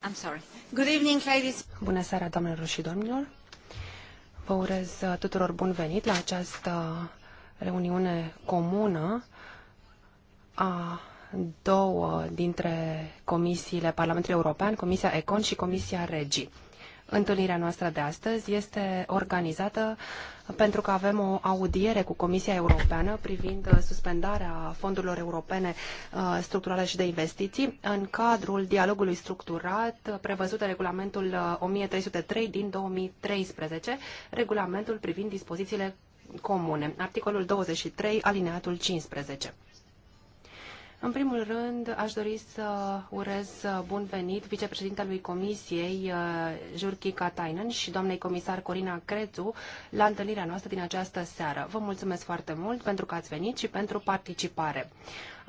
I'm sorry. Good evening, ladies. Bună seara, doamnelor și domnilor. Vă urez uh, tuturor bun venit la această reuniune comună a două dintre comisiile Parlamentului European, Comisia Econ și Comisia Regii. Întâlnirea noastră de astăzi este organizată pentru că avem o audiere cu Comisia Europeană privind suspendarea fondurilor europene uh, structurale și de investiții în cadrul dialogului structurat prevăzut de regulamentul 1303 uh, din 2013, regulamentul privind dispozițiile comune, articolul 23, alineatul 15. În primul rând, aș dori să urez bun venit vicepreședintelui Comisiei, uh, Jurki Katainen, și doamnei comisar Corina Crețu la întâlnirea noastră din această seară. Vă mulțumesc foarte mult pentru că ați venit și pentru participare.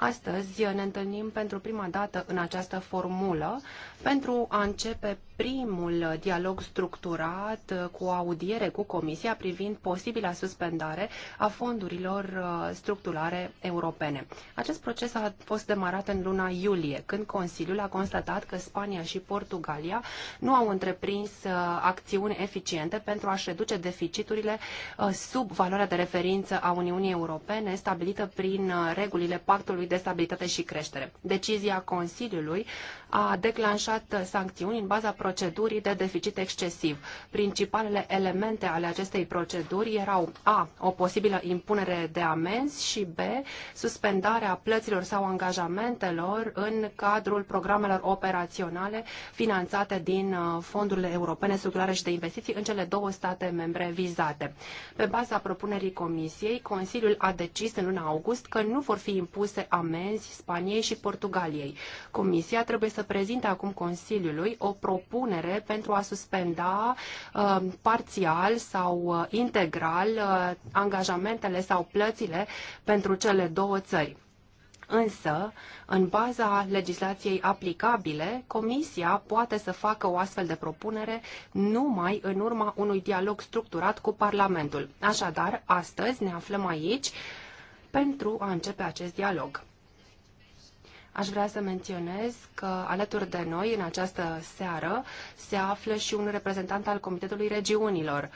Astăzi ne întâlnim pentru prima dată în această formulă pentru a începe primul dialog structurat cu audiere cu Comisia privind posibila suspendare a fondurilor uh, structurale europene. Acest proces a fost demarat în luna iulie, când Consiliul a constatat că Spania și Portugalia nu au întreprins uh, acțiuni eficiente pentru a-și reduce deficiturile uh, sub valoarea de referință a Uniunii Europene stabilită prin regulile Pactului de Stabilitate și Creștere. Decizia Consiliului a declanșat sancțiuni în baza procedurii de deficit excesiv. Principalele elemente ale acestei proceduri erau A. O posibilă impunere de amenzi și B. Suspendarea plăților sau angajamentelor în cadrul programelor operaționale finanțate din uh, fondurile europene structurale și de investiții în cele două state membre vizate. Pe baza propunerii Comisiei, Consiliul a decis în luna august că nu vor fi impuse amenzi Spaniei și Portugaliei. Comisia trebuie să să prezinte acum Consiliului o propunere pentru a suspenda uh, parțial sau uh, integral uh, angajamentele sau plățile pentru cele două țări. Însă, în baza legislației aplicabile, Comisia poate să facă o astfel de propunere numai în urma unui dialog structurat cu Parlamentul. Așadar, astăzi ne aflăm aici pentru a începe acest dialog. Aș vrea să menționez că alături de noi în această seară se află și un reprezentant al Comitetului Regiunilor,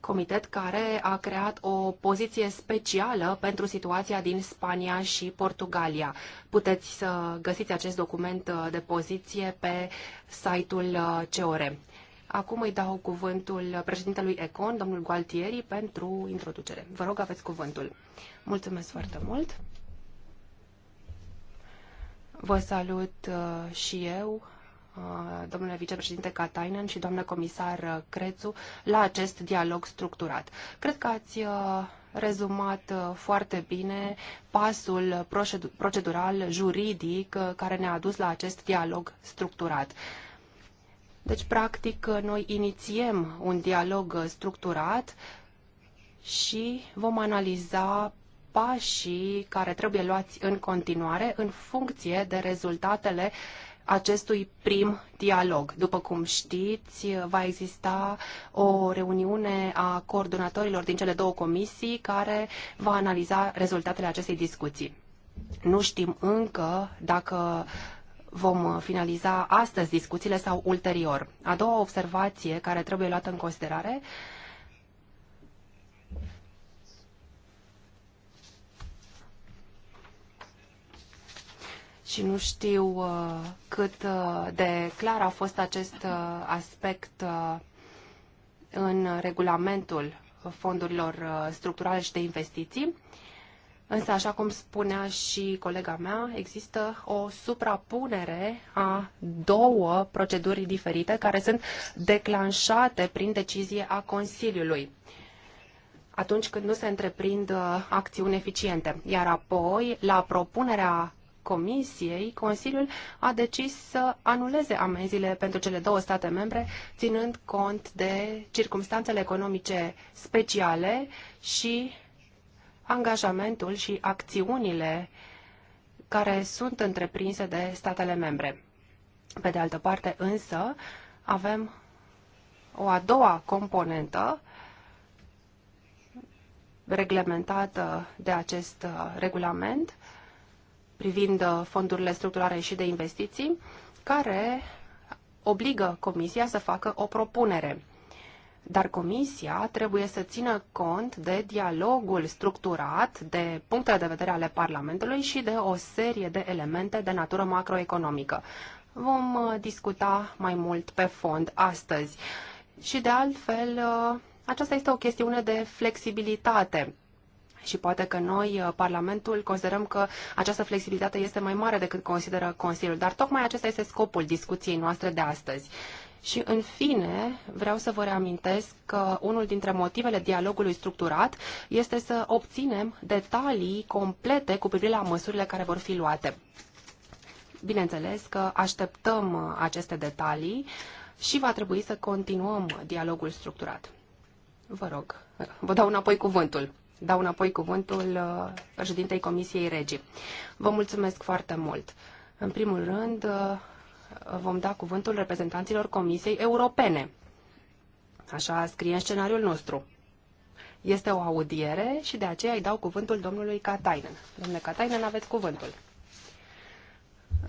comitet care a creat o poziție specială pentru situația din Spania și Portugalia. Puteți să găsiți acest document uh, de poziție pe site-ul uh, COR. Acum îi dau cuvântul președintelui Econ, domnul Gualtieri, pentru introducere. Vă rog, aveți cuvântul. Mulțumesc foarte mult! Vă salut uh, și eu, uh, domnule vicepreședinte Katainen și doamnă comisar uh, Crețu, la acest dialog structurat. Cred că ați rezumat foarte bine pasul procedural juridic care ne-a dus la acest dialog structurat. Deci, practic, noi inițiem un dialog structurat și vom analiza pașii care trebuie luați în continuare în funcție de rezultatele acestui prim dialog. După cum știți, va exista o reuniune a coordonatorilor din cele două comisii care va analiza rezultatele acestei discuții. Nu știm încă dacă vom finaliza astăzi discuțiile sau ulterior. A doua observație care trebuie luată în considerare și nu știu uh, cât uh, de clar a fost acest uh, aspect în regulamentul fondurilor structurale și de investiții. Însă, așa cum spunea și colega mea, există o suprapunere a două proceduri diferite care sunt declanșate prin decizie a Consiliului atunci când nu se întreprind acțiuni eficiente. Iar apoi, la propunerea Comisiei, Consiliul a decis să anuleze amenziile pentru cele două state membre, ținând cont de circumstanțele economice speciale și angajamentul și acțiunile care sunt întreprinse de statele membre. Pe de altă parte, însă, avem o a doua componentă reglementată de acest regulament, privind uh, fondurile structurale și de investiții, care obligă Comisia să facă o propunere. Dar Comisia trebuie să țină cont de dialogul structurat, de punctele de vedere ale Parlamentului și de o serie de elemente de natură macroeconomică. Vom uh, discuta mai mult pe fond astăzi. Și de altfel, uh, aceasta este o chestiune de flexibilitate și poate că noi, uh, Parlamentul, considerăm că această flexibilitate este mai mare decât consideră Consiliul. Dar tocmai acesta este scopul discuției noastre de astăzi. Și, în fine, vreau să vă reamintesc că unul dintre motivele dialogului structurat este să obținem detalii complete cu privire la măsurile care vor fi luate. Bineînțeles că așteptăm uh, aceste detalii și va trebui să continuăm dialogul structurat. Vă rog, vă dau înapoi cuvântul dau înapoi cuvântul uh, președintei Comisiei Regii. Vă mulțumesc foarte mult. În primul rând, uh, vom da cuvântul reprezentanților Comisiei Europene. Așa scrie în scenariul nostru. Este o audiere și de aceea îi dau cuvântul domnului Katainen. Domnule Katainen, aveți cuvântul.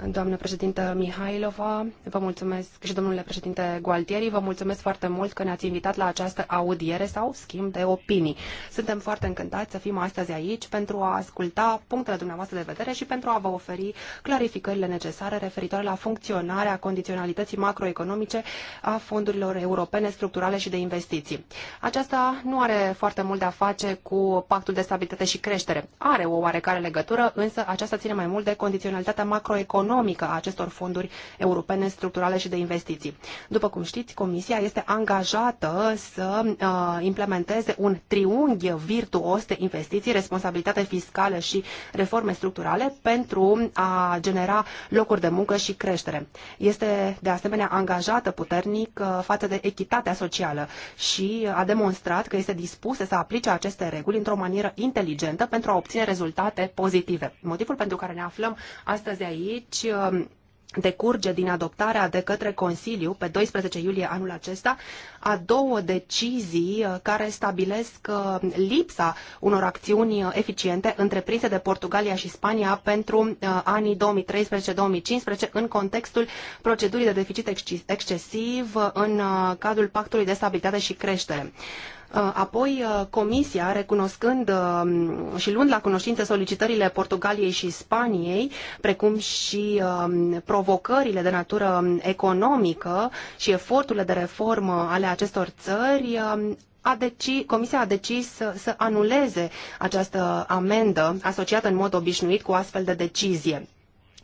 Doamnă președintă Mihailova, vă mulțumesc și domnule președinte Gualtieri, vă mulțumesc foarte mult că ne-ați invitat la această audiere sau schimb de opinii. Suntem foarte încântați să fim astăzi aici pentru a asculta punctele dumneavoastră de vedere și pentru a vă oferi clarificările necesare referitoare la funcționarea condiționalității macroeconomice a fondurilor europene structurale și de investiții. Aceasta nu are foarte mult de a face cu pactul de stabilitate și creștere. Are o oarecare legătură, însă aceasta ține mai mult de condiționalitatea macroeconomică economică a acestor fonduri europene structurale și de investiții. După cum știți, Comisia este angajată să uh, implementeze un triunghi virtuos de investiții, responsabilitate fiscală și reforme structurale pentru a genera locuri de muncă și creștere. Este de asemenea angajată puternic uh, față de echitatea socială și a demonstrat că este dispusă să aplice aceste reguli într-o manieră inteligentă pentru a obține rezultate pozitive. Motivul pentru care ne aflăm astăzi aici 2020 deci, um, decurge din adoptarea de către Consiliu pe 12 iulie anul acesta a două decizii uh, care stabilesc uh, lipsa unor acțiuni uh, eficiente întreprinse de Portugalia și Spania pentru anii 2013-2015 în contextul procedurii de deficit excesiv în cadrul Pactului de Stabilitate și Creștere. Uh, apoi, uh, Comisia, recunoscând uh, și luând la cunoștință solicitările Portugaliei și Spaniei, precum și um, provocările de natură economică și eforturile de reformă ale acestor țări, um, a deci, Comisia a decis să, să anuleze această amendă asociată în mod obișnuit cu astfel de decizie.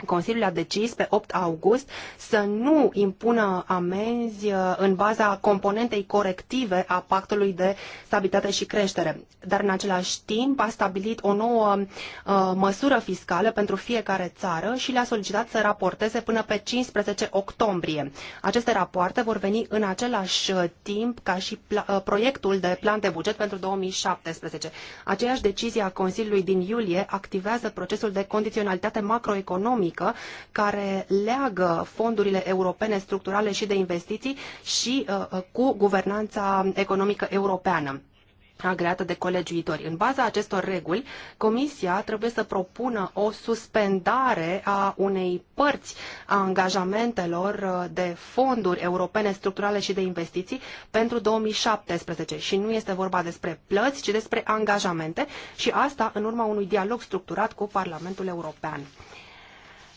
Consiliul a decis pe 8 august să nu impună amenzi uh, în baza componentei corective a Pactului de Stabilitate și Creștere, dar în același timp a stabilit o nouă uh, măsură fiscală pentru fiecare țară și le-a solicitat să raporteze până pe 15 octombrie. Aceste rapoarte vor veni în același uh, timp ca și uh, proiectul de plan de buget pentru 2017. Aceeași decizie a Consiliului din iulie activează procesul de condiționalitate macroeconomică unică care leagă fondurile europene structurale și de investiții și uh, uh, cu guvernanța economică europeană agreată de colegiuitori. În baza acestor reguli, Comisia trebuie să propună o suspendare a unei părți a angajamentelor uh, de fonduri europene structurale și de investiții pentru 2017 și nu este vorba despre plăți, ci despre angajamente și asta în urma unui dialog structurat cu Parlamentul European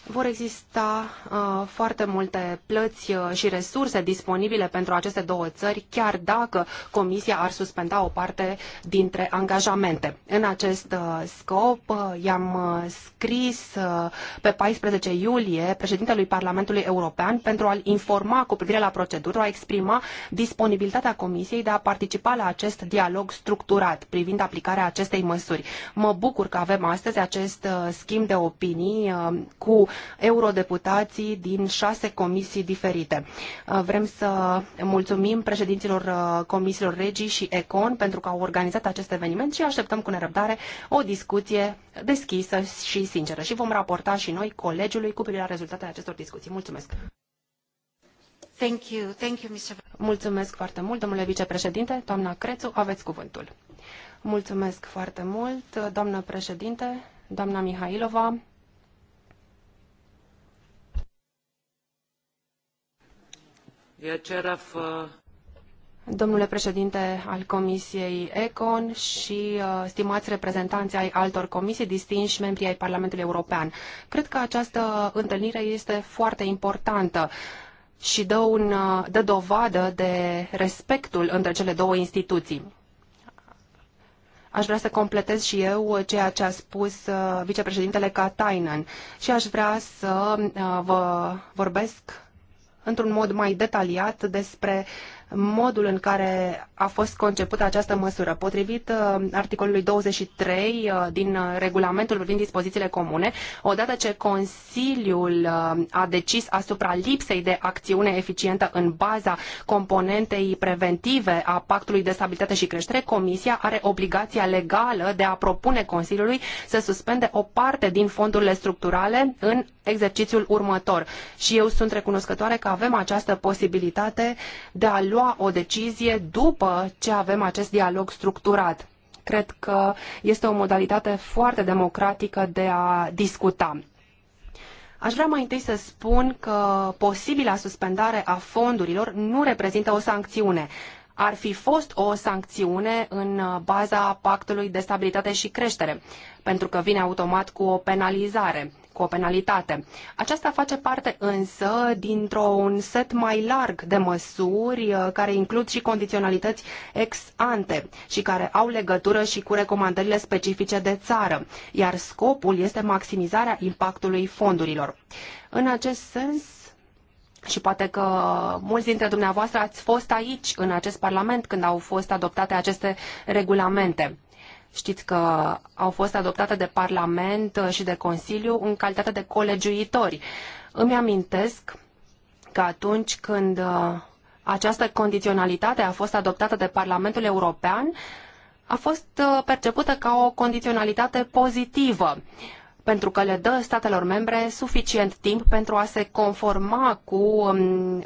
vor exista uh, foarte multe plăți uh, și resurse disponibile pentru aceste două țări, chiar dacă Comisia ar suspenda o parte dintre angajamente. În acest uh, scop, uh, i-am uh, scris uh, pe 14 iulie președintelui Parlamentului European pentru a-l informa cu privire la procedură, a exprima disponibilitatea Comisiei de a participa la acest dialog structurat privind aplicarea acestei măsuri. Mă bucur că avem astăzi acest schimb de opinii cu eurodeputații din șase comisii diferite. Uh, vrem să mulțumim președinților uh, comisiilor Regii și Econ pentru că au organizat acest eveniment și așteptăm cu nerăbdare o discuție deschisă și sinceră. Și vom raporta și noi colegiului cu privire la rezultatele acestor discuții. Mulțumesc! Thank you. Thank you, Mr. Mulțumesc foarte mult, domnule vicepreședinte. Doamna Crețu, aveți cuvântul. Mulțumesc foarte mult, doamnă președinte, doamna Mihailova, Domnule președinte al Comisiei Econ și uh, stimați reprezentanți ai altor comisii, distinși membri ai Parlamentului European, cred că această întâlnire este foarte importantă și dă, un, uh, dă dovadă de respectul între cele două instituții. Aș vrea să completez și eu ceea ce a spus uh, vicepreședintele Katainen și aș vrea să uh, vă vorbesc într-un mod mai detaliat despre modul în care a fost concepută această măsură. Potrivit uh, articolului 23 uh, din uh, regulamentul privind dispozițiile comune, odată ce Consiliul a decis asupra lipsei de acțiune eficientă în baza componentei preventive a Pactului de Stabilitate și Creștere, Comisia are obligația legală de a propune Consiliului să suspende o parte din fondurile structurale în exercițiul următor. Și eu sunt recunoscătoare că avem această posibilitate de a lua lua o decizie după ce avem acest dialog structurat. Cred că este o modalitate foarte democratică de a discuta. Aș vrea mai întâi să spun că posibila suspendare a fondurilor nu reprezintă o sancțiune. Ar fi fost o sancțiune în baza Pactului de Stabilitate și Creștere, pentru că vine automat cu o penalizare cu o penalitate. Aceasta face parte însă dintr-un set mai larg de măsuri uh, care includ și condiționalități ex ante și care au legătură și cu recomandările specifice de țară, iar scopul este maximizarea impactului fondurilor. În acest sens, și poate că mulți dintre dumneavoastră ați fost aici, în acest Parlament, când au fost adoptate aceste regulamente. Știți că au fost adoptate de Parlament uh, și de Consiliu în calitate de colegiuitori. Îmi amintesc că atunci când uh, această condiționalitate a fost adoptată de Parlamentul European, a fost uh, percepută ca o condiționalitate pozitivă, pentru că le dă statelor membre suficient timp pentru a se conforma cu um,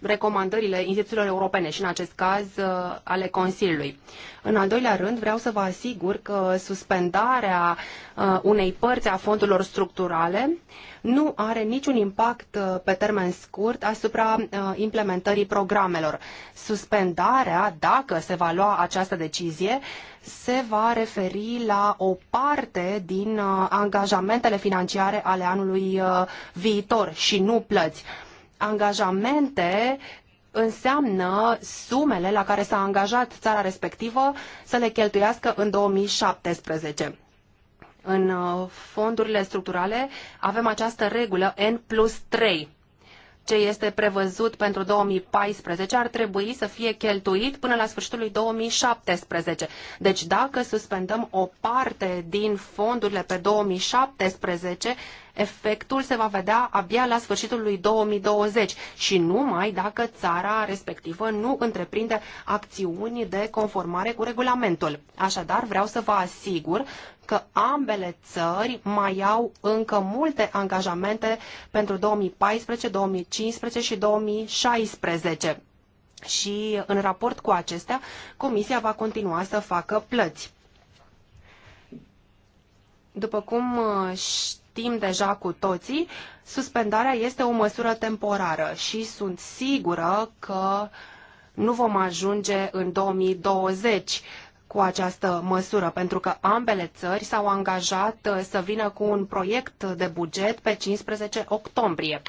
recomandările instituțiilor europene și, în acest caz, uh, ale Consiliului. În al doilea rând, vreau să vă asigur că suspendarea uh, unei părți a fondurilor structurale nu are niciun impact uh, pe termen scurt asupra implementării programelor. Suspendarea, dacă se va lua această decizie, se va referi la o parte din angajamentele financiare ale anului viitor și nu plăți angajamente înseamnă sumele la care s-a angajat țara respectivă să le cheltuiască în 2017. În uh, fondurile structurale avem această regulă N plus 3. Ce este prevăzut pentru 2014 ar trebui să fie cheltuit până la sfârșitul lui 2017. Deci dacă suspendăm o parte din fondurile pe 2017, Efectul se va vedea abia la sfârșitul lui 2020 și numai dacă țara respectivă nu întreprinde acțiuni de conformare cu regulamentul. Așadar, vreau să vă asigur că ambele țări mai au încă multe angajamente pentru 2014, 2015 și 2016. Și în raport cu acestea, Comisia va continua să facă plăți. După cum știți, știm deja cu toții, suspendarea este o măsură temporară și sunt sigură că nu vom ajunge în 2020 cu această măsură, pentru că ambele țări s-au angajat uh, să vină cu un proiect de buget pe 15 octombrie.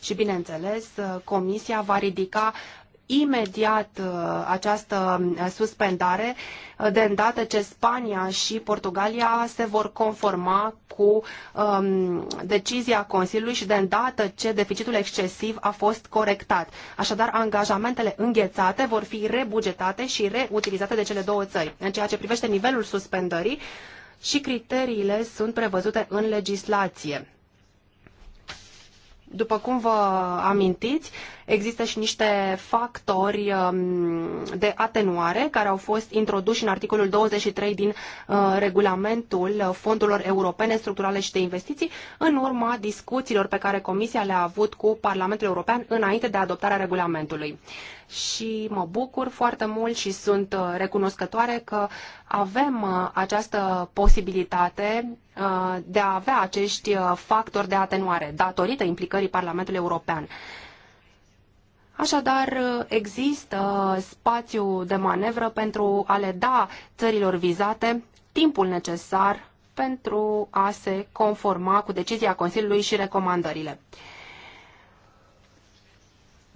Și, bineînțeles, uh, Comisia va ridica imediat uh, această uh, suspendare uh, de îndată ce Spania și Portugalia se vor conforma cu um, decizia Consiliului și de îndată ce deficitul excesiv a fost corectat. Așadar, angajamentele înghețate vor fi rebugetate și reutilizate de cele două țări. În ceea ce privește nivelul suspendării, și criteriile sunt prevăzute în legislație. După cum vă amintiți, există și niște factori um, de atenuare care au fost introduși în articolul 23 din uh, regulamentul uh, fondurilor europene structurale și de investiții în urma discuțiilor pe care Comisia le-a avut cu Parlamentul European înainte de adoptarea regulamentului și mă bucur foarte mult și sunt uh, recunoscătoare că avem această posibilitate de a avea acești factori de atenuare datorită implicării Parlamentului European. Așadar, există spațiu de manevră pentru a le da țărilor vizate timpul necesar pentru a se conforma cu decizia Consiliului și recomandările.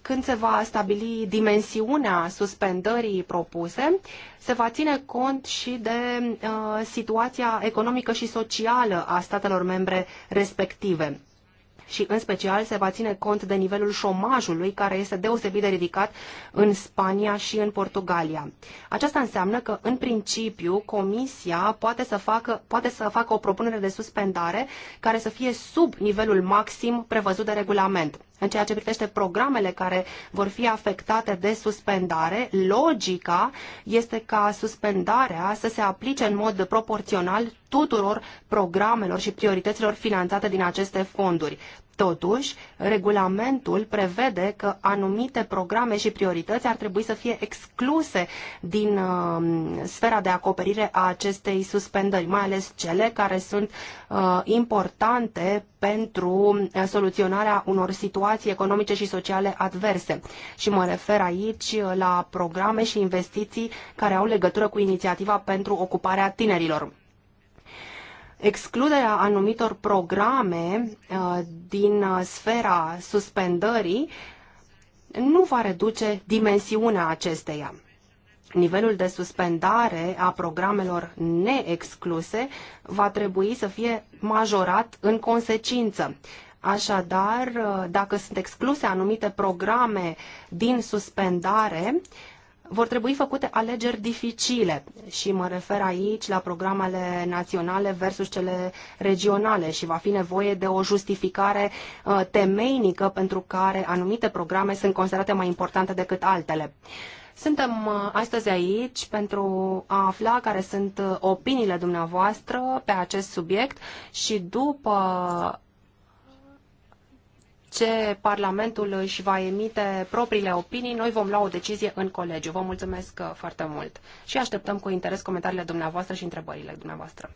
Când se va stabili dimensiunea suspendării propuse, se va ține cont și de uh, situația economică și socială a statelor membre respective și în special se va ține cont de nivelul șomajului care este deosebit de ridicat în Spania și în Portugalia. Aceasta înseamnă că în principiu Comisia poate să facă, poate să facă o propunere de suspendare care să fie sub nivelul maxim prevăzut de regulament. În ceea ce privește programele care vor fi afectate de suspendare, logica este ca suspendarea să se aplice în mod proporțional tuturor programelor și priorităților finanțate din aceste fonduri. Totuși, regulamentul prevede că anumite programe și priorități ar trebui să fie excluse din uh, sfera de acoperire a acestei suspendări, mai ales cele care sunt uh, importante pentru uh, soluționarea unor situații economice și sociale adverse. Și mă refer aici uh, la programe și investiții care au legătură cu inițiativa pentru ocuparea tinerilor excluderea anumitor programe uh, din uh, sfera suspendării nu va reduce dimensiunea acesteia. Nivelul de suspendare a programelor neexcluse va trebui să fie majorat în consecință. Așadar, uh, dacă sunt excluse anumite programe din suspendare, uh, vor trebui făcute alegeri dificile și mă refer aici la programele naționale versus cele regionale și va fi nevoie de o justificare uh, temeinică pentru care anumite programe sunt considerate mai importante decât altele. Suntem uh, astăzi aici pentru a afla care sunt uh, opiniile dumneavoastră pe acest subiect și după ce Parlamentul își va emite propriile opinii, noi vom lua o decizie în colegiu. Vă mulțumesc uh, foarte mult și așteptăm cu interes comentariile dumneavoastră și întrebările dumneavoastră.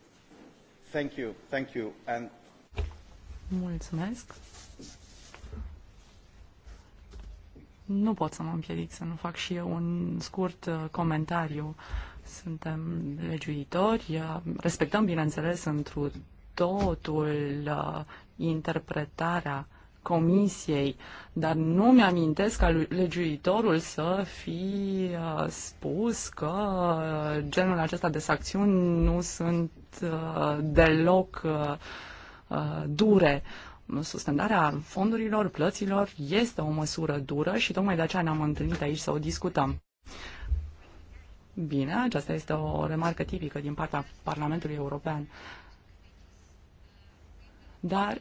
Thank you, thank you. And... Mulțumesc. Nu pot să mă împiedic să nu fac și eu un scurt uh, comentariu. Suntem legiuitori, uh, respectăm, bineînțeles, întru totul interpretarea uh, comisiei, dar nu mi-amintesc ca legiuitorul să fi uh, spus că uh, genul acesta de sancțiuni nu sunt uh, deloc dure. Suspendarea fondurilor, plăților este o măsură dură și tocmai de aceea ne-am întâlnit aici să o discutăm. Bine, aceasta este o remarcă tipică din partea Parlamentului European. Dar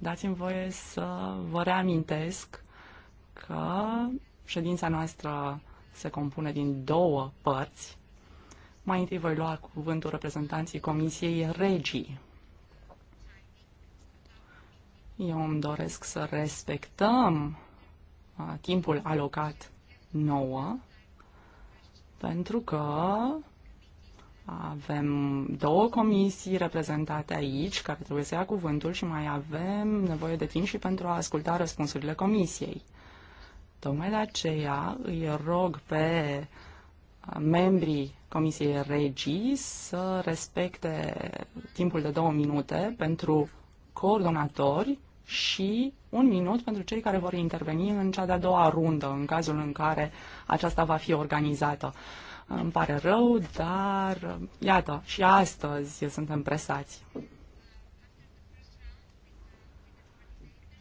Dați-mi voie să vă reamintesc că ședința noastră se compune din două părți. Mai întâi voi lua cuvântul reprezentanții Comisiei Regii. Eu îmi doresc să respectăm uh, timpul alocat nouă, pentru că avem două comisii reprezentate aici care trebuie să ia cuvântul și mai avem nevoie de timp și pentru a asculta răspunsurile comisiei. Tocmai de aceea îi rog pe uh, membrii Comisiei Regii să respecte timpul de două minute pentru coordonatori și un minut pentru cei care vor interveni în cea de-a doua rundă, în cazul în care aceasta va fi organizată. Îmi pare rău, dar iată, și astăzi suntem presați.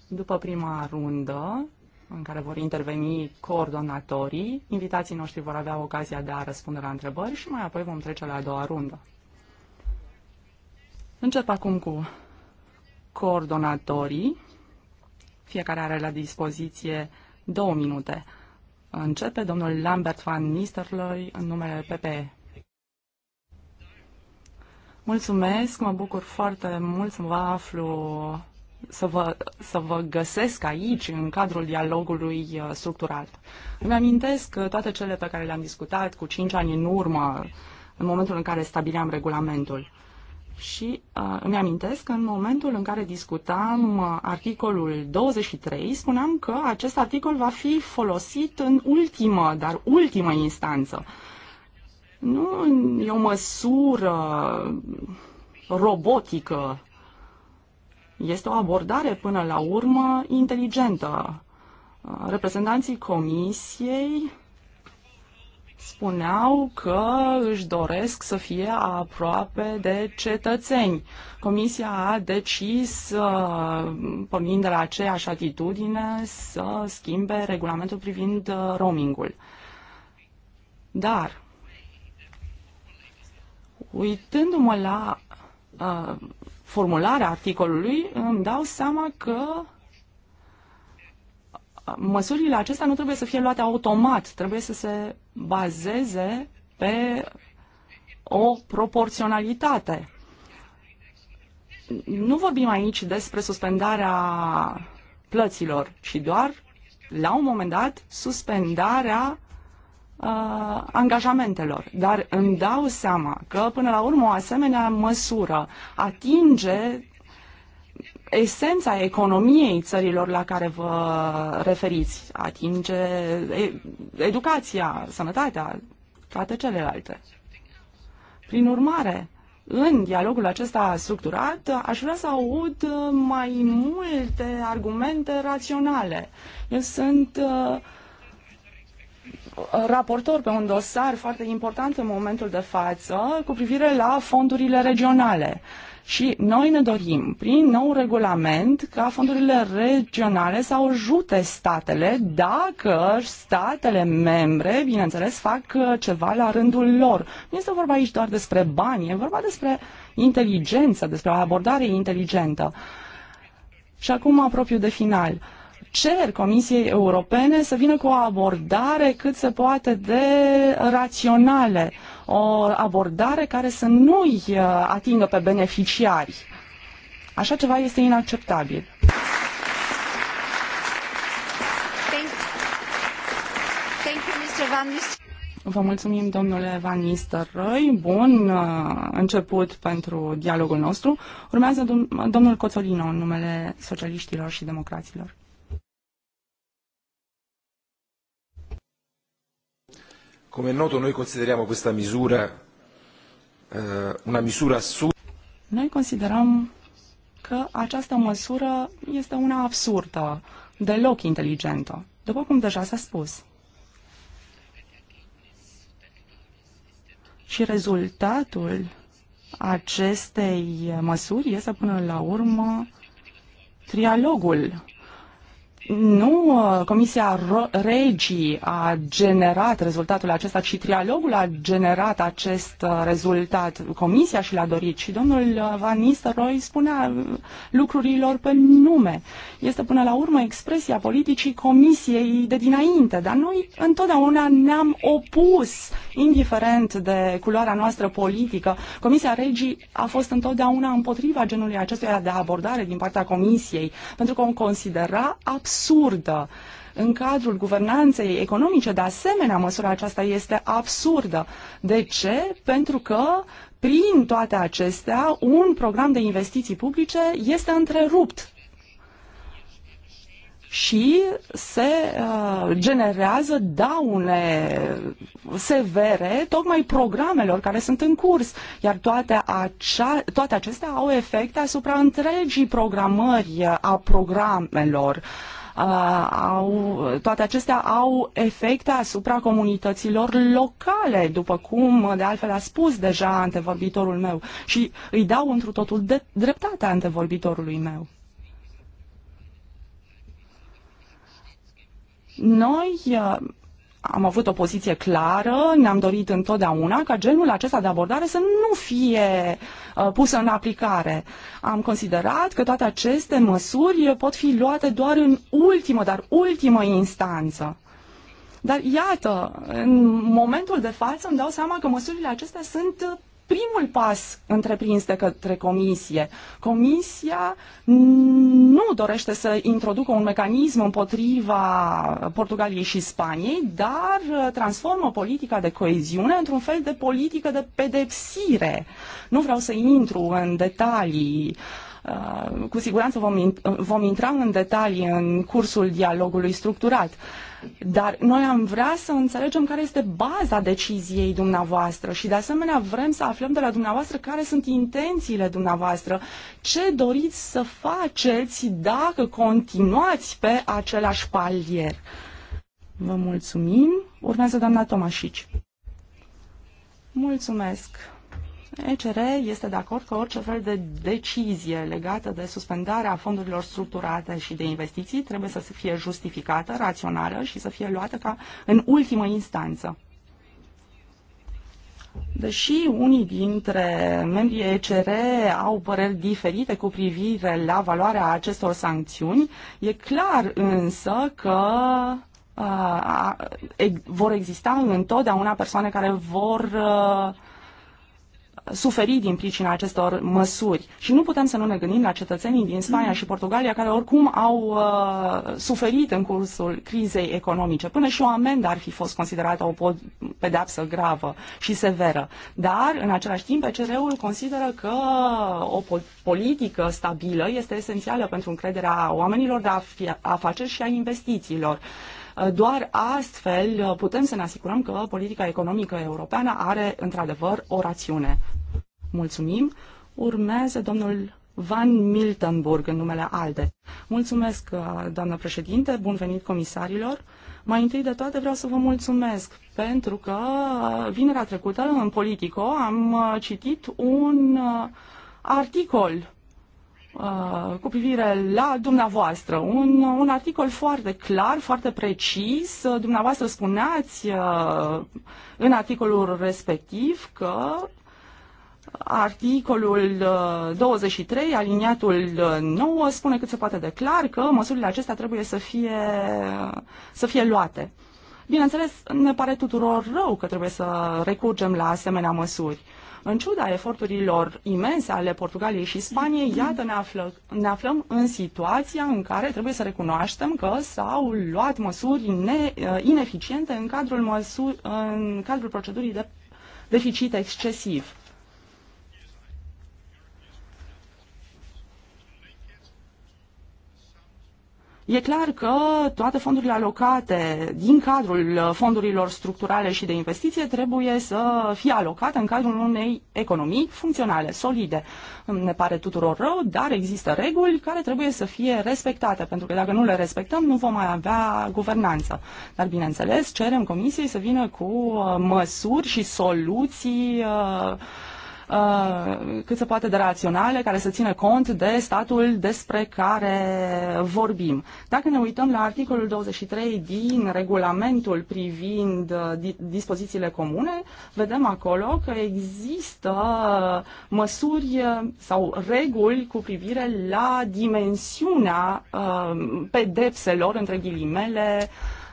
După prima rundă, în care vor interveni coordonatorii, invitații noștri vor avea ocazia de a răspunde la întrebări și mai apoi vom trece la a doua rundă. Încep acum cu coordonatorii. Fiecare are la dispoziție două minute începe domnul Lambert van Nistelrooy în numele PPE. Mulțumesc, mă bucur foarte mult să vă aflu, să vă, să vă găsesc aici, în cadrul dialogului uh, structural. Îmi amintesc uh, toate cele pe care le-am discutat cu cinci ani în urmă, în momentul în care stabileam regulamentul și uh, îmi amintesc că în momentul în care discutam uh, articolul 23, spuneam că acest articol va fi folosit în ultimă, dar ultimă instanță. Nu e o măsură robotică. Este o abordare până la urmă inteligentă. Uh, reprezentanții comisiei spuneau că își doresc să fie aproape de cetățeni. Comisia a decis, uh, pornind de la aceeași atitudine, să schimbe regulamentul privind uh, roamingul. Dar, uitându-mă la uh, formularea articolului, îmi dau seama că uh, măsurile acestea nu trebuie să fie luate automat, trebuie să se bazeze pe o proporționalitate. Nu vorbim aici despre suspendarea plăților, ci doar, la un moment dat, suspendarea uh, angajamentelor. Dar îmi dau seama că, până la urmă, o asemenea măsură atinge esența economiei țărilor la care vă referiți, atinge educația, sănătatea, toate celelalte. Prin urmare, în dialogul acesta structurat, aș vrea să aud mai multe argumente raționale. Eu sunt uh, raportor pe un dosar foarte important în momentul de față cu privire la fondurile regionale. Și noi ne dorim, prin nou regulament, ca fondurile regionale să ajute statele dacă statele membre, bineînțeles, fac uh, ceva la rândul lor. Nu este vorba aici doar despre bani, e vorba despre inteligență, despre o abordare inteligentă. Și acum, mă apropiu de final, cer Comisiei Europene să vină cu o abordare cât se poate de raționale o abordare care să nu-i uh, atingă pe beneficiari. Așa ceva este inacceptabil. Vă mulțumim, domnule Van Nistelrooy. Bun uh, început pentru dialogul nostru. Urmează domnul Coțolino în numele socialiștilor și democraților. Come è noto noi consideriamo questa misura eh, una misura assurda. Noi considerăm că această măsură este una absurdă, deloc inteligentă, după cum deja s-a spus. Și rezultatul acestei măsuri este până la urmă trialogul nu, uh, Comisia Regii a generat rezultatul acesta, ci trialogul a generat acest uh, rezultat. Comisia și l-a dorit și domnul uh, Van Nistelrooy spunea lucrurilor pe nume. Este până la urmă expresia politicii Comisiei de dinainte, dar noi întotdeauna ne-am opus, indiferent de culoarea noastră politică. Comisia Regii a fost întotdeauna împotriva genului acestuia de abordare din partea Comisiei, pentru că o considera absolut absurdă. În cadrul guvernanței economice, de asemenea, măsura aceasta este absurdă. De ce? Pentru că prin toate acestea, un program de investiții publice este întrerupt și se uh, generează daune severe tocmai programelor care sunt în curs, iar toate, acea, toate acestea au efecte asupra întregii programări a programelor. Uh, Uh, au, toate acestea au efecte asupra comunităților locale, după cum de altfel a spus deja antevorbitorul meu și îi dau întru totul de, dreptate antevorbitorului meu. Noi uh, am avut o poziție clară, ne-am dorit întotdeauna ca genul acesta de abordare să nu fie uh, pusă în aplicare. Am considerat că toate aceste măsuri pot fi luate doar în ultimă, dar ultimă instanță. Dar iată, în momentul de față îmi dau seama că măsurile acestea sunt uh, primul pas întreprins de către Comisie. Comisia nu dorește să introducă un mecanism împotriva Portugaliei și Spaniei, dar transformă politica de coeziune într-un fel de politică de pedepsire. Nu vreau să intru în detalii uh, cu siguranță vom, intra în detalii în cursul dialogului structurat. Dar noi am vrea să înțelegem care este baza deciziei dumneavoastră și de asemenea vrem să aflăm de la dumneavoastră care sunt intențiile dumneavoastră, ce doriți să faceți dacă continuați pe același palier. Vă mulțumim. Urmează doamna Tomașici. Mulțumesc. ECR este de acord că orice fel de decizie legată de suspendarea fondurilor structurate și de investiții trebuie să fie justificată, rațională și să fie luată ca în ultimă instanță. Deși unii dintre membrii ECR au păreri diferite cu privire la valoarea acestor sancțiuni, e clar însă că uh, vor exista întotdeauna persoane care vor uh, suferi din pricina acestor măsuri. Și nu putem să nu ne gândim la cetățenii din Spania și Portugalia care oricum au uh, suferit în cursul crizei economice. Până și o amendă ar fi fost considerată o pedapsă gravă și severă. Dar, în același timp, PCR-ul consideră că o politică stabilă este esențială pentru încrederea oamenilor de af- afaceri și a investițiilor. Uh, doar astfel uh, putem să ne asigurăm că politica economică europeană are într-adevăr o rațiune. Mulțumim. Urmează domnul Van Miltenburg în numele ALDE. Mulțumesc, uh, doamnă președinte, bun venit comisarilor. Mai întâi de toate vreau să vă mulțumesc pentru că uh, vinerea trecută în Politico am uh, citit un articol cu privire la dumneavoastră. Un, un articol foarte clar, foarte precis. Dumneavoastră spuneați în articolul respectiv că Articolul 23, uh, aliniatul 9, uh, spune cât se poate de clar că măsurile acestea trebuie să fie, să fie luate. Bineînțeles, ne pare tuturor rău că trebuie să recurgem la asemenea măsuri. În ciuda eforturilor imense ale Portugaliei și Spaniei, iată ne, află, ne aflăm în situația în care trebuie să recunoaștem că s-au luat măsuri ne, uh, ineficiente în cadrul, măsuri, în cadrul procedurii de deficit excesiv. E clar că toate fondurile alocate din cadrul uh, fondurilor structurale și de investiție trebuie să fie alocate în cadrul unei economii funcționale, solide. Ne pare tuturor rău, dar există reguli care trebuie să fie respectate, pentru că dacă nu le respectăm, nu vom mai avea guvernanță. Dar, bineînțeles, cerem Comisiei să vină cu uh, măsuri și soluții uh, Uh, cât se poate de raționale, care să țină cont de statul despre care vorbim. Dacă ne uităm la articolul 23 din regulamentul privind uh, dispozițiile comune, vedem acolo că există măsuri uh, sau reguli cu privire la dimensiunea pedepselor, între ghilimele,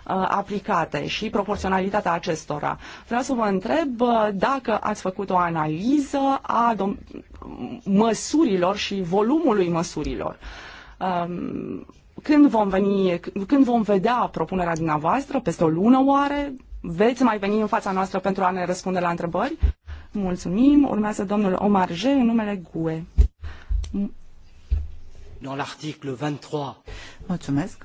Uh, aplicate și proporționalitatea acestora. Vreau să vă întreb uh, dacă ați făcut o analiză a măsurilor și volumului măsurilor um, când vom, veni, când vom vedea propunerea dumneavoastră, peste o lună oare, veți mai veni în fața noastră pentru a ne răspunde la întrebări? Mulțumim. Urmează domnul Omar G. în numele GUE. Dans l'article 23. Mulțumesc.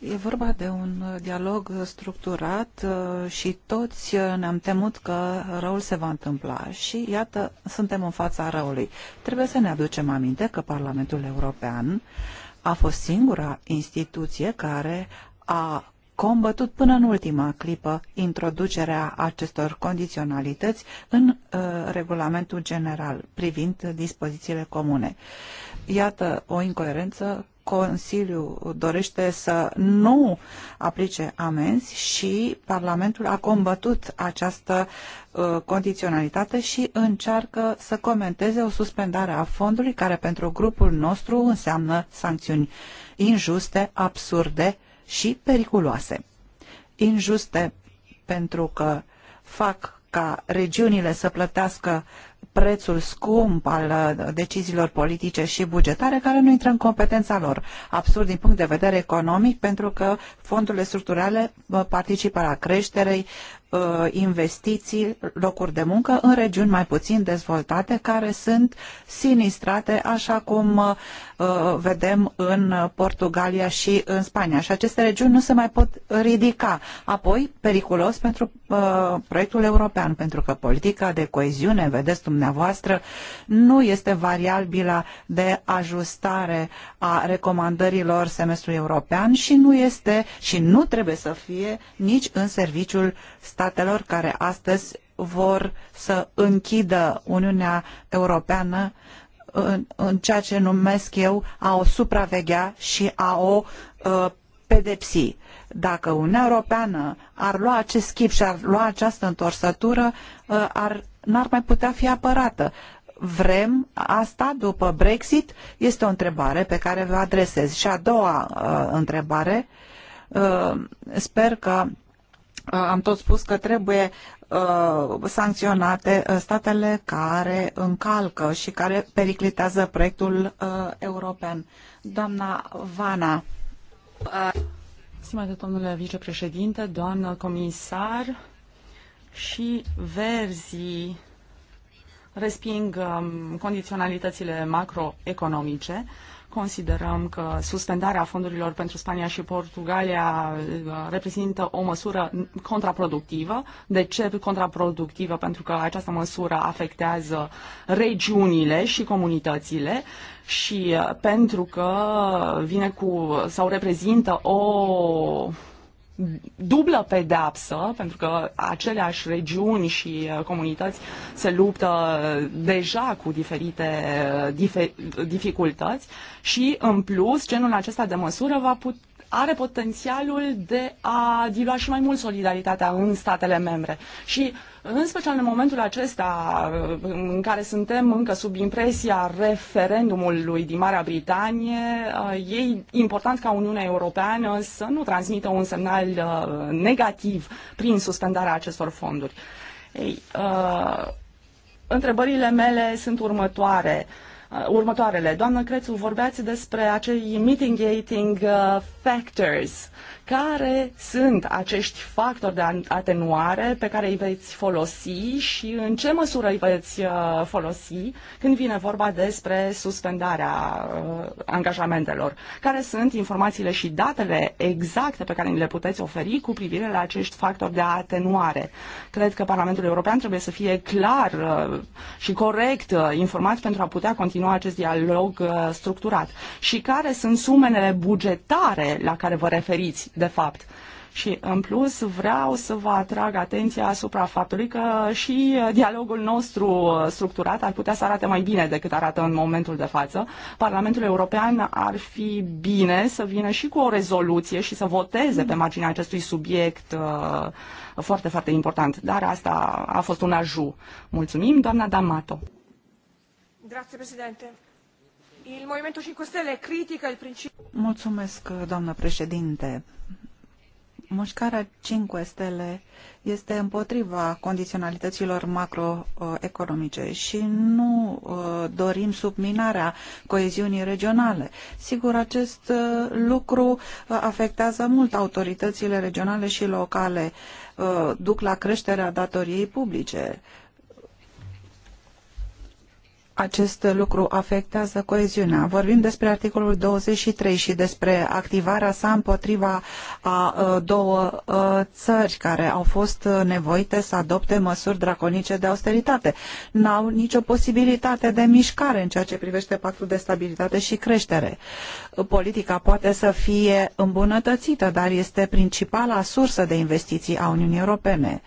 E vorba de un dialog structurat uh, și toți uh, ne-am temut că răul se va întâmpla și iată, suntem în fața răului. Trebuie să ne aducem aminte că Parlamentul European a fost singura instituție care a combătut până în ultima clipă introducerea acestor condiționalități în uh, regulamentul general privind dispozițiile comune. Iată o incoerență. Consiliul dorește să nu aplice amenzi și Parlamentul a combătut această uh, condiționalitate și încearcă să comenteze o suspendare a fondului care pentru grupul nostru înseamnă sancțiuni injuste, absurde, și periculoase. Injuste pentru că fac ca regiunile să plătească prețul scump al uh, deciziilor politice și bugetare care nu intră în competența lor. Absurd din punct de vedere economic pentru că fondurile structurale uh, participă la creșterei Uh, investiții, locuri de muncă în regiuni mai puțin dezvoltate care sunt sinistrate așa cum uh, vedem în Portugalia și în Spania și aceste regiuni nu se mai pot ridica. Apoi, periculos pentru uh, proiectul european, pentru că politica de coeziune, vedeți dumneavoastră, nu este variabilă de ajustare a recomandărilor semestrului european și nu este și nu trebuie să fie nici în serviciul statelor care astăzi vor să închidă Uniunea Europeană în, în ceea ce numesc eu a o supraveghea și a o uh, pedepsi. Dacă Uniunea Europeană ar lua acest chip și ar lua această întorsătură, uh, ar, n-ar mai putea fi apărată. Vrem asta după Brexit? Este o întrebare pe care vă adresez. Și a doua uh, întrebare, sper că Uh, am tot spus că trebuie uh, sancționate uh, statele care încalcă și care periclitează proiectul european. Doamna Vana. Stimate domnule vicepreședinte, doamnă comisar, și verzii resping um, condiționalitățile macroeconomice, Considerăm că suspendarea fondurilor pentru Spania și Portugalia uh, reprezintă o măsură contraproductivă. De ce contraproductivă? Pentru că această măsură afectează regiunile și comunitățile și uh, pentru că vine cu sau reprezintă o dublă pedeapsă, pentru că aceleași regiuni și uh, comunități se luptă uh, deja cu diferite uh, dificultăți și, în plus, genul acesta de măsură va putea are potențialul de a dilua și mai mult solidaritatea în statele membre. Și în special în momentul acesta uh, în care suntem încă sub impresia referendumului din Marea Britanie, uh, e important ca Uniunea Europeană să nu transmită un semnal uh, negativ prin suspendarea acestor fonduri. Ei, uh, întrebările mele sunt următoare. Uh, Uh, următoarele. Doamnă Crețu, vorbeați despre acei mitigating uh, factors care sunt acești factori de atenuare pe care îi veți folosi și în ce măsură îi veți uh, folosi când vine vorba despre suspendarea uh, angajamentelor. Care sunt informațiile și datele exacte pe care ni le puteți oferi cu privire la acești factori de atenuare? Cred că Parlamentul European trebuie să fie clar uh, și corect informat pentru a putea continua acest dialog structurat. Și care sunt sumele bugetare la care vă referiți? de fapt. Și în plus vreau să vă atrag atenția asupra faptului că și dialogul nostru structurat ar putea să arate mai bine decât arată în momentul de față. Parlamentul European ar fi bine să vină și cu o rezoluție și să voteze pe marginea acestui subiect uh, foarte, foarte important. Dar asta a fost un aju. Mulțumim, doamna D'Amato. Grazie, Presidente. Il Movimento 5 Stelle critică il principiu... Mulțumesc, doamnă președinte. Mușcarea 5 stele este împotriva condiționalităților macroeconomice și nu uh, dorim subminarea coeziunii regionale. Sigur, acest uh, lucru uh, afectează mult autoritățile regionale și locale, duc la creșterea datoriei publice acest lucru afectează coeziunea. Vorbim despre articolul 23 și despre activarea sa împotriva a două țări care au fost nevoite să adopte măsuri draconice de austeritate. N-au nicio posibilitate de mișcare în ceea ce privește pactul de stabilitate și creștere. Politica poate să fie îmbunătățită, dar este principala sursă de investiții a Uniunii Europene.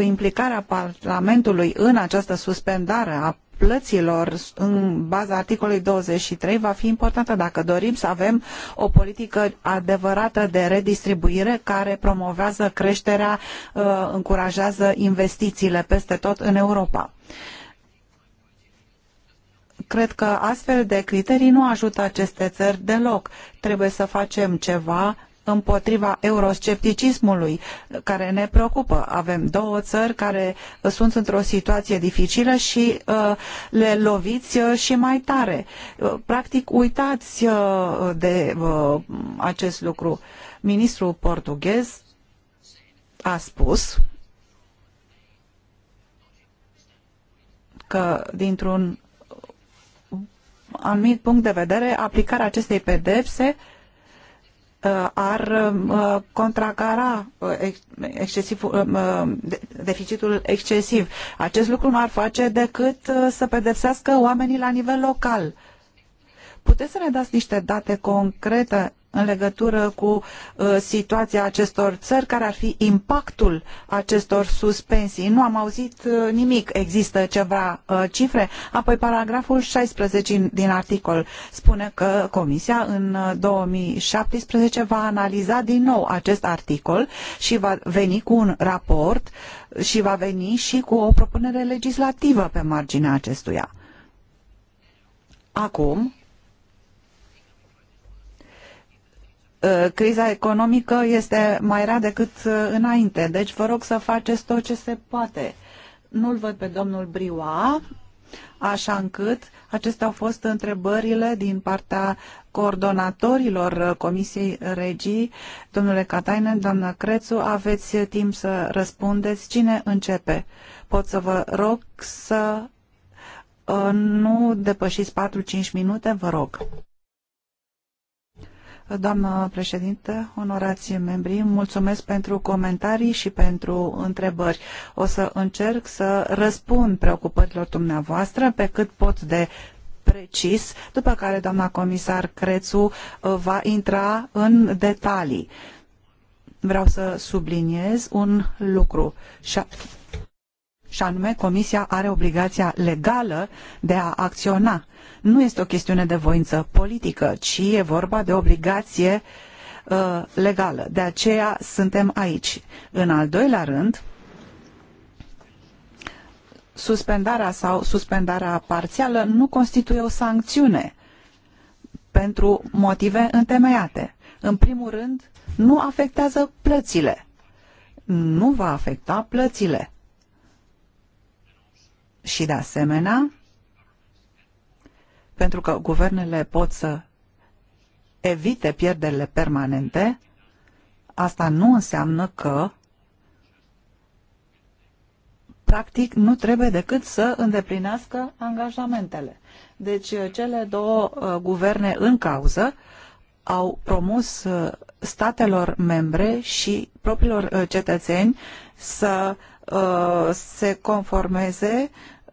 Implicarea Parlamentului în această suspendare a plăților în baza articolului 23 va fi importantă dacă dorim să avem o politică adevărată de redistribuire care promovează creșterea, uh, încurajează investițiile peste tot în Europa. Cred că astfel de criterii nu ajută aceste țări deloc. Trebuie să facem ceva împotriva euroscepticismului care ne preocupă. Avem două țări care uh, sunt într-o situație dificilă și uh, le loviți uh, și mai tare. Practic uitați de acest lucru. Ministrul portughez a spus că dintr-un anumit punct de vedere aplicarea acestei pedepse uh, Uh, ar uh, contracara uh, excesiv, deficitul excesiv. Acest lucru nu ar face decât să pedepsească oamenii la nivel local. Puteți să ne dați niște date concrete în legătură cu uh, situația acestor țări, care ar fi impactul acestor suspensii. Nu am auzit uh, nimic, există ceva uh, cifre. Apoi paragraful 16 din articol spune că Comisia în 2017 uh, va analiza din nou acest articol și va veni cu un raport și va veni și cu o propunere legislativă pe marginea acestuia. Acum, Uh, criza economică este mai rea decât uh, înainte, deci vă rog să faceți tot ce se poate. Nu-l văd pe domnul Brioa, așa încât acestea au fost întrebările din partea coordonatorilor uh, Comisiei Regii. Domnule Cataine, doamnă Crețu, aveți timp să răspundeți. Cine începe? Pot să vă rog să nu depășiți 4-5 minute, vă rog. Doamnă președinte, onorați membri, mulțumesc pentru comentarii și pentru întrebări. O să încerc să răspund preocupărilor dumneavoastră pe cât pot de precis, după care doamna comisar Crețu uh, va intra în detalii. Vreau să subliniez un lucru și și anume Comisia are obligația legală de a acționa. Nu este o chestiune de voință politică, ci e vorba de obligație uh, legală. De aceea suntem aici. În al doilea rând, suspendarea sau suspendarea parțială nu constituie o sancțiune pentru motive întemeiate. În primul rând, nu afectează plățile. Nu va afecta plățile și de asemenea, pentru că guvernele pot să evite pierderile permanente, asta nu înseamnă că practic nu trebuie decât să îndeplinească angajamentele. Deci cele două uh, guverne în cauză au promus uh, statelor membre și propriilor uh, cetățeni să uh, se conformeze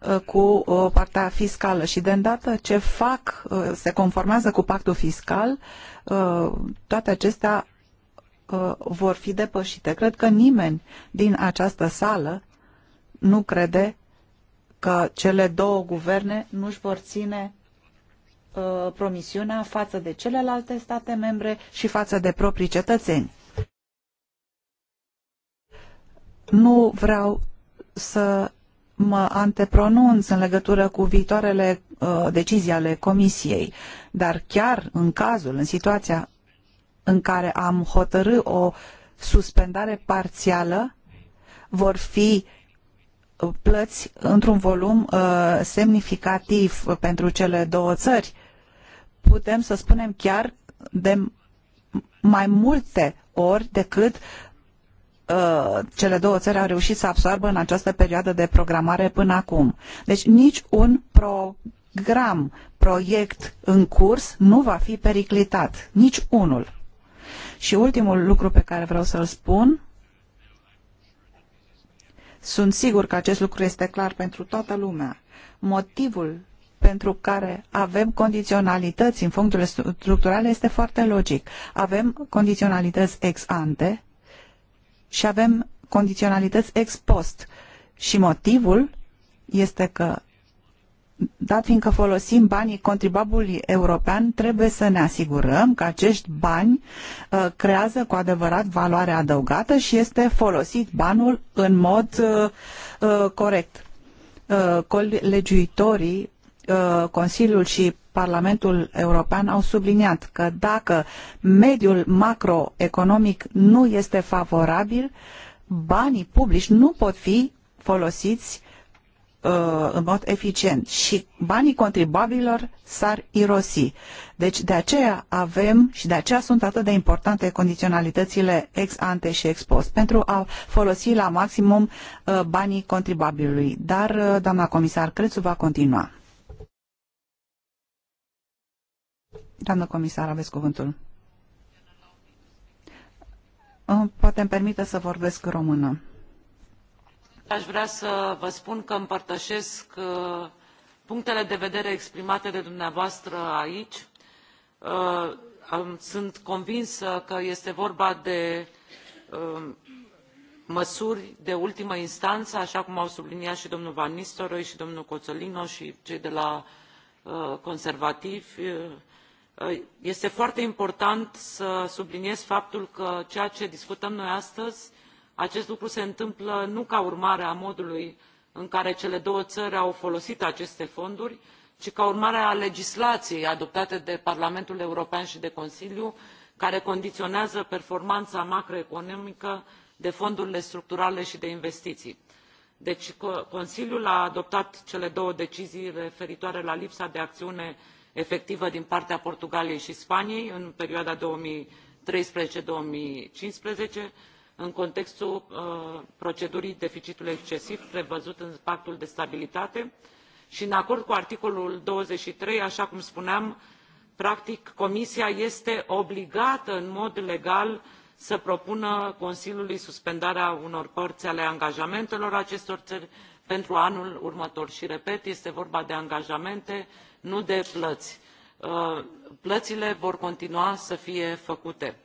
Uh, cu uh, partea fiscală și de îndată ce fac, uh, se conformează cu pactul fiscal, toate acestea vor fi depășite. Cred că nimeni din această sală nu crede că cele două guverne nu își vor ține promisiunea față de celelalte state membre și față de proprii cetățeni. Nu vreau să mă antepronunț în legătură cu viitoarele uh, decizii ale Comisiei, dar chiar în cazul, în situația în care am hotărât o suspendare parțială, vor fi uh, plăți într-un volum uh, semnificativ pentru cele două țări. Putem să spunem chiar de mai multe ori decât Uh, cele două țări au reușit să absorbă în această perioadă de programare până acum. Deci nici un program, proiect în curs nu va fi periclitat, nici unul. Și ultimul lucru pe care vreau să-l spun, sunt sigur că acest lucru este clar pentru toată lumea. Motivul pentru care avem condiționalități în fondurile structurale este foarte logic. Avem condiționalități ex ante, și avem condiționalități ex post. Și motivul este că, dat fiindcă folosim banii contribuabului european, trebuie să ne asigurăm că acești bani uh, creează cu adevărat valoare adăugată și este folosit banul în mod uh, uh corect. Uh, colegiuitorii uh, Consiliul și Parlamentul European au subliniat că dacă mediul macroeconomic nu este favorabil, banii publici nu pot fi folosiți uh, în mod eficient și banii contribuabililor s-ar irosi. Deci de aceea avem și de aceea sunt atât de importante condiționalitățile ex ante și ex post pentru a folosi la maximum uh, banii contribuabilului. Dar uh, doamna comisar Crețu va continua. Doamnă comisar, aveți cuvântul. Poate îmi permite să vorbesc română. Aș vrea să vă spun că împărtășesc uh, punctele de vedere exprimate de dumneavoastră aici. Uh, sunt convinsă că este vorba de um, măsuri de ultimă instanță, așa cum au subliniat și domnul Van Nistelrooy și domnul Coțolino și cei de la uh, conservativi, Uh, este foarte important să subliniez faptul că ceea ce discutăm noi astăzi acest lucru se întâmplă nu ca urmare a modului în care cele două țări au folosit aceste fonduri ci ca urmare a legislației adoptate de parlamentul european și de consiliu care condiționează performanța macroeconomică de fondurile structurale și de investiții. deci consiliul a adoptat cele două decizii referitoare la lipsa de acțiune efectivă din partea Portugaliei și Spaniei în perioada 2013-2015, în contextul uh, procedurii deficitului excesiv prevăzut în pactul de stabilitate și în acord cu articolul 23, așa cum spuneam, practic Comisia este obligată în mod legal să propună Consiliului suspendarea unor părți ale angajamentelor acestor țări pentru anul următor. Și repet, este vorba de angajamente nu de plăți. Uh, plățile vor continua să fie făcute.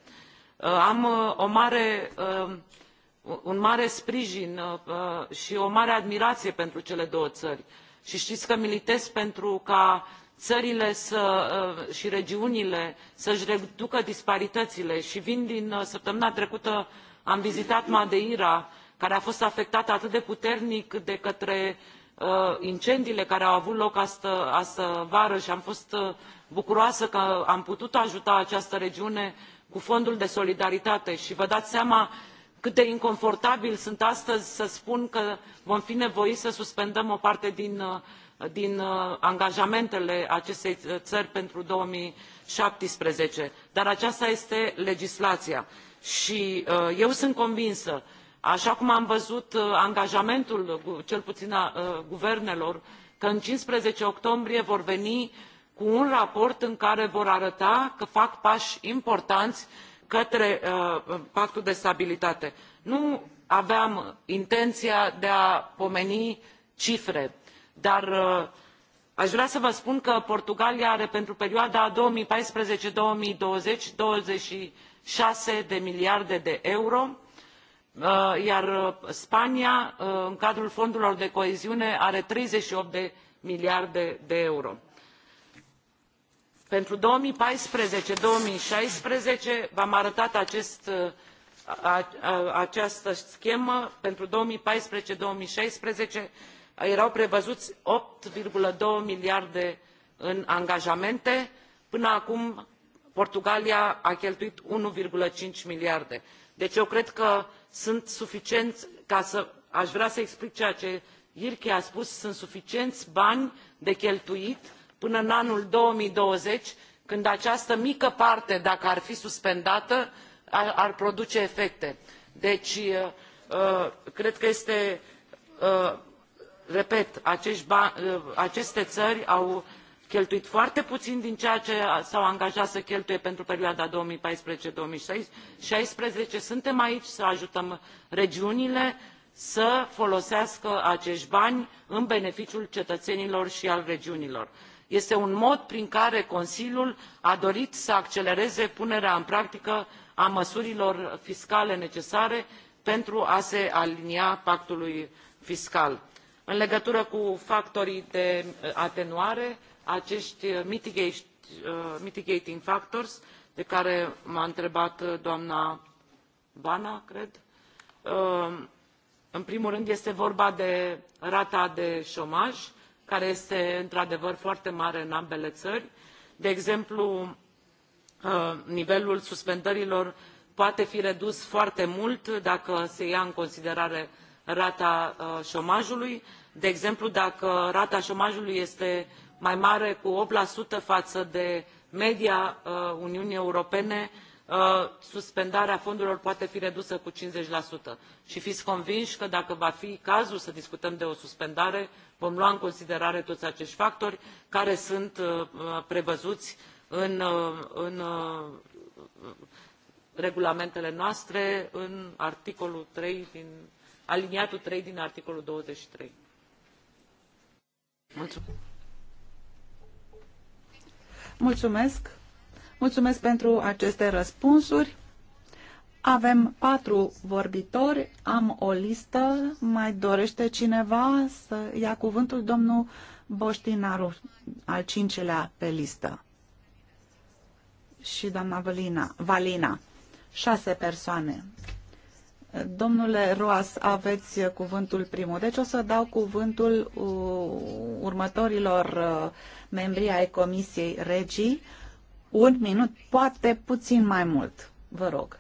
Uh, am uh, o mare, un mare sprijin și o mare admirație pentru cele două țări. Și știți că militez pentru ca țările să, și regiunile să-și reducă disparitățile. Și vin din săptămâna trecută, am vizitat Madeira, care a fost afectată atât de puternic de către Uh, incendiile care au avut loc astă, vară și am fost uh, bucuroasă că am putut ajuta această regiune cu fondul de solidaritate și vă dați seama cât de inconfortabil sunt astăzi să spun că vom fi nevoiți să suspendăm o parte din, uh, din angajamentele acestei țări pentru două mii șaptesprezece dar aceasta este legislația și eu sunt convinsă că așa cum am văzut uh, angajamentul uh, cel puțin al uh, guvernelor că în cincisprezece octombrie vor veni cu un raport în care vor arăta că fac pași importanți către pactul de stabilitate. nu aveam intenția de a pomeni cifre dar aș vrea să vă spun că portugalia are pentru perioada două mii paisprezece două mii douăzeci douăzeci și șase de miliarde de euro Uh, iar uh, spania uh, în cadrul fondurilor de coeziune are treizeci și opt de miliarde de euro. pentru două mii paisprezece două mii șaisprezece v am arătat această schemă pentru două mii paisprezece două mii șaisprezece erau prevăzute opt doi miliarde în angajamente până acum portugalia a cheltuit unu cinci miliarde deci eu cred că sunt suficienți ca aș vrea să explic ceea ce jyrki a spus sunt suficienți bani de cheltuit până în anul două mii douăzeci când această mică parte dacă ar fi suspendată ar, produce efecte. deci uh, uh, cred că este uh, repet aceste țări au cheltuit foarte puțin din ceea ce s au angajat să cheltuie pentru perioada două mii paisprezece două mii șaisprezece suntem aici să ajutăm regiunile să folosească acești bani în beneficiul cetățenilor și al regiunilor. este un mod prin care consiliul a dorit să accelereze punerea în practică a măsurilor fiscale necesare pentru a se alinia pactului fiscal. în legătură cu factorii de atenuare acești uh, uh, mitigating factors de care m-a întrebat uh, doamna Bana, cred. În primul rând este vorba de rata de șomaj, care este într-adevăr foarte mare în ambele țări. De exemplu, nivelul suspendărilor poate fi redus foarte mult dacă se ia în considerare rata șomajului. De exemplu, dacă rata șomajului este mai mare cu 8% față de media uh, Uniunii Europene, uh, suspendarea fondurilor poate fi redusă cu 50%. Și fiți convinși că dacă va fi cazul să discutăm de o suspendare, vom lua în considerare toți acești factori care sunt uh, prevăzuți în, în regulamentele noastre, în articolul 3 din, aliniatul 3 din articolul 23. Mulțumesc. Mulțumesc! Mulțumesc pentru aceste răspunsuri. Avem patru vorbitori, am o listă, mai dorește cineva să ia cuvântul domnul Boștinaru, al cincilea pe listă. Și doamna Valina, Valina, șase persoane. Domnule Roas, aveți cuvântul primul. Deci o să dau cuvântul uh, următorilor uh, membri ai Comisiei Regii. Un minut, poate puțin mai mult. Vă rog.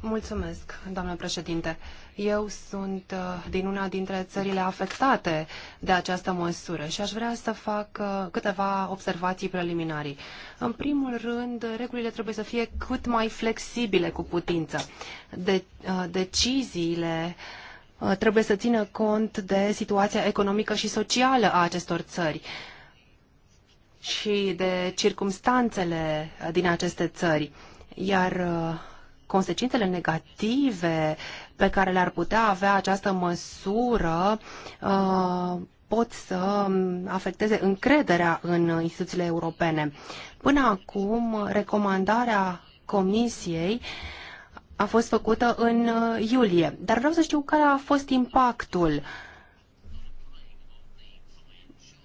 Mulțumesc, doamnă președinte. Eu sunt uh, din una dintre țările afectate de această măsură și aș vrea să fac uh, câteva observații preliminare. În primul rând, regulile trebuie să fie cât mai flexibile cu putință. De, uh, deciziile trebuie să țină cont de situația economică și socială a acestor țări și de circumstanțele din aceste țări. Iar consecințele negative pe care le-ar putea avea această măsură uh, pot să afecteze încrederea în instituțiile europene. Până acum, recomandarea Comisiei a fost făcută în iulie, dar vreau să știu care a fost impactul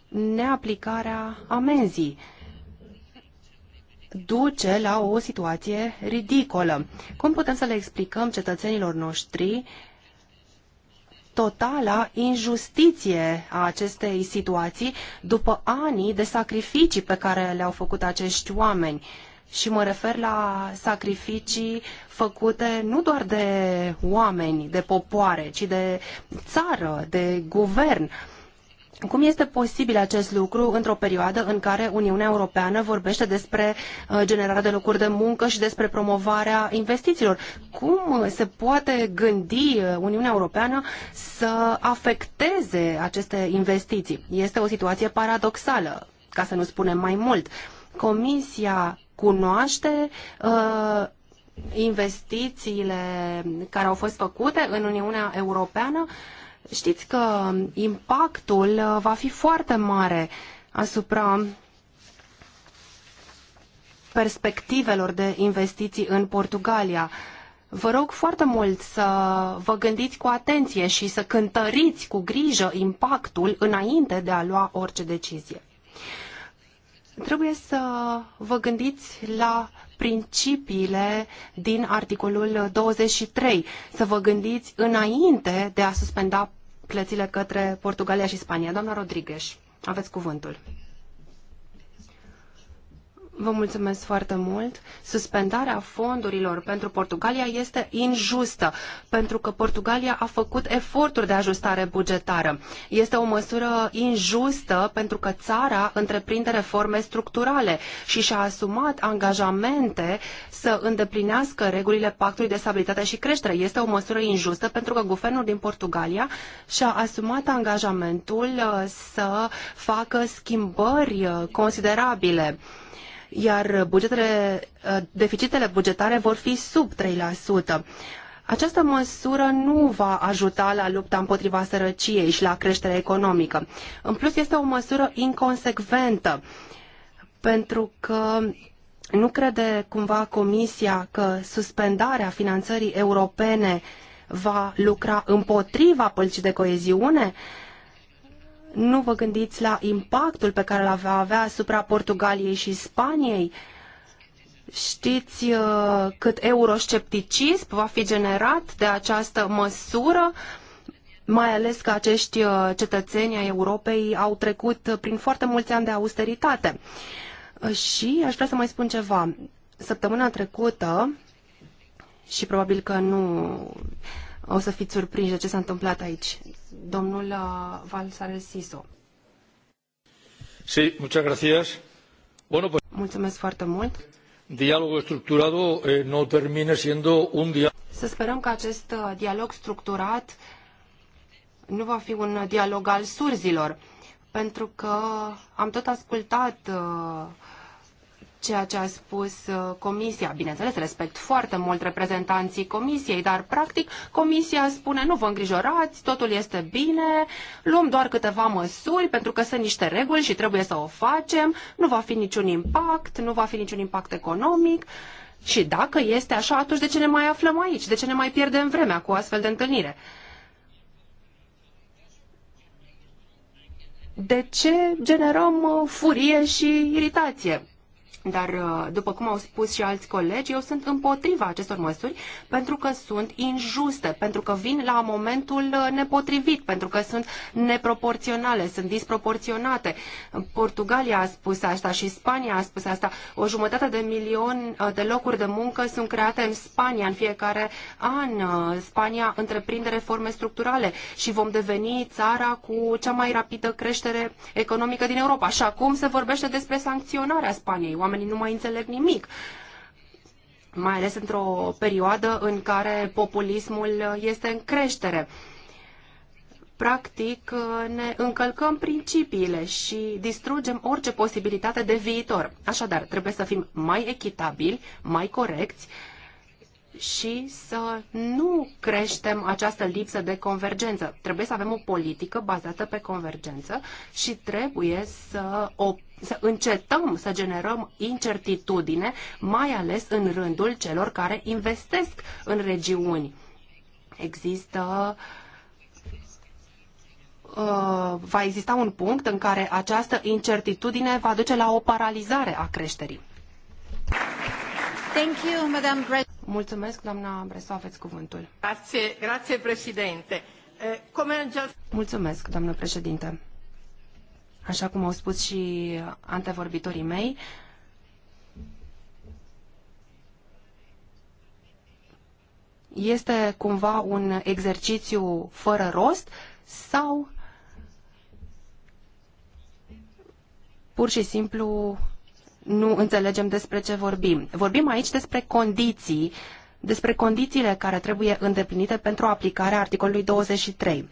neaplicarea amenzii duce la o situație ridicolă. Cum putem să le explicăm cetățenilor noștri totala injustiție a acestei situații după anii de sacrificii pe care le-au făcut acești oameni? Și mă refer la sacrificii făcute nu doar de oameni, de popoare, ci de țară, de guvern. Uh, cum este posibil acest lucru într-o perioadă în care Uniunea Europeană vorbește despre uh, generarea de locuri de muncă și despre promovarea investițiilor? Cum se poate gândi uh, Uniunea Europeană să afecteze aceste investiții? Este o situație paradoxală, ca să nu spunem mai mult. Comisia cunoaște uh, investițiile care au fost făcute în Uniunea Europeană uh, Știți că impactul uh, va fi foarte mare asupra perspectivelor de investiții în Portugalia. Vă rog foarte mult să vă gândiți cu atenție și să cântăriți cu grijă impactul înainte de a lua orice decizie. Trebuie să vă gândiți la principiile din articolul 23, să vă gândiți înainte de a suspenda plățile către Portugalia și Spania. Doamna Rodriguez, aveți cuvântul. Vă mulțumesc foarte mult. Suspendarea fondurilor pentru Portugalia este injustă, pentru că Portugalia a făcut eforturi de ajustare bugetară. Este o măsură injustă pentru că țara întreprinde reforme structurale și și-a asumat angajamente să îndeplinească regulile Pactului de Stabilitate și Creștere. Este o măsură injustă pentru că guvernul din Portugalia și-a asumat angajamentul uh, să facă schimbări uh, considerabile iar bugetele, uh, deficitele bugetare vor fi sub 3%. Această măsură nu va ajuta la lupta împotriva sărăciei și la creșterea economică. În plus, este o măsură inconsecventă, pentru că nu crede cumva Comisia că suspendarea finanțării europene va lucra împotriva politicii de coeziune? Uh, nu vă gândiți la impactul pe care l va avea asupra Portugaliei și Spaniei? Știți uh, cât euroscepticism va fi generat de această măsură? mai ales că acești uh, cetățeni ai Europei au trecut prin foarte mulți ani de austeritate. Uh, și aș vrea să mai spun ceva. Săptămâna trecută, și probabil că nu o să fiți surprinși de ce s-a întâmplat aici, domnul uh, Valsares Siso. Sí, muchas gracias. Bueno, pues... Mulțumesc foarte mult. Dialogul eh, termine siendo un dialog. Să sperăm că acest uh, dialog structurat nu va fi un dialog al surzilor, pentru că am tot ascultat uh, ceea ce a spus uh, Comisia. Bineînțeles, respect foarte mult reprezentanții Comisiei, dar practic Comisia spune nu vă îngrijorați, totul este bine, luăm doar câteva măsuri pentru că sunt niște reguli și trebuie să o facem, nu va fi niciun impact, nu va fi niciun impact economic. Și dacă este așa, atunci de ce ne mai aflăm aici? De ce ne mai pierdem vremea cu astfel de întâlnire? De ce generăm uh, furie și iritație? Dar, uh, după cum au spus și alți colegi, eu sunt împotriva acestor măsuri pentru că sunt injuste, pentru că vin la momentul uh, nepotrivit, pentru că sunt neproporționale, sunt disproporționate. Portugalia a spus asta și Spania a spus asta. O jumătate de milion uh, de locuri de muncă sunt create în Spania în fiecare an. Spania întreprinde reforme structurale și vom deveni țara cu cea mai rapidă creștere economică din Europa. Și acum se vorbește despre sancționarea Spaniei. Oamenii oamenii nu mai înțeleg nimic mai ales într-o perioadă în care populismul este în creștere. Practic, ne încălcăm principiile și distrugem orice posibilitate de viitor. Așadar, trebuie să fim mai echitabili, mai corecți și să nu creștem această lipsă de convergență. Trebuie să avem o politică bazată pe convergență și trebuie să, o, să încetăm să generăm incertitudine, mai ales în rândul celor care investesc în regiuni. Există uh, va exista un punct în care această incertitudine va duce la o paralizare a creșterii. Thank you, Mulțumesc, doamna Bresu, aveți cuvântul. Grazie, grazie președinte. Mulțumesc, doamnă președinte. Așa cum au spus și antevorbitorii mei, este cumva un exercițiu fără rost sau pur și simplu nu înțelegem despre ce vorbim. Vorbim aici despre condiții, despre condițiile care trebuie îndeplinite pentru aplicarea articolului 23.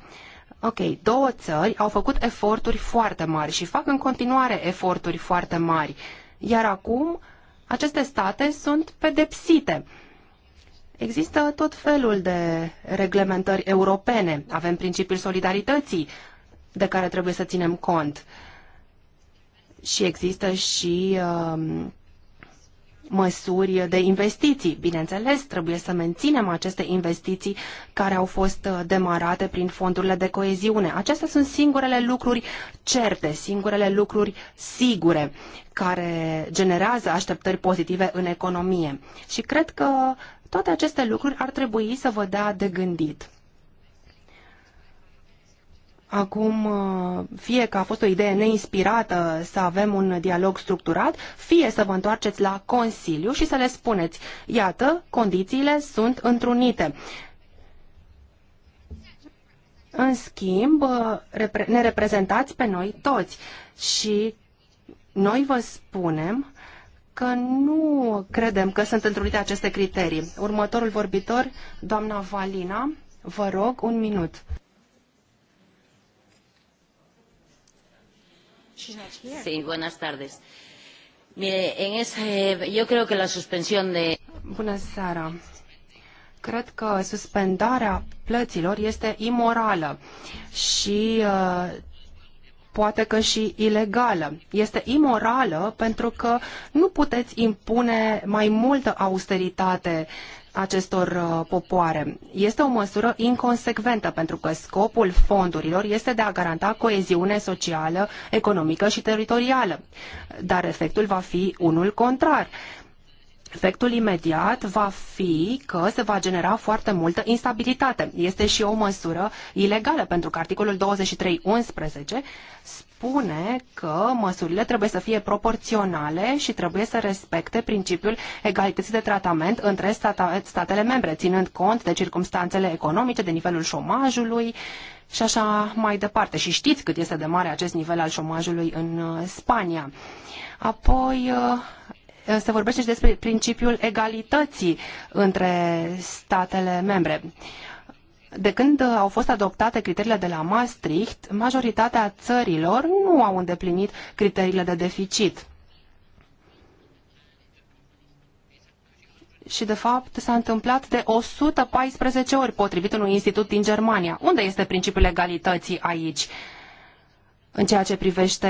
Ok, două țări au făcut eforturi foarte mari și fac în continuare eforturi foarte mari, iar acum aceste state sunt pedepsite. Există tot felul de reglementări europene. Avem principiul solidarității de care trebuie să ținem cont. Uh, și există și um, măsuri de investiții. Bineînțeles, trebuie să menținem aceste investiții care au fost uh, demarate prin fondurile de coeziune. Acestea sunt singurele lucruri certe, singurele lucruri sigure care generează așteptări pozitive în economie. Și cred că toate aceste lucruri ar trebui să vă dea de gândit. Acum, uh, fie că a fost o idee neinspirată să avem un dialog structurat, fie să vă întoarceți la Consiliu și să le spuneți, iată, condițiile sunt întrunite. În schimb, uh, ne reprezentați pe noi toți și noi vă spunem că nu credem că sunt întrunite aceste criterii. Următorul vorbitor, doamna Valina, vă rog un minut. Sí, buenas tardes. Mire, en ese, yo creo que la suspensión de... Bună seara! Cred că suspendarea plăților este imorală și uh, poate că și ilegală. Este imorală pentru că nu puteți impune mai multă austeritate uh, acestor uh, popoare. Este o măsură inconsecventă pentru că scopul fondurilor este de a garanta coeziune socială, economică și teritorială, dar efectul va fi unul contrar. Efectul imediat va fi că se va genera foarte multă instabilitate. Este și o măsură ilegală pentru că articolul 23.11 spune că măsurile trebuie să fie proporționale și trebuie să respecte principiul egalității de tratament între statele membre, ținând cont de circumstanțele economice, de nivelul șomajului și așa mai departe. Și știți cât este de mare acest nivel al șomajului în uh, Spania. Apoi, uh, se vorbește și despre principiul egalității între statele membre de când uh, au fost adoptate criteriile de la Maastricht, majoritatea țărilor nu au îndeplinit criteriile de deficit. și de fapt s-a întâmplat de 114 ori potrivit unui institut din Germania. Unde este principiul egalității aici? În ceea ce privește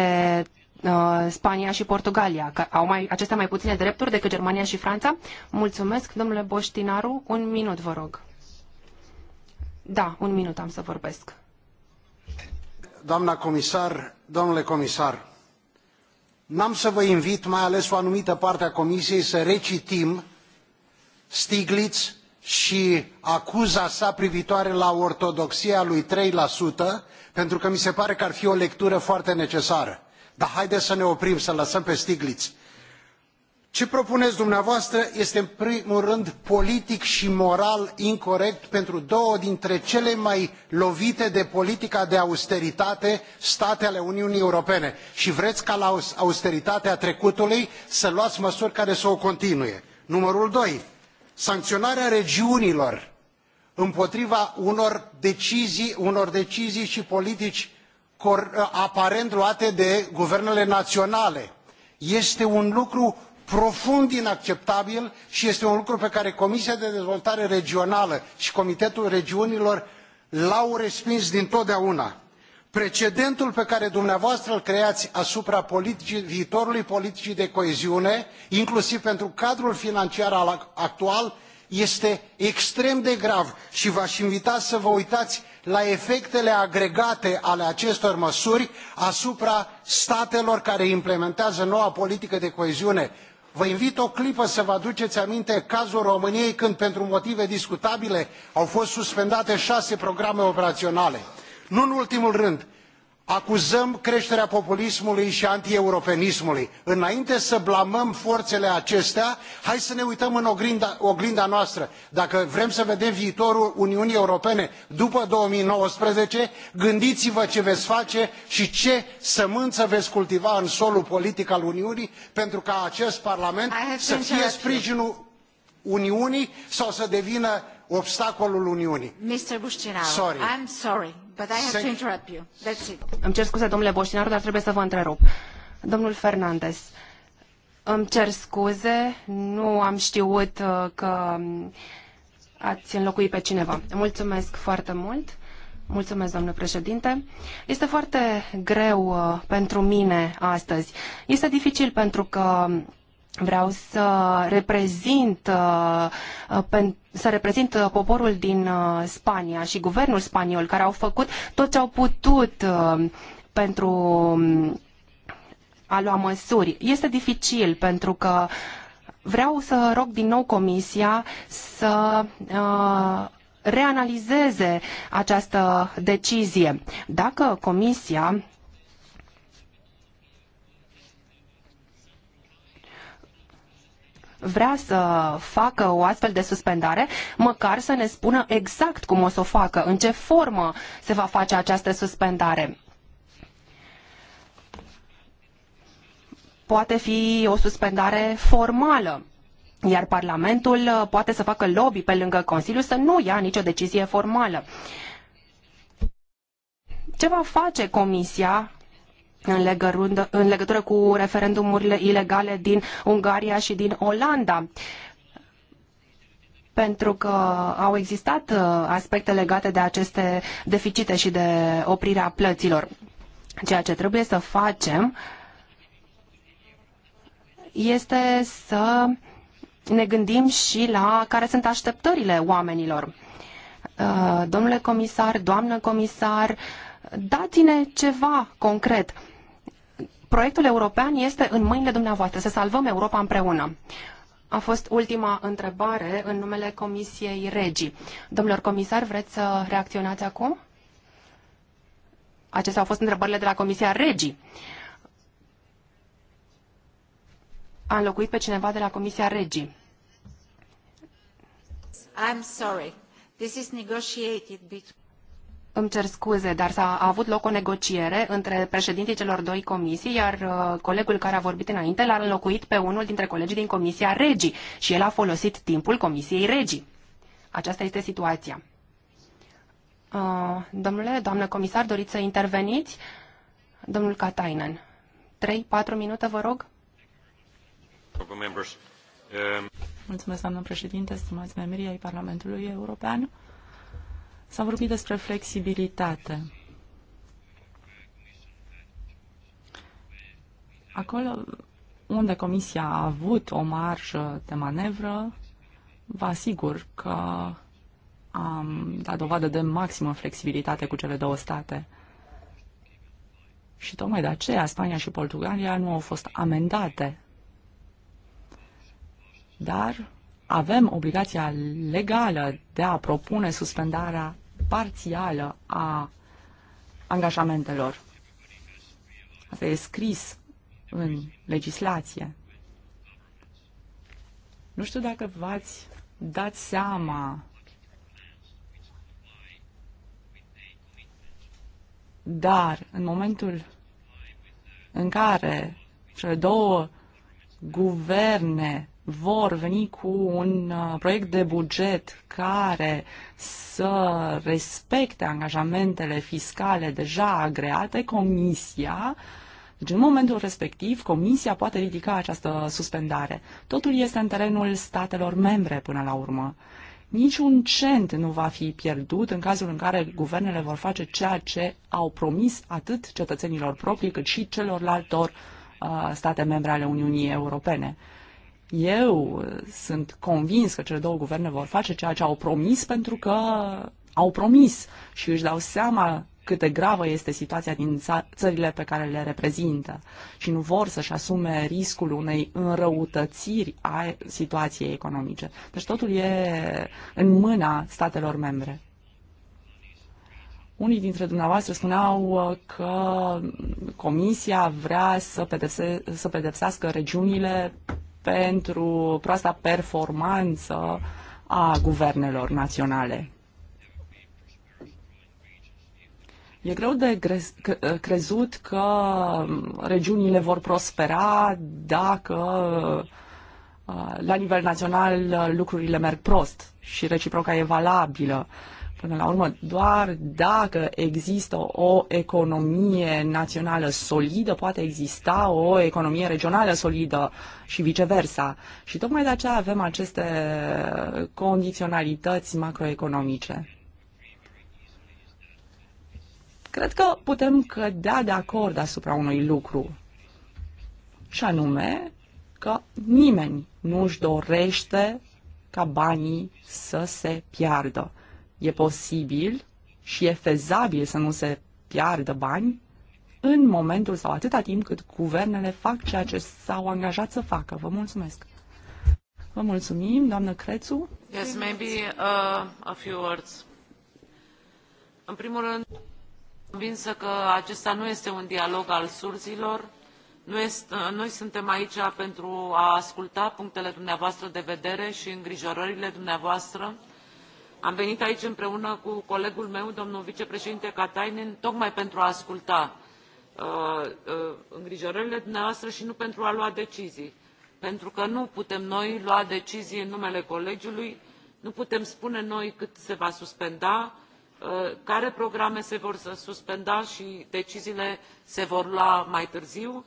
uh, Spania și Portugalia, că au mai, acestea mai puține drepturi decât Germania și Franța? Mulțumesc, domnule Boștinaru. Un minut, vă rog. Da, un minut am să vorbesc. Doamna comisar, domnule comisar, n-am să vă invit, mai ales o anumită parte a comisiei, să recitim Stiglitz și acuza sa privitoare la ortodoxia lui 3%, pentru că mi se pare că ar fi o lectură foarte necesară. Dar haideți să ne oprim, să lăsăm pe Stiglitz ce propuneți dumneavoastră este în primul rând politic și moral incorrect pentru două dintre cele mai lovite de politica de austeritate state ale uniunii europene și vreți ca la austeritatea trecutului să luați măsuri care să o continue. numărul doi sancționarea regiunilor împotriva unor decizii, unor decizii și politici aparent luate de guvernele naționale este un lucru profund inacceptabil și este un lucru pe care Comisia de Dezvoltare Regională și Comitetul Regiunilor l-au respins dintotdeauna. Precedentul pe care dumneavoastră îl creați asupra politicii, viitorului politicii de coeziune, inclusiv pentru cadrul financiar actual, este extrem de grav și v-aș invita să vă uitați la efectele agregate ale acestor măsuri asupra statelor care implementează noua politică de coeziune Vă invit o clipă să vă aduceți aminte cazul României când, pentru motive discutabile, au fost suspendate șase programe operaționale. Nu în ultimul rând, acuzăm creșterea populismului și antieuropenismului. Înainte să blamăm forțele acestea, hai să ne uităm în oglinda, oglinda noastră. Dacă vrem să vedem viitorul Uniunii Europene după 2019, gândiți-vă ce veți face și ce sămânță veți cultiva în solul politic al Uniunii pentru ca acest Parlament să fie sprijinul Uniunii sau să devină obstacolul Uniunii. Mr. Bustinau, sorry. I'm sorry but I have to interrupt you. That's it. Îmi cer scuze, domnule Boștinaru, dar trebuie să vă întrerup. Domnul Fernandez, îmi cer scuze, nu am știut uh, că ați înlocuit pe cineva. Mulțumesc foarte mult. Mulțumesc, domnule președinte. Este foarte greu uh, pentru mine astăzi. Este dificil pentru că Vreau să reprezint, uh, să reprezint uh, poporul din uh, Spania și guvernul spaniol care au făcut tot ce au putut pentru um, a lua măsuri. Este dificil pentru că vreau să rog din nou Comisia să reanalizeze această decizie. Dacă Comisia vrea să facă o astfel de suspendare, măcar să ne spună exact cum o să o facă, în ce formă se va face această suspendare. Poate fi o suspendare formală, iar Parlamentul poate să facă lobby pe lângă Consiliu să nu ia nicio decizie formală. Ce va face Comisia în, în legătură cu referendumurile ilegale din Ungaria și din Olanda pentru că au existat uh, aspecte legate de aceste deficite și de oprirea plăților. Ceea ce trebuie să facem este să ne gândim și la care sunt așteptările oamenilor. Uh, domnule comisar, doamnă comisar, dați-ne ceva concret Proiectul european este în mâinile dumneavoastră, să salvăm Europa împreună. A fost ultima întrebare în numele Comisiei Regi. Domnilor comisar, vreți să reacționați acum? Acestea au fost întrebările de la Comisia Regi. A înlocuit pe cineva de la Comisia Regi. I'm sorry. This is negotiated between... Îmi cer scuze, dar s-a avut loc o negociere între președinții celor doi comisii, iar uh, colegul care a vorbit înainte l-a înlocuit pe unul dintre colegii din Comisia Regii și el a folosit timpul Comisiei Regii. Aceasta este situația. Uh, domnule, doamnă comisar, doriți să interveniți? Domnul Katainen, 3-4 minute, vă rog. Uh, Mulțumesc, doamnă președinte, stimați membrii ai Parlamentului European. S-a vorbit despre flexibilitate. Acolo unde Comisia a avut o marjă de manevră, vă asigur că am dat dovadă de maximă flexibilitate cu cele două state. Și tocmai de aceea Spania și Portugalia nu au fost amendate. Dar avem obligația legală de a propune suspendarea parțială a angajamentelor. Asta e scris în legislație. Nu știu dacă v-ați dat seama dar în momentul în care cele două guverne vor veni cu un uh, proiect de buget care să respecte angajamentele fiscale deja agreate, Comisia deci, în momentul respectiv, Comisia poate ridica această suspendare. Totul este în terenul statelor membre până la urmă. Niciun cent nu va fi pierdut în cazul în care guvernele vor face ceea ce au promis atât cetățenilor proprii cât și celorlaltor uh, state membre ale Uniunii Europene. Eu uh, sunt convins că cele două guverne vor face ceea ce au promis pentru că au promis și își dau seama cât de gravă este situația din țările pe care le reprezintă și nu vor să-și asume riscul unei înrăutățiri a situației economice. Deci totul e în mâna statelor membre. Unii dintre dumneavoastră spuneau uh, că Comisia vrea să, pedepse, să pedepsească regiunile pentru proasta performanță a guvernelor naționale. E greu de crezut că regiunile vor prospera dacă uh, la nivel național uh, lucrurile merg prost și reciproca e valabilă. Uh, Până la urmă, doar dacă există o economie națională solidă, poate exista o economie regională solidă și viceversa. Și tocmai de aceea avem aceste condiționalități macroeconomice. Cred că putem cădea de acord asupra unui lucru, și anume că nimeni nu-și dorește ca banii să se piardă. E posibil și e fezabil să nu se piardă bani în momentul sau atâta timp cât guvernele fac ceea ce s-au angajat să facă. Vă mulțumesc! Vă mulțumim, doamnă Crețu. Yes, maybe uh, a few words. În primul rând, convinsă că acesta nu este un dialog al surzilor. Nu este, uh, noi suntem aici pentru a asculta punctele dumneavoastră de vedere și îngrijorările dumneavoastră am venit aici împreună cu colegul meu domnul vicepreședinte katainen tocmai pentru a asculta uh, uh, îngrijorările dumneavoastră și nu pentru a lua decizii pentru că nu putem noi lua decizii în numele colegiului nu putem spune noi cât se va suspenda uh, care programe se vor suspenda și deciziile se vor lua mai târziu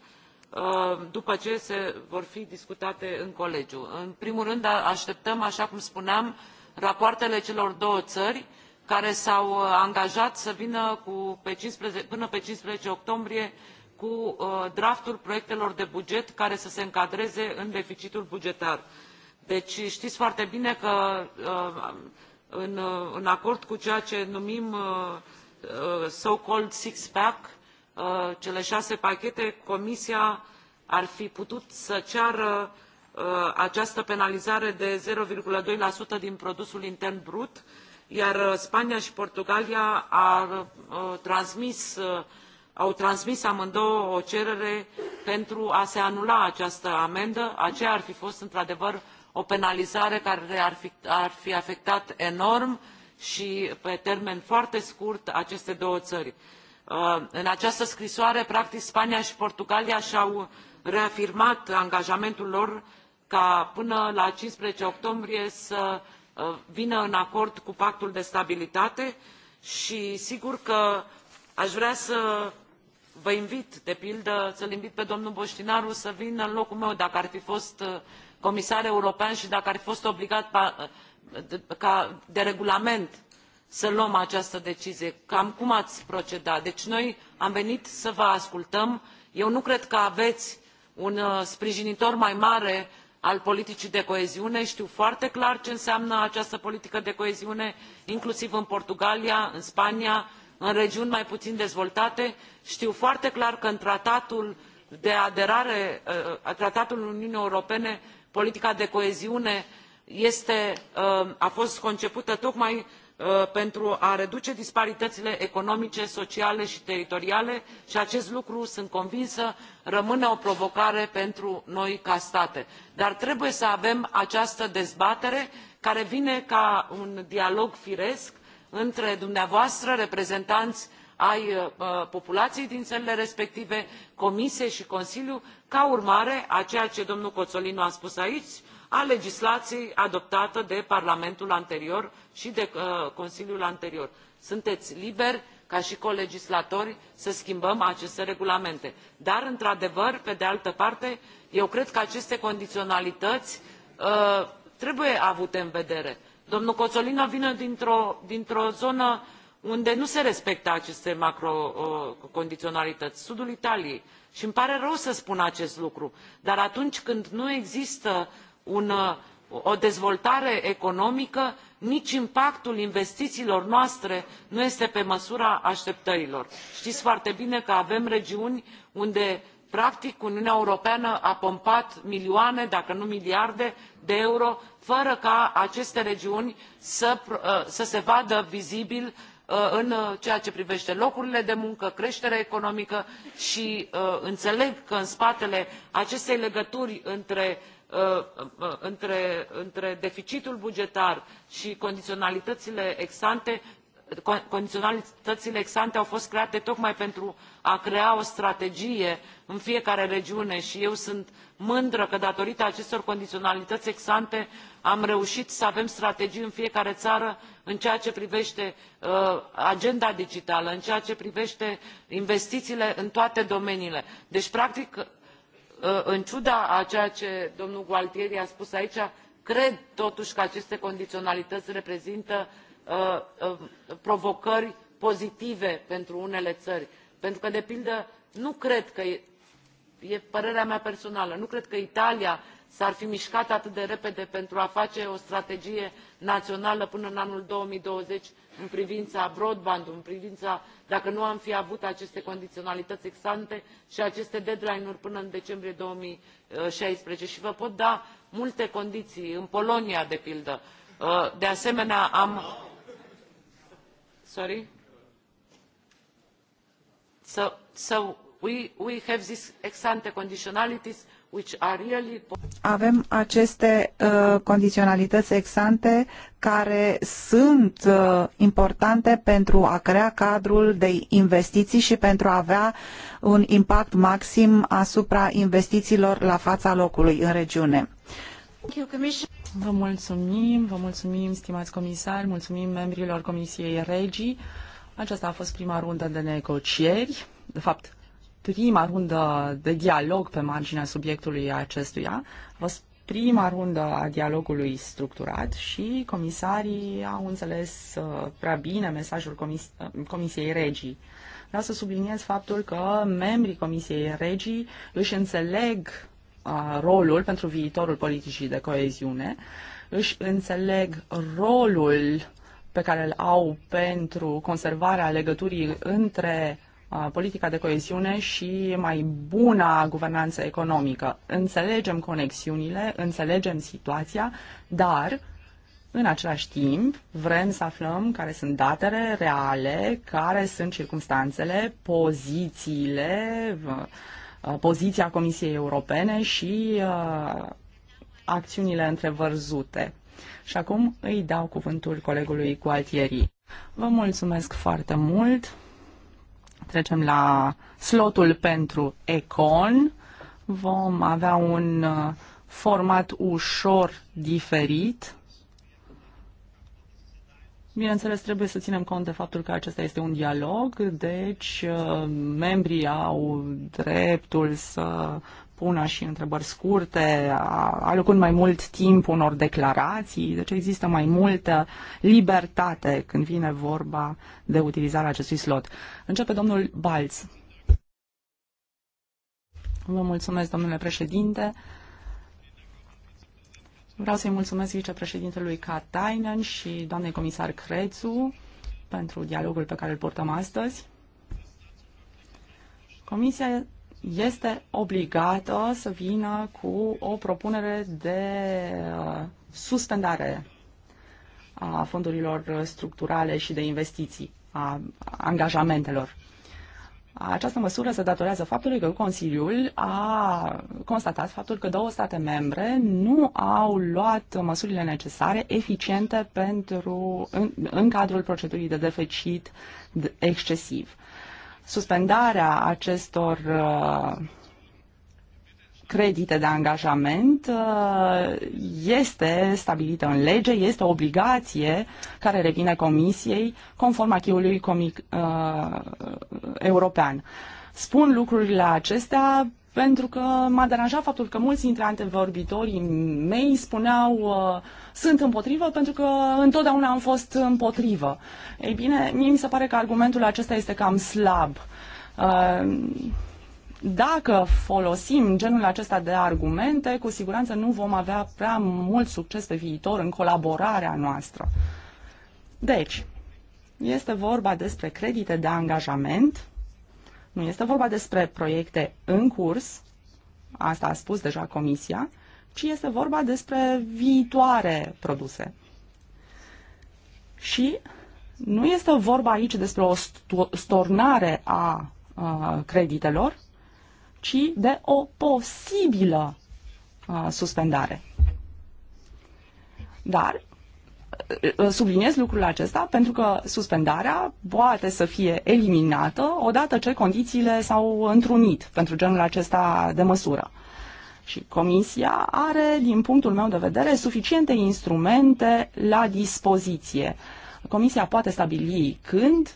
după ce se vor fi discutate în colegiu. în primul rând așteptăm așa cum spuneam rapoartele celor două țări care s-au uh, angajat să vină cu, până pe cincisprezece octombrie cu uh, draftul proiectelor de buget care să se încadreze în deficitul bugetar. Deci știți foarte bine că uh, în, în acord cu ceea ce numim so-called six-pack, cele șase pachete, Comisia ar fi putut să ceară Uh, această penalizare de zero doi din produsul intern brut iar uh, spania și portugalia ar, uh, transmis, au transmis amândouă o cerere pentru a se anula această amendă aceea ar fi fost într adevăr o penalizare care ar fi, ar fi afectat enorm și pe termen foarte scurt aceste două țări. în această scrisoare practic spania și portugalia și au reafirmat angajamentul lor ca până la 15 octombrie să uh, vină în acord cu pactul de stabilitate și sigur că aș vrea să vă invit de pildă să l invit pe domnul Boștinaru să vină în locul meu dacă ar fi fost uh, comisar european și dacă ar fi fost obligat uh, ca de regulament să luăm această decizie cam cum ați proceda? deci noi am venit să vă ascultăm eu nu cred că aveți un sprijinitor mai mare al politicii de coeziune știu foarte clar ce înseamnă această politică de coeziune inclusiv în portugalia în spania în regiuni mai puțin dezvoltate știu foarte clar că în tratatul de aderare uh, tratatul uniunii europene politica de coeziune uh, a fost concepută tocmai Uh, pentru a reduce disparitățile economice sociale și teritoriale și acest lucru sunt convinsă rămâne o provocare pentru noi ca state dar trebuie să avem această dezbatere care vine ca un dialog firesc între dumneavoastră reprezentanți ai uh, populației din țările respective comisie și consiliu ca urmare a ceea ce domnul cozzolino a spus aici a legislației adoptată de parlamentul anterior și de uh, consiliul anterior. sunteți liberi ca și colegislatori să schimbăm aceste regulamente dar într adevăr pe de altă parte eu cred că aceste condiționalități uh, trebuie avute în vedere. domnul cozzolino vine dintr o, dintr -o zonă unde nu se respectă aceste macrocondiționalități uh, sudul italiei și îmi pare rău să spun acest lucru dar atunci când nu există un, uh, o dezvoltare economică nici impactul investițiilor noastre nu este pe măsura așteptărilor. știți foarte bine că avem regiuni unde practic uniunea europeană a pompat milioane dacă nu miliarde de euro fără ca aceste regiuni să, uh, să se vadă vizibil uh, în ceea ce privește locurile de muncă creșterea economică și înțeleg că în spatele acestei legături între Uh, uh, între, deficitul bugetar și condiționalitățile ex ante condiționalitățile ex ante au fost create tocmai pentru a crea o strategie în fiecare regiune și eu sunt mândră că datorită acestor condiționalități ex ante am reușit să avem strategii în fiecare țară în ceea ce privește uh, agenda digitală în ceea ce privește investițiile în toate domeniile deci practic în ciuda a ceea ce domnul gualtieri a spus aici cred totuși că aceste condiționalități reprezintă uh, uh, provocări pozitive pentru unele țări pentru că de pildă nu cred că e părerea mea personală nu cred că italia s ar fi mișcat atât de repede pentru a face o strategie națională până în anul două mii douăzeci în privința broadband ului în privința dacă nu am fi avut aceste condiționalități ex ante și aceste deadline uri până în decembrie două mii șaisprezece și vă pot da multe condiții în polonia de pildă uh, de asemenea am sorry so, so we, we have these ex ante conditionalities avem aceste uh, condiționalități exante care sunt uh, importante pentru a crea cadrul de investiții și pentru a avea un impact maxim asupra investițiilor la fața locului în regiune. Vă mulțumim, vă mulțumim, stimați comisari, mulțumim membrilor Comisiei Regii. Aceasta a fost prima rundă de negocieri, de fapt prima rundă de dialog pe marginea subiectului acestuia. A fost prima rundă a dialogului structurat și comisarii au înțeles uh, prea bine mesajul comis uh, Comisiei Regii. Vreau să subliniez faptul că membrii Comisiei Regii își înțeleg uh, rolul pentru viitorul politicii de coeziune, își înțeleg rolul pe care îl au pentru conservarea legăturii între uh, politica de coeziune și mai buna guvernanță economică. Înțelegem conexiunile, înțelegem situația, dar în același timp vrem să aflăm care sunt datele reale, care sunt circumstanțele, pozițiile, poziția Comisiei Europene și acțiunile întrevărzute. Și acum îi dau cuvântul colegului Gualtieri. Vă mulțumesc foarte mult! Trecem la slotul pentru Econ. Vom avea un uh, format ușor diferit. Bineînțeles, trebuie să ținem cont de faptul că acesta este un dialog, deci uh, membrii au dreptul să pună și întrebări scurte, alocând mai mult timp unor declarații, deci există mai multă libertate când vine vorba de utilizarea acestui slot. Începe domnul Balț. Vă mulțumesc, domnule președinte. Vreau să-i mulțumesc vicepreședintelui Katainen și doamnei comisar Crețu pentru dialogul pe care îl purtăm astăzi. Comisia este obligată să vină cu o propunere de uh, suspendare a fondurilor structurale și de investiții, a angajamentelor. Această măsură se datorează faptului că Consiliul a constatat faptul că două state membre nu au luat măsurile necesare eficiente pentru, în, în cadrul procedurii de deficit excesiv suspendarea acestor uh, credite de angajament uh, este stabilită în lege, este o obligație care revine Comisiei conform acquis-ului comic, uh, european. Spun lucrurile acestea pentru că m-a deranjat faptul că mulți dintre antevorbitorii mei spuneau uh, sunt împotrivă pentru că întotdeauna am fost împotrivă. Ei bine, mie mi se pare că argumentul acesta este cam slab. Uh, dacă folosim genul acesta de argumente, cu siguranță nu vom avea prea mult succes pe viitor în colaborarea noastră. Deci, este vorba despre credite de angajament nu este vorba despre proiecte în curs, asta a spus deja Comisia, ci este vorba despre viitoare produse. Și nu este vorba aici despre o stornare a, creditelor, ci de o posibilă suspendare. Dar Uh, subliniez lucrul acesta pentru că suspendarea poate să fie eliminată odată ce condițiile s-au întrunit pentru genul acesta de măsură. Și Comisia are, din punctul meu de vedere, suficiente instrumente la dispoziție. Comisia poate stabili când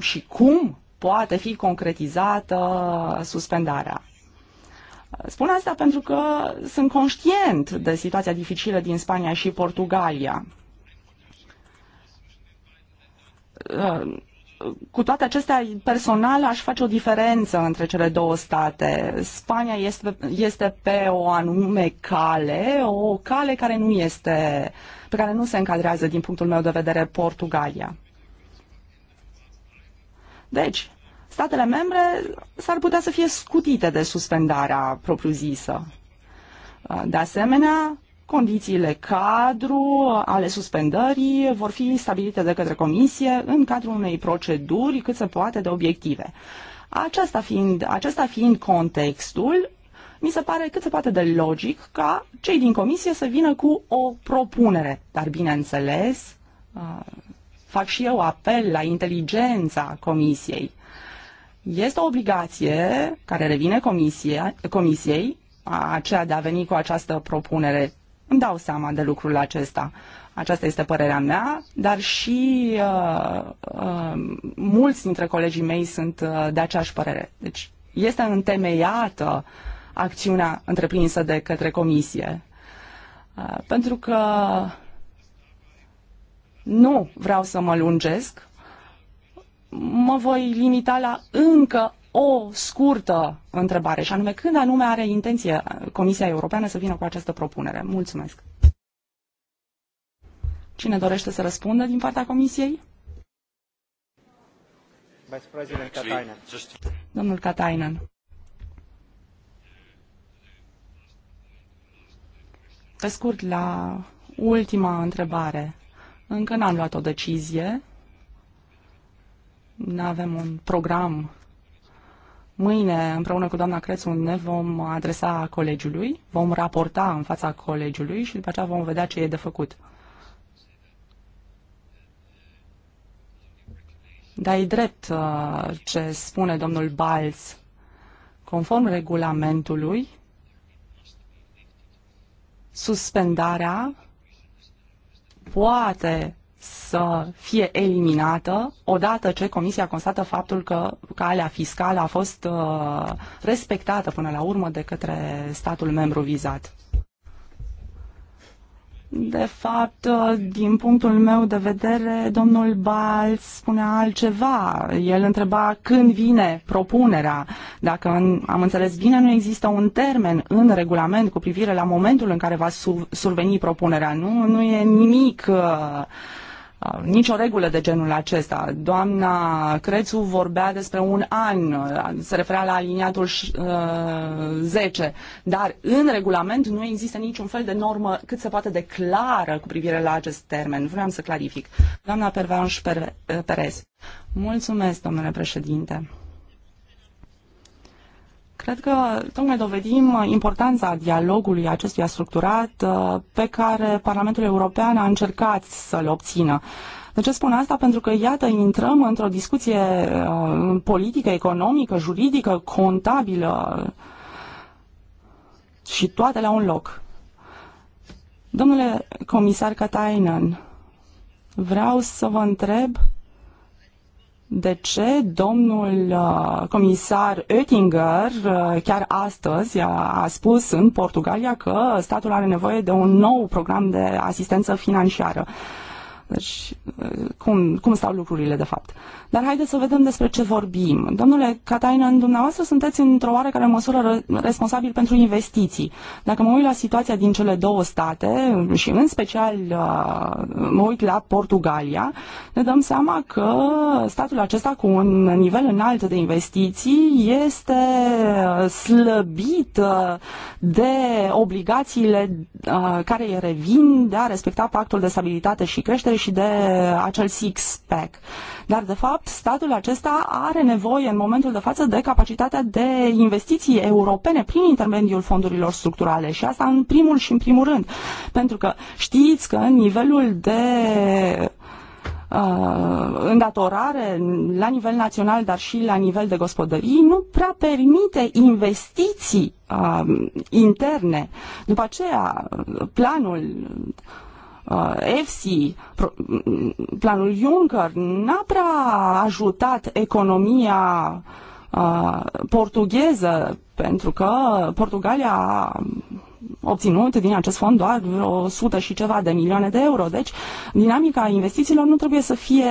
și cum poate fi concretizată suspendarea. Spun asta pentru că sunt conștient de situația dificilă din Spania și Portugalia. Uh, cu toate acestea, personal aș face o diferență între cele două state. Spania este, este pe o anume cale, o cale care nu este, pe care nu se încadrează din punctul meu de vedere Portugalia. Deci, statele membre s-ar putea să fie scutite de suspendarea propriu-zisă. Uh, de asemenea, Condițiile cadru ale suspendării vor fi stabilite de către comisie în cadrul unei proceduri cât se poate de obiective. Aceasta fiind, acesta fiind contextul, mi se pare cât se poate de logic ca cei din comisie să vină cu o propunere. Dar, bineînțeles, fac și eu apel la inteligența comisiei. Este o obligație care revine comisie, comisiei, aceea de a veni cu această propunere îmi dau seama de lucrul acesta. Aceasta este părerea mea, dar și uh, uh, mulți dintre colegii mei sunt uh, de aceeași părere. Deci este întemeiată acțiunea întreprinsă de către comisie. Uh, pentru că nu vreau să mă lungesc, mă voi limita la încă o scurtă întrebare, și anume când anume are intenție Comisia Europeană să vină cu această propunere. Mulțumesc. Cine dorește să răspundă din partea Comisiei? Domnul Katainen. Pe scurt, la ultima întrebare. Încă n-am luat o decizie. Nu avem un program Mâine, împreună cu doamna Crețu, ne vom adresa colegiului, vom raporta în fața colegiului și după aceea vom vedea ce e de făcut. Dar e drept uh, ce spune domnul Balz. Conform regulamentului, suspendarea poate să fie eliminată odată ce Comisia constată faptul că calea fiscală a fost uh, respectată până la urmă de către statul membru vizat. De fapt, uh, din punctul meu de vedere, domnul Balț spunea altceva. El întreba când vine propunerea. Dacă am înțeles bine, nu există un termen în regulament cu privire la momentul în care va surveni propunerea. Nu, nu e nimic uh, Uh, nicio regulă de genul acesta. Doamna Crețu vorbea despre un an, uh, se referea la aliniatul 10, uh, dar în regulament nu există niciun fel de normă cât se poate de clară cu privire la acest termen. Vreau să clarific. Doamna Pervanș Perez. Mulțumesc, domnule președinte. Cred că tocmai dovedim importanța dialogului acestuia structurat uh, pe care Parlamentul European a încercat să-l obțină. De ce spun asta? Pentru că, iată, intrăm într-o discuție uh, politică, economică, juridică, contabilă și toate la un loc. Domnule comisar Katainen, vreau să vă întreb de ce domnul uh, comisar Oettinger uh, chiar astăzi a, spus în Portugalia că statul are nevoie de un nou program de asistență financiară. Deci, uh, cum, cum stau lucrurile de fapt? Dar haideți să vedem despre ce vorbim. Domnule în dumneavoastră sunteți într-o oarecare măsură responsabil pentru investiții. Dacă mă uit la situația din cele două state și în special uh, mă uit la Portugalia, ne dăm seama că statul acesta cu un nivel înalt de investiții este uh, slăbit uh, de obligațiile care îi revin de a respecta pactul de stabilitate și creștere și de acel six-pack. Dar, de fapt, fapt, statul acesta are nevoie în momentul de față de capacitatea de investiții europene prin intermediul fondurilor structurale și asta în primul și în primul rând. Pentru că știți că nivelul de uh, îndatorare la nivel național, dar și la nivel de gospodării, nu prea permite investiții uh, interne. După aceea, planul EFSI, uh, planul Juncker n-a prea ajutat economia uh, portugheză pentru că Portugalia a obținut din acest fond doar vreo sută și ceva de milioane de euro. Deci, dinamica investițiilor nu trebuie să fie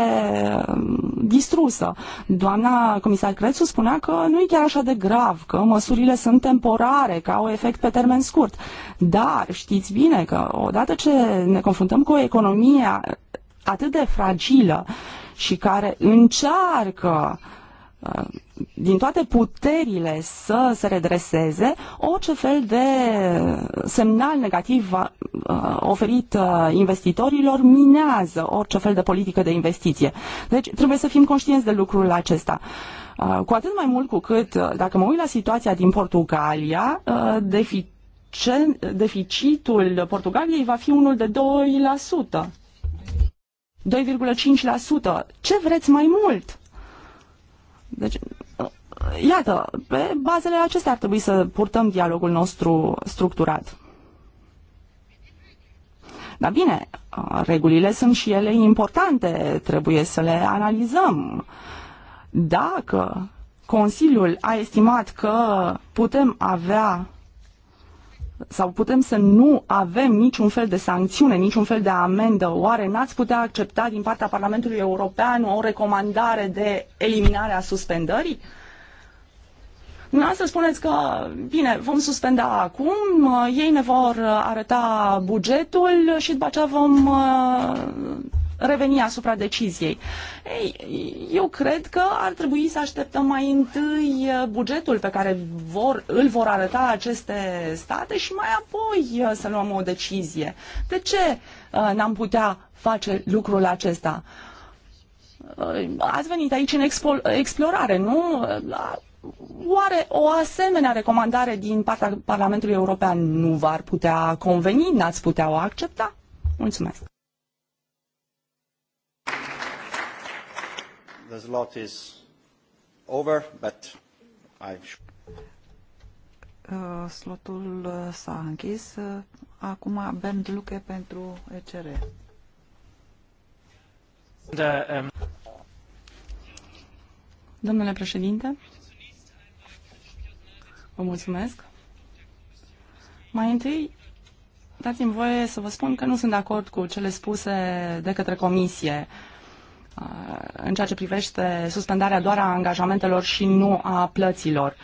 um, distrusă. Doamna comisar Crețu spunea că nu e chiar așa de grav, că măsurile sunt temporare, că au efect pe termen scurt. Dar știți bine că odată ce ne confruntăm cu o economie atât de fragilă și care încearcă uh, din toate puterile să se redreseze, orice fel de semnal negativ uh, oferit uh, investitorilor minează orice fel de politică de investiție. Deci trebuie să fim conștienți de lucrul acesta. Uh, cu atât mai mult cu cât, dacă mă uit la situația din Portugalia, deficitul Portugaliei va fi unul de 2%. 2,5%. Ce vreți mai mult? Deci, iată, pe bazele acestea ar trebui să purtăm dialogul nostru structurat. Dar bine, regulile sunt și ele importante, trebuie să le analizăm. Dacă Consiliul a estimat că putem avea sau putem să nu avem niciun fel de sancțiune, niciun fel de amendă. Oare n-ați putea accepta din partea Parlamentului European o recomandare de eliminare a suspendării? să spuneți că, bine, vom suspenda acum, ei ne vor arăta bugetul și după aceea vom uh, reveni asupra deciziei. Ei, eu cred că ar trebui să așteptăm mai întâi uh, bugetul pe care vor, îl vor arăta aceste state și mai apoi uh, să luăm o decizie. De ce uh, n-am putea face lucrul acesta? Ați venit aici în expo- explorare, nu? Oare o asemenea recomandare din partea Parlamentului European nu v-ar putea conveni? N-ați putea o accepta? Mulțumesc! the slot is over, but I'm sure. Uh, slotul uh, s-a închis. Uh, acum avem Luke pentru ECR. Da, um... Domnule președinte, vă mulțumesc. Mai întâi, dați-mi voie să vă spun că nu sunt de acord cu cele spuse de către comisie. Uh, în ceea ce privește suspendarea doar a angajamentelor și nu a plăților. Uh,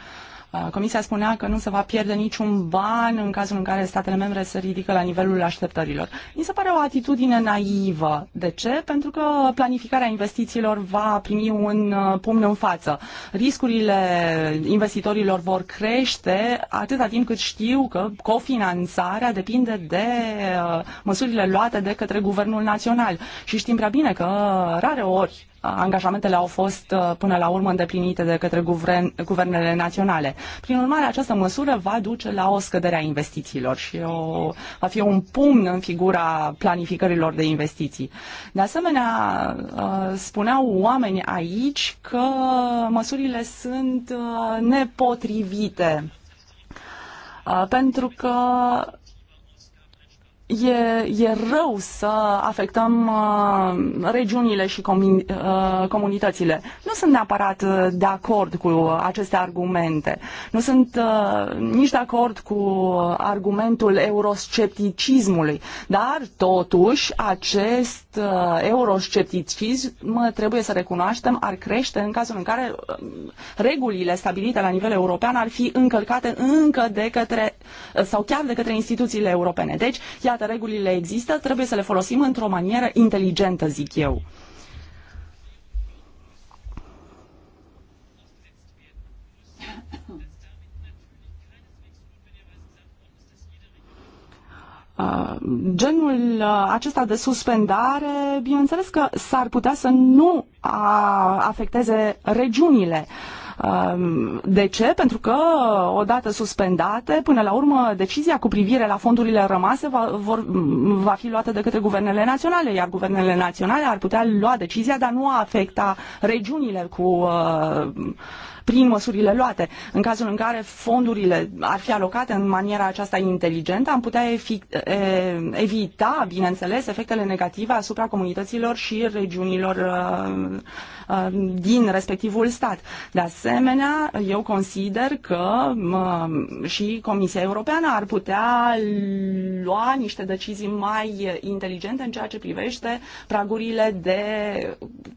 Comisia spunea că nu se va pierde niciun ban în cazul în care statele membre se ridică la nivelul așteptărilor. Mi se pare o atitudine naivă. De ce? Pentru că planificarea investițiilor va primi un uh, pumn în față. Riscurile investitorilor vor crește atâta timp cât știu că cofinanțarea depinde de uh, măsurile luate de către Guvernul Național. Și știm prea bine că rare ori angajamentele au fost uh, până la urmă îndeplinite de către guvern, guvernele naționale. Prin urmare, această măsură va duce la o scădere a investițiilor și o, va fi un pumn în figura planificărilor de investiții. De asemenea, uh, spuneau oameni aici că măsurile sunt uh, nepotrivite pentru că e, e rău să afectăm uh, regiunile și comun, uh, comunitățile. Nu sunt neapărat uh, de acord cu aceste argumente. Nu sunt uh, nici de acord cu argumentul euroscepticismului. Dar, totuși, acest uh, euroscepticism, trebuie să recunoaștem, ar crește în cazul în care uh, regulile stabilite la nivel european ar fi încălcate încă de către sau chiar de către instituțiile europene. Deci, iată, regulile există, trebuie să le folosim într-o manieră inteligentă, zic eu. genul acesta de suspendare, bineînțeles că s-ar putea să nu afecteze regiunile. Uh, de ce? Pentru că odată suspendate, până la urmă decizia cu privire la fondurile rămase va, vor, va fi luată de către guvernele naționale, iar guvernele naționale ar putea lua decizia dar a nu afecta regiunile cu uh, prin măsurile luate. În cazul în care fondurile ar fi alocate în maniera aceasta inteligentă, am putea evita, bineînțeles, efectele negative asupra comunităților și regiunilor din respectivul stat. De asemenea, eu consider că și Comisia Europeană ar putea lua niște decizii mai inteligente în ceea ce privește pragurile de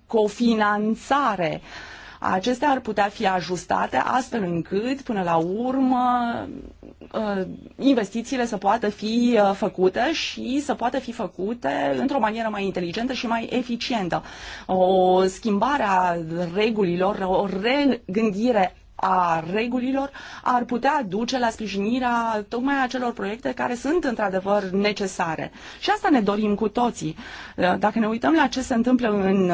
cofinanțare uh, Acestea ar putea fi ajustate astfel încât, până la urmă, ă, investițiile să poată fi ă, făcute și să poată fi făcute într-o manieră mai inteligentă și mai eficientă. O schimbare a regulilor, o regândire a regulilor ar putea duce la sprijinirea tocmai acelor proiecte care sunt într-adevăr necesare. Și asta ne dorim cu toții. Ă, dacă ne uităm la ce se întâmplă în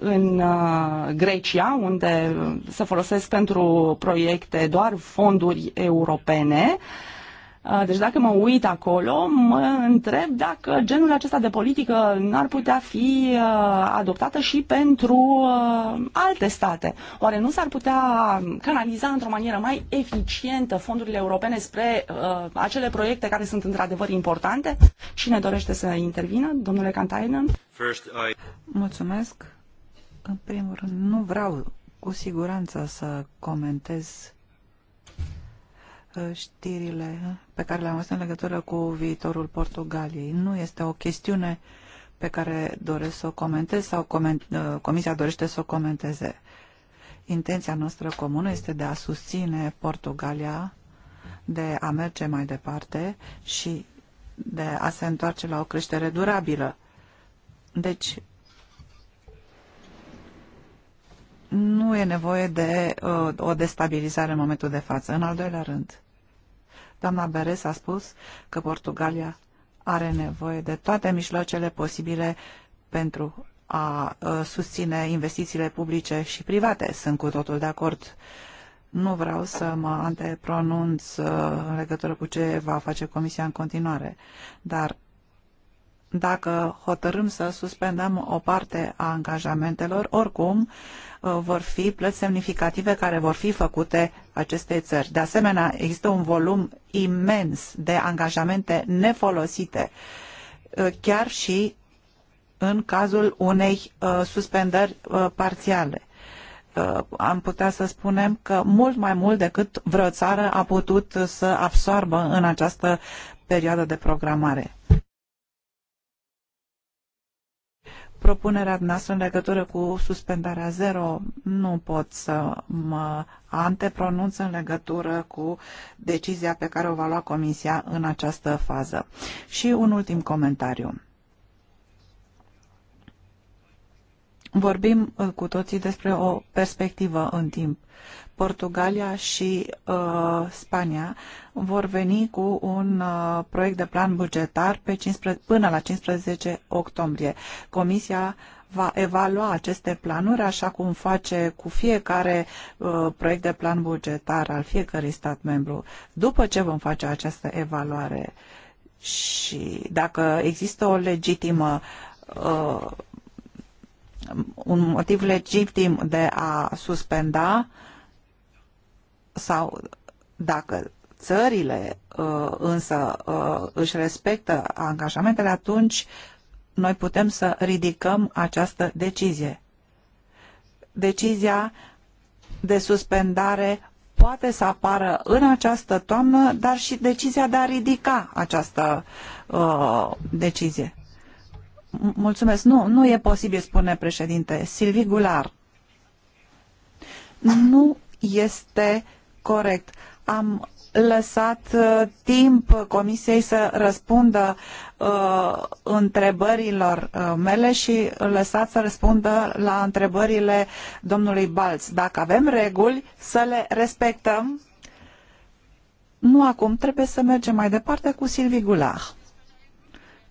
în uh, Grecia, unde se folosesc pentru proiecte doar fonduri europene. Uh, deci dacă mă uit acolo, mă întreb dacă genul acesta de politică n-ar putea fi uh, adoptată și pentru alte state. Oare nu s-ar putea canaliza într-o manieră mai eficientă fondurile europene spre uh, acele proiecte care sunt într-adevăr importante? Cine dorește să intervină? Domnule Cantainen? Mulțumesc. În primul rând, nu vreau cu siguranță să comentez uh, știrile pe care le-am văzut în legătură cu viitorul Portugaliei. Nu este o chestiune pe care doresc să o comentez sau coment, uh, Comisia dorește să o comenteze. Intenția noastră comună este de a susține Portugalia, de a merge mai departe și de a se întoarce la o creștere durabilă. Deci, nu e nevoie de uh, o destabilizare în momentul de față. În al doilea rând, doamna Beres a spus că Portugalia are nevoie de toate mijloacele posibile pentru a uh, susține investițiile publice și private. Sunt cu totul de acord. Nu vreau să mă antepronunț uh, în legătură cu ce va face Comisia în continuare, dar dacă hotărâm să suspendăm o parte a angajamentelor, oricum, uh, Uh, vor fi plăți semnificative care vor fi făcute acestei țări. De asemenea, există un volum imens de angajamente nefolosite, uh, chiar și în cazul unei uh, suspendări parțiale am putea să spunem că mult mai mult decât vreo țară a putut să absoarbă în această perioadă de programare. propunerea noastră în legătură cu suspendarea zero. Nu pot să mă antepronunț în legătură cu decizia pe care o va lua Comisia în această fază. Și un ultim comentariu. Vorbim uh, cu toții despre o perspectivă în timp. Portugalia și uh, Spania vor veni cu un uh, proiect de plan bugetar pe 15, până la 15 octombrie. Comisia va evalua aceste planuri așa cum face cu fiecare uh, proiect de plan bugetar al fiecărui stat membru. După ce vom face această evaluare și dacă există o legitimă uh, un motiv legitim de a suspenda sau dacă țările uh, însă uh, își respectă angajamentele, atunci noi putem să ridicăm această decizie. Decizia de suspendare poate să apară în această toamnă, dar și decizia de a ridica această uh, decizie. Mulțumesc. Nu, nu e posibil, spune președinte. Silvi Gular. Nu este corect. Am lăsat uh, timp Comisiei să răspundă uh, întrebărilor uh, mele și lăsat să răspundă la întrebările domnului Balț. Dacă avem reguli, să le respectăm. Nu acum, trebuie să mergem mai departe cu Silvi Gulah.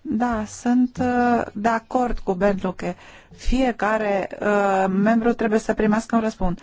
Da, sunt uh, de acord cu Berluche. Fiecare uh, membru trebuie să primească un răspuns.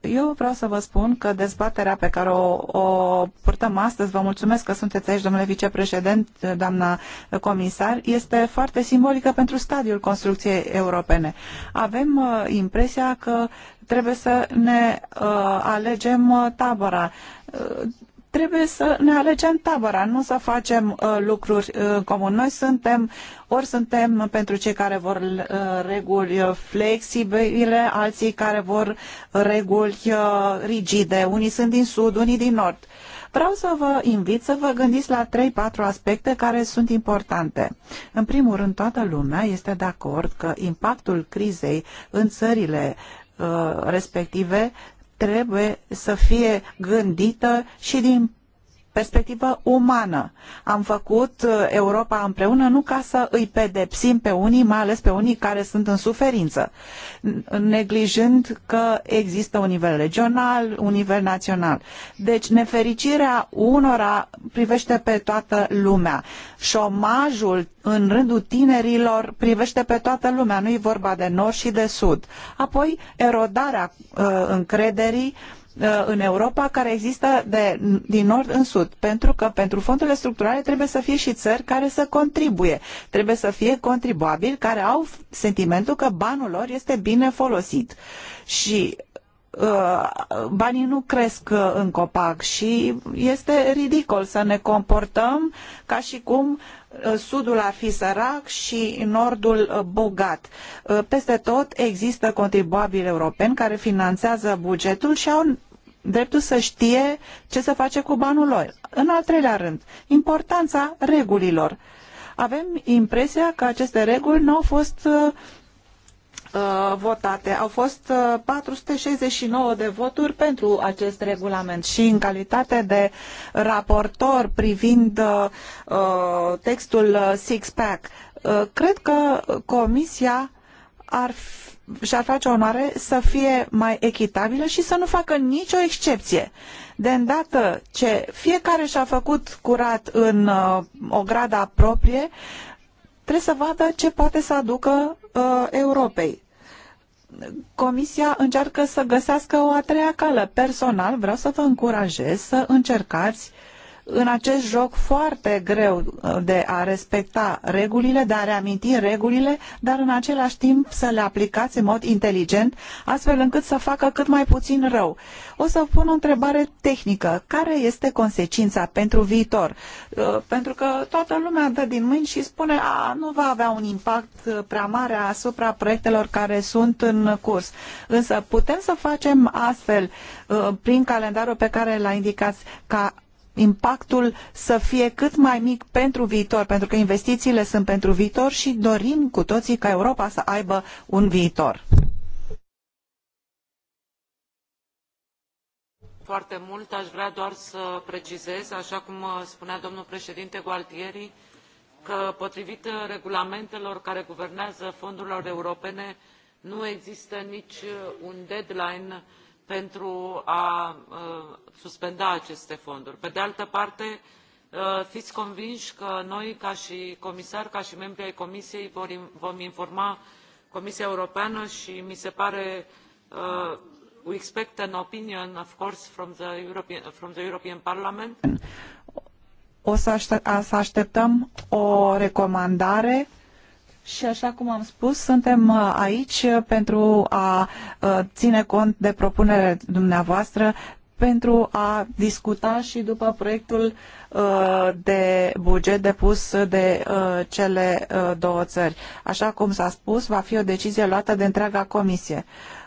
Eu vreau să vă spun că dezbaterea pe care o, o purtăm astăzi, vă mulțumesc că sunteți aici, domnule vicepreședent, doamna comisar, este foarte simbolică pentru stadiul construcției europene. Avem uh, impresia că trebuie să ne uh, alegem uh, tabăra. Uh, trebuie să ne alegem tabăra, nu să facem uh, lucruri uh, comun. Noi suntem, ori suntem pentru cei care vor uh, reguli uh, flexibile, alții care vor reguli uh, rigide, unii sunt din sud, unii din nord. Vreau să vă invit să vă gândiți la 3-4 aspecte care sunt importante. În primul rând, toată lumea este de acord că impactul crizei în țările uh, respective trebuie să fie gândită și din perspectivă umană. Am făcut uh, Europa împreună nu ca să îi pedepsim pe unii, mai ales pe unii care sunt în suferință, neglijând că există un nivel regional, un nivel național. Deci nefericirea unora privește pe toată lumea. Șomajul în rândul tinerilor privește pe toată lumea, nu e vorba de nord și de sud. Apoi erodarea uh, încrederii uh, Uh, în Europa care există de, din nord în sud, pentru că pentru fondurile structurale trebuie să fie și țări care să contribuie, trebuie să fie contribuabili care au sentimentul că banul lor este bine folosit și uh, banii nu cresc uh, în copac și este ridicol să ne comportăm ca și cum uh, Uh, sudul ar fi sărac și nordul uh, bogat. Uh, peste tot există contribuabili europeni care finanțează bugetul și au dreptul să știe ce să face cu banul lor. În al treilea rând, importanța regulilor. Avem impresia că aceste reguli nu au fost uh, Uh, votate. Au fost 469 uh, de voturi pentru acest regulament și în calitate de raportor privind uh, uh textul six-pack, cred că Comisia ar și-ar face onoare să fie mai echitabilă și să nu facă nicio excepție. De îndată ce fiecare și-a făcut curat în uh, ograda proprie, trebuie să vadă ce poate să aducă uh, Europei. Comisia încearcă să găsească o a treia cală. Personal vreau să vă încurajez să încercați în acest joc foarte greu uh, de a respecta regulile, de a reaminti regulile, dar în același timp să le aplicați în mod inteligent, astfel încât să facă cât mai puțin rău. O să pun o întrebare tehnică. Care este consecința pentru viitor? Uh, pentru că toată lumea dă din mâini și spune a, nu va avea un impact uh, prea mare asupra proiectelor care sunt în curs. Însă putem să facem astfel prin calendarul pe care l-a indicat ca impactul să fie cât mai mic pentru viitor, pentru că investițiile sunt pentru viitor și dorim cu toții ca Europa să aibă un viitor. Foarte mult, aș vrea doar să precizez, așa cum uh, spunea domnul președinte Gualtieri, că potrivit uh, regulamentelor care guvernează fondurile europene, nu există nici uh, un deadline pentru a suspenda aceste fonduri. Pe de altă parte, fiți convinși că noi, ca și comisar, ca și membri ai Comisiei, vom informa Comisia Europeană și mi se pare uh, we expect an opinion, of course, from the European, from the European Parliament. O să, așteptăm o recomandare și așa cum am spus, suntem uh, aici uh, pentru a uh, ține cont de propunerea dumneavoastră pentru a discuta și după proiectul de buget depus de cele două țări. Așa cum s-a spus, va fi o decizie luată de întreaga comisie.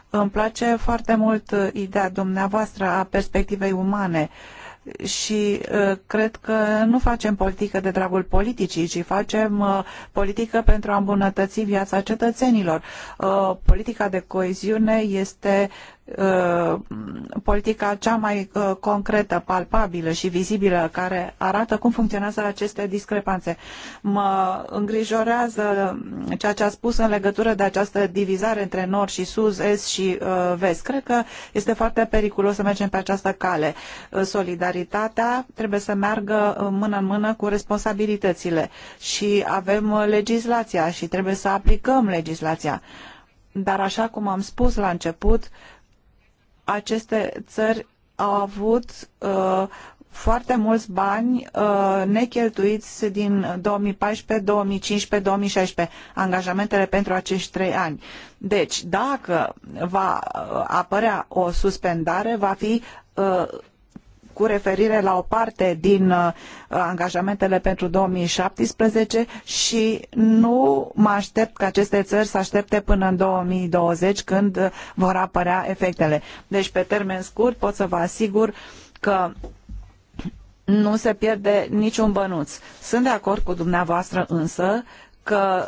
Îmi place foarte mult ideea dumneavoastră a perspectivei umane. Uh, și uh, cred că nu facem politică de dragul politicii, ci facem uh, politică pentru a îmbunătăți viața cetățenilor. Uh, politica de coeziune este Uh, politica cea mai uh, concretă, palpabilă și vizibilă care arată cum funcționează aceste discrepanțe. Mă îngrijorează ceea ce a spus în legătură de această divizare între nord și sud, est și uh, vest. Cred că este foarte periculos să mergem pe această cale. Solidaritatea trebuie să meargă mână în mână cu responsabilitățile și avem legislația și trebuie să aplicăm legislația. Dar așa cum am spus la început, aceste țări au avut uh, foarte mulți bani uh, necheltuiți din 2014, 2015, 2016, angajamentele pentru acești trei ani. Deci, dacă va apărea o suspendare, va fi uh, cu referire la o parte din uh, angajamentele pentru 2017 și nu mă aștept ca aceste țări să aștepte până în 2020 când uh, vor apărea efectele. Deci pe termen scurt pot să vă asigur că nu se pierde niciun bănuț. Sunt de acord cu dumneavoastră însă că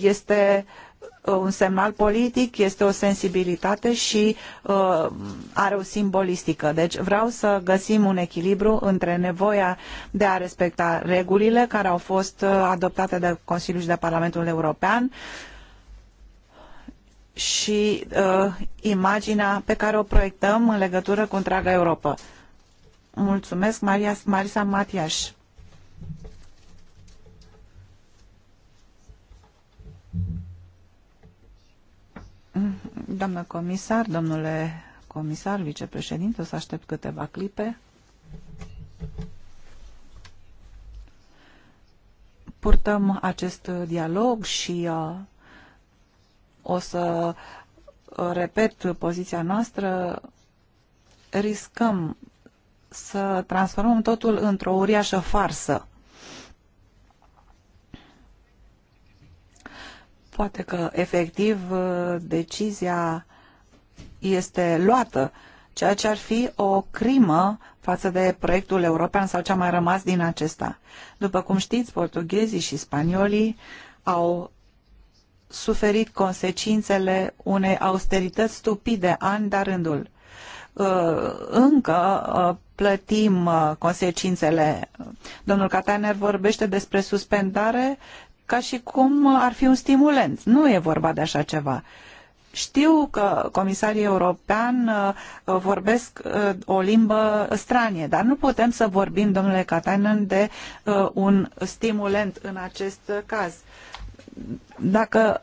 este uh, un semnal politic, este o sensibilitate și uh, are o simbolistică. Deci vreau să găsim un echilibru între nevoia de a respecta regulile care au fost uh, adoptate de Consiliul și de Parlamentul European și uh, imaginea pe care o proiectăm în legătură cu întreaga Europa. Mulțumesc, Maria, Marisa Matiaș. Doamnă comisar, domnule comisar, vicepreședinte, o să aștept câteva clipe. Purtăm acest dialog și uh, o să uh, repet poziția noastră, riscăm să transformăm totul într-o uriașă farsă Poate că, efectiv, uh, decizia este luată, ceea ce ar fi o crimă față de proiectul european sau ce a mai rămas din acesta. După cum știți, portughezii și spaniolii au suferit consecințele unei austerități stupide an de rândul. Uh, încă uh, plătim consecințele. Domnul Cataner vorbește despre suspendare ca și cum ar fi un stimulent. Nu e vorba de așa ceva. Știu că comisarii european uh, uh, vorbesc uh, o limbă stranie, dar nu putem să vorbim, domnule Katainen, de un stimulent în acest caz. Dacă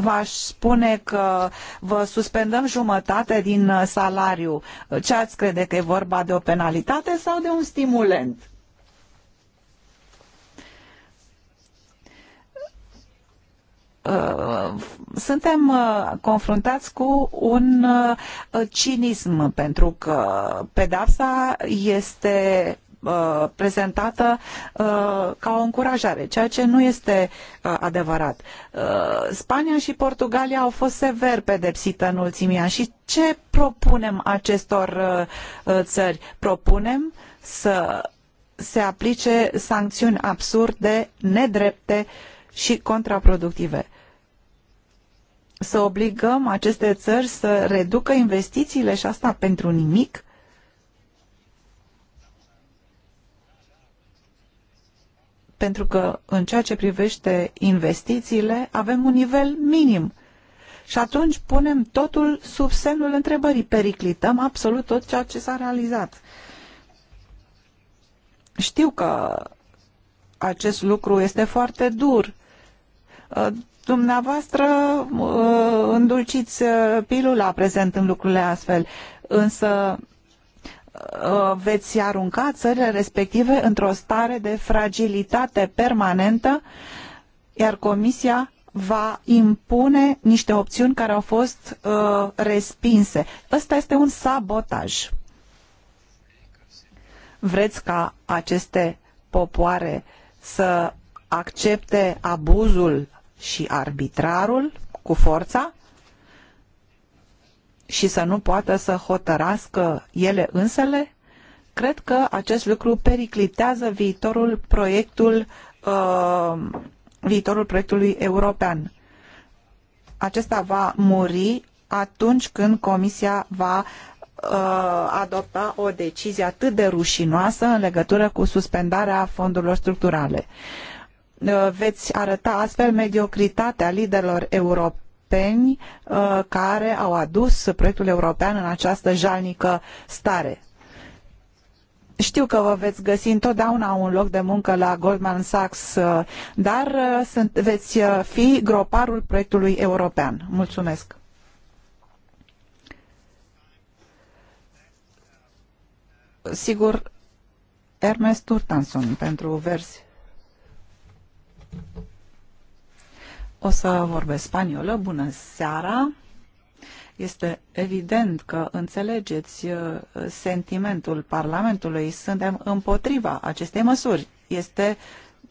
v-aș spune că vă suspendăm jumătate din salariu, ce ați crede că e vorba de o penalitate sau de un stimulent? Uh, suntem uh, confruntați cu un uh, cinism pentru că pedapsa este prezentată ca o încurajare, ceea ce nu este adevărat. Spania și Portugalia au fost sever pedepsite în ultimii ani și ce propunem acestor țări? Propunem să se aplice sancțiuni absurde, nedrepte și contraproductive să obligăm aceste țări să reducă investițiile și asta pentru nimic? Pentru că în ceea ce privește investițiile avem un nivel minim și atunci punem totul sub semnul întrebării, periclităm absolut tot ceea ce s-a realizat. Știu că acest lucru este foarte dur, Dumneavoastră uh, îndulciți uh, pilula în lucrurile astfel, însă uh, veți arunca țările respective într-o stare de fragilitate permanentă, iar Comisia va impune niște opțiuni care au fost uh, respinse. Ăsta este un sabotaj. Vreți ca aceste popoare să accepte abuzul și arbitrarul cu forța și să nu poată să hotărască ele însele? Cred că acest lucru periclitează viitorul proiectul uh, viitorul proiectului european. Acesta va muri atunci când Comisia va uh, adopta o decizie atât de rușinoasă în legătură cu suspendarea fondurilor structurale. Uh, Uh, veți arăta astfel mediocritatea liderilor europeni uh, care au adus proiectul european în această jalnică stare. Știu că vă veți găsi întotdeauna un loc de muncă la Goldman Sachs, uh, dar sunt, veți fi groparul proiectului european. Mulțumesc! Sigur, Ernest Turtanson pentru versi. O să vorbesc spaniolă. Bună seara! Este evident că înțelegeți uh, sentimentul Parlamentului. Suntem împotriva acestei măsuri. Este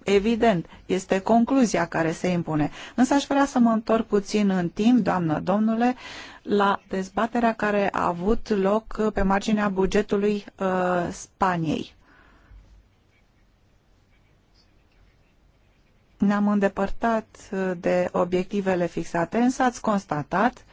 evident, este concluzia care se impune. Însă aș vrea să mă întorc puțin în timp, doamnă, domnule, la dezbaterea care a avut loc pe marginea bugetului uh, Spaniei. ne-am îndepărtat uh, de obiectivele fixate, însă ați constatat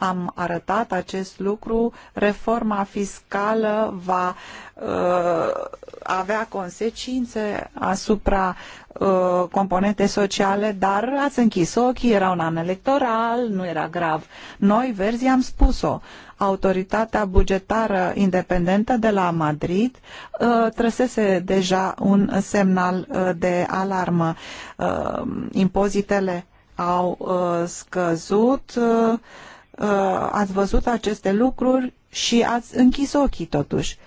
am arătat acest lucru. Reforma fiscală va uh, avea consecințe asupra uh, componente sociale, dar ați închis ochii, era un an electoral, nu era grav. Noi, verzi, am spus-o. Autoritatea bugetară independentă de la Madrid uh, trăsese deja un semnal uh, de alarmă. Uh, impozitele au scăzut, Uh, ați văzut aceste lucruri și ați închis ochii totuși.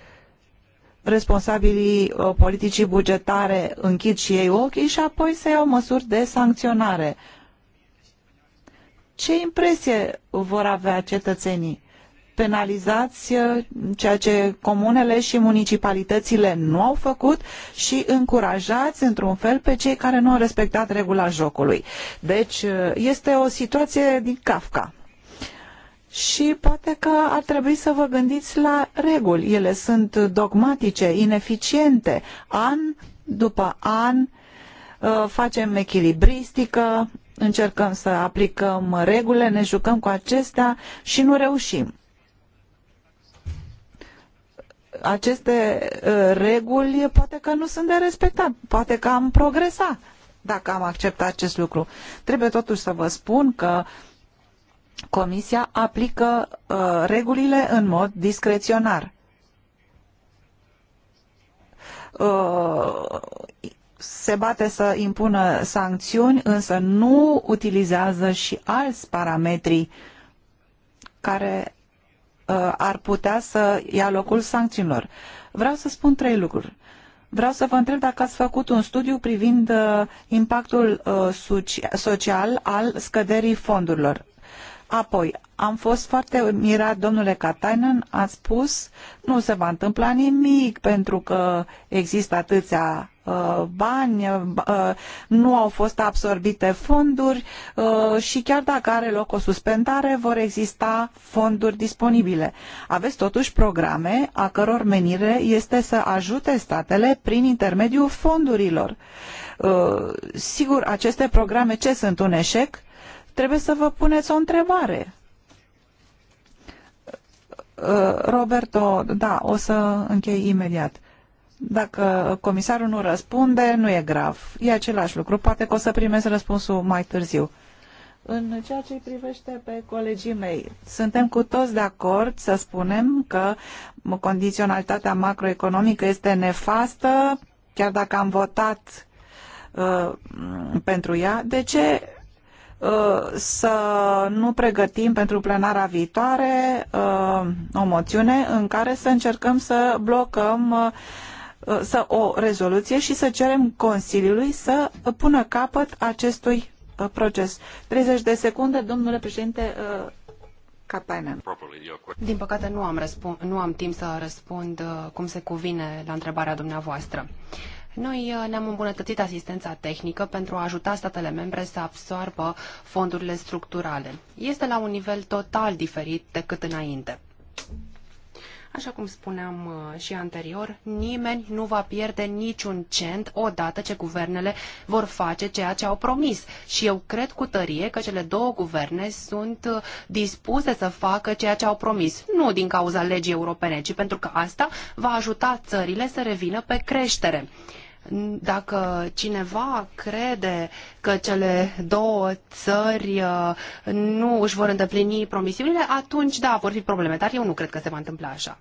Responsabilii uh, politicii bugetare închid și ei ochii și apoi se iau măsuri de sancționare. Ce impresie vor avea cetățenii? penalizați uh, ceea ce comunele și municipalitățile nu au făcut și încurajați într-un fel pe cei care nu au respectat regula jocului. Deci este o situație din Kafka și poate că ar trebui să vă gândiți la reguli. Ele sunt dogmatice, ineficiente. An după an uh, facem echilibristică, încercăm să aplicăm regulile, ne jucăm cu acestea și nu reușim. Aceste uh, reguli poate că nu sunt de respectat, poate că am progresat dacă am acceptat acest lucru. Trebuie totuși să vă spun că uh, Comisia aplică uh, regulile în mod discreționar. Uh, se bate să impună sancțiuni, însă nu utilizează și alți parametri care uh, ar putea să ia locul sancțiunilor. Vreau să spun trei lucruri. Vreau să vă întreb dacă ați făcut un studiu privind uh, impactul uh, social al scăderii fondurilor. Apoi, am fost foarte mirat, domnule Katainen a spus, nu se va întâmpla nimic pentru că există atâția uh, bani, uh, uh, nu au fost absorbite fonduri uh, și chiar dacă are loc o suspendare, vor exista fonduri disponibile. Aveți totuși programe a căror menire este să ajute statele prin intermediul fondurilor. Uh, sigur, aceste programe ce sunt un eșec? trebuie să vă puneți o întrebare. Uh, Roberto, da, o să închei imediat. Dacă comisarul nu răspunde, nu e grav. E același lucru. Poate că o să primesc răspunsul mai târziu. În ceea ce privește pe colegii mei, suntem cu toți de acord să spunem că condiționalitatea macroeconomică este nefastă, chiar dacă am votat uh, pentru ea. De ce Uh, să nu pregătim pentru plenara viitoare uh, o moțiune în care să încercăm să blocăm uh, să o rezoluție și să cerem Consiliului să pună capăt acestui proces. 30 de secunde, domnule președinte Katainen. Din păcate nu am, nu am timp să răspund cum se cuvine la întrebarea dumneavoastră. Noi uh, ne-am îmbunătățit asistența tehnică pentru a ajuta statele membre să absoarbă fondurile structurale. Este la un nivel total diferit decât înainte. Așa cum spuneam uh, și anterior, nimeni nu va pierde niciun cent odată ce guvernele vor face ceea ce au promis. Și eu cred cu tărie că cele două guverne sunt uh, dispuse să facă ceea ce au promis. Nu din cauza legii europene, ci pentru că asta va ajuta țările să revină pe creștere dacă cineva crede că cele două țări uh, nu își vor îndeplini promisiunile, atunci da, vor fi probleme, dar eu nu cred că se va întâmpla așa.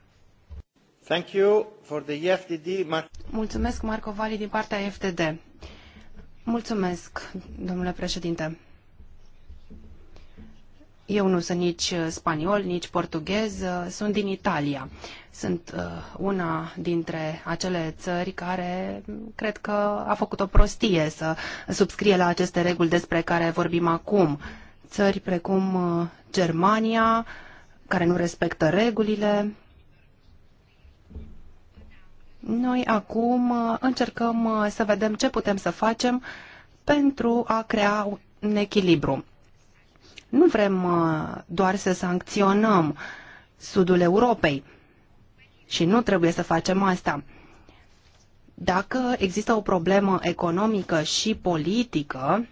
Thank you for the FDD. Mar Mulțumesc, Marco Vali, din partea FTD. Mulțumesc, domnule președinte. Eu nu sunt nici uh, spaniol, nici portughez, uh, sunt din Italia. Sunt uh, una dintre acele țări care mm, cred că a făcut o prostie să subscrie la aceste reguli despre care vorbim acum. Țări precum Germania, care nu respectă regulile. Noi acum încercăm să vedem ce putem să facem pentru a crea un echilibru. Nu vrem uh, doar să sancționăm sudul Europei și nu trebuie să facem asta. Dacă există o problemă economică și politică,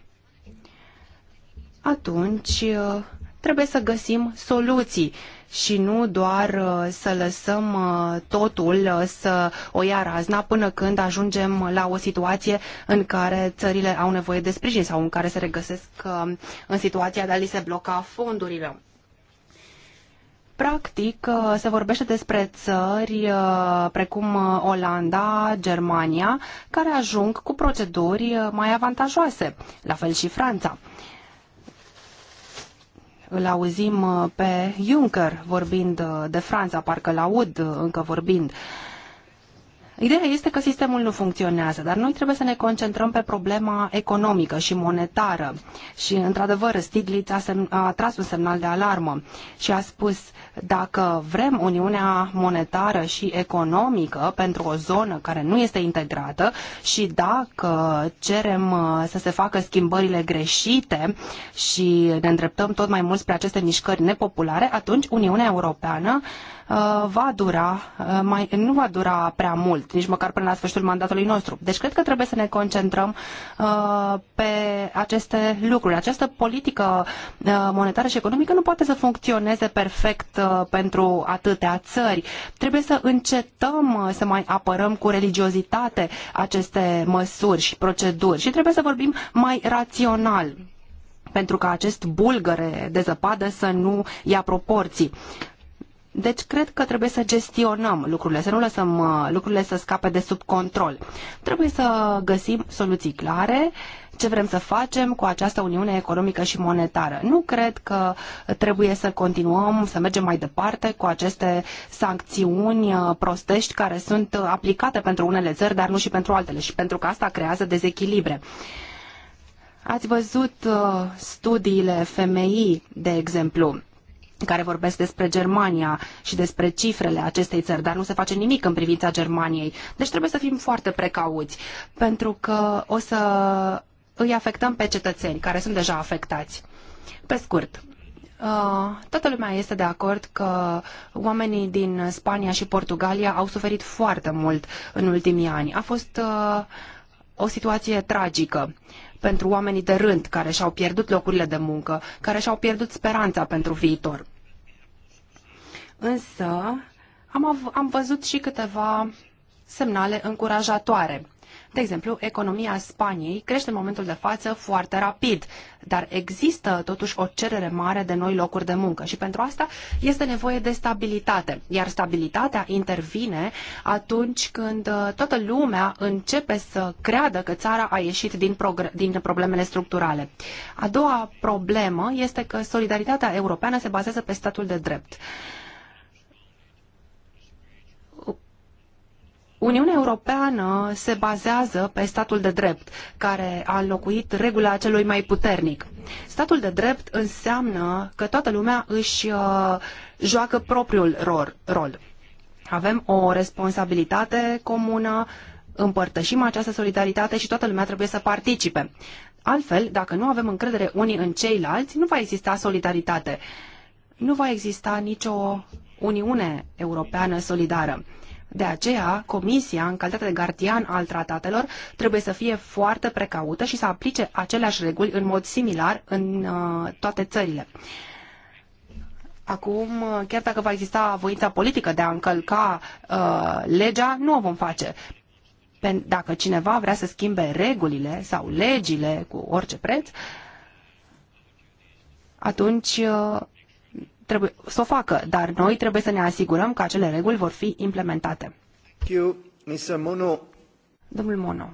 atunci uh, trebuie să găsim soluții și nu doar uh, să lăsăm uh, totul uh, să o ia razna până când ajungem la o situație în care țările au nevoie de sprijin sau în care se regăsesc în situația de a li se bloca fondurile. Practic, se vorbește despre țări precum Olanda, Germania, care ajung cu proceduri mai avantajoase, la fel și Franța. Îl auzim uh, pe Juncker vorbind uh, de Franța, parcă-l aud uh, încă vorbind Ideea este că sistemul nu funcționează, dar noi trebuie să ne concentrăm pe problema economică și monetară. Și, într-adevăr, Stiglitz a, a tras un semnal de alarmă și a spus dacă vrem Uniunea Monetară și Economică pentru o zonă care nu este integrată și dacă cerem uh, să se facă schimbările greșite și ne îndreptăm tot mai mult spre aceste mișcări nepopulare, atunci Uniunea Europeană Uh, va dura, uh, mai, nu va dura prea mult, nici măcar până la sfârșitul mandatului nostru. Deci cred că trebuie să ne concentrăm uh, pe aceste lucruri. Această politică monetară și economică nu poate să funcționeze perfect pentru atâtea țări. Trebuie să încetăm să mai apărăm cu religiozitate aceste măsuri și proceduri și trebuie să vorbim mai rațional pentru ca acest bulgăre de zăpadă să nu ia proporții. Deci cred că trebuie să gestionăm lucrurile, să nu lăsăm uh, lucrurile să scape de sub control. Trebuie să găsim soluții clare ce vrem să facem cu această uniune economică și monetară. Nu cred că trebuie să continuăm să mergem mai departe cu aceste sancțiuni uh, prostești care sunt uh, aplicate pentru unele țări, dar nu și pentru altele și pentru că asta creează dezechilibre. Ați văzut studiile FMI, de exemplu care vorbesc despre Germania și despre cifrele acestei țări, dar nu se face nimic în privința Germaniei. Deci trebuie să fim foarte precauți, pentru că o să îi afectăm pe cetățeni care sunt deja afectați. Pe scurt, uh, toată lumea este de acord că oamenii din Spania și Portugalia au suferit foarte mult în ultimii ani. A fost uh, o situație tragică pentru oamenii de rând care și-au pierdut locurile de muncă, care și-au pierdut speranța pentru viitor. Însă am, am văzut și câteva semnale încurajatoare. De exemplu, economia Spaniei crește în momentul de față foarte rapid, dar există totuși o cerere mare de noi locuri de muncă și pentru asta este nevoie de stabilitate. Iar stabilitatea intervine atunci când uh, toată lumea începe să creadă că țara a ieșit din, din problemele structurale. A doua problemă este că solidaritatea europeană se bazează pe statul de drept. Uniunea Europeană se bazează pe statul de drept, care a înlocuit regula celui mai puternic. Statul de drept înseamnă că toată lumea își uh, joacă propriul rol. Avem o responsabilitate comună, împărtășim această solidaritate și toată lumea trebuie să participe. Altfel, dacă nu avem încredere unii în ceilalți, nu va exista solidaritate. Nu va exista nicio Uniune Europeană solidară. De aceea, Comisia, în calitate de gardian al tratatelor, trebuie să fie foarte precaută și să aplice aceleași reguli în mod similar în uh, toate țările. Acum, uh, chiar dacă va exista voința politică de a încălca uh, legea, nu o vom face. Dacă cineva vrea să schimbe regulile sau legile cu orice preț, atunci uh, trebuie să o facă, dar noi trebuie să ne asigurăm că acele reguli vor fi implementate. Thank you, Mr. Mono. Domnul Mono.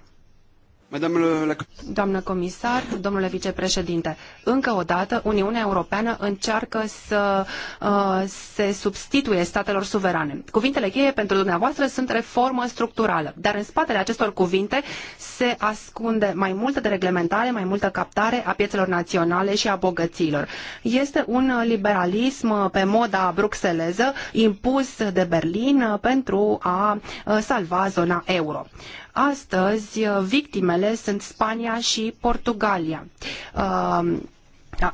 Doamnă comisar, domnule vicepreședinte, încă o dată Uniunea Europeană încearcă să uh, se substituie statelor suverane. Cuvintele cheie pentru dumneavoastră sunt reformă structurală, dar în spatele acestor cuvinte se ascunde mai multă de reglementare, mai multă captare a piețelor naționale și a bogăților. Este un liberalism pe moda bruxeleză impus de Berlin pentru a uh, salva zona euro. Astăzi, uh, victimele sunt Spania și Portugalia. Uh,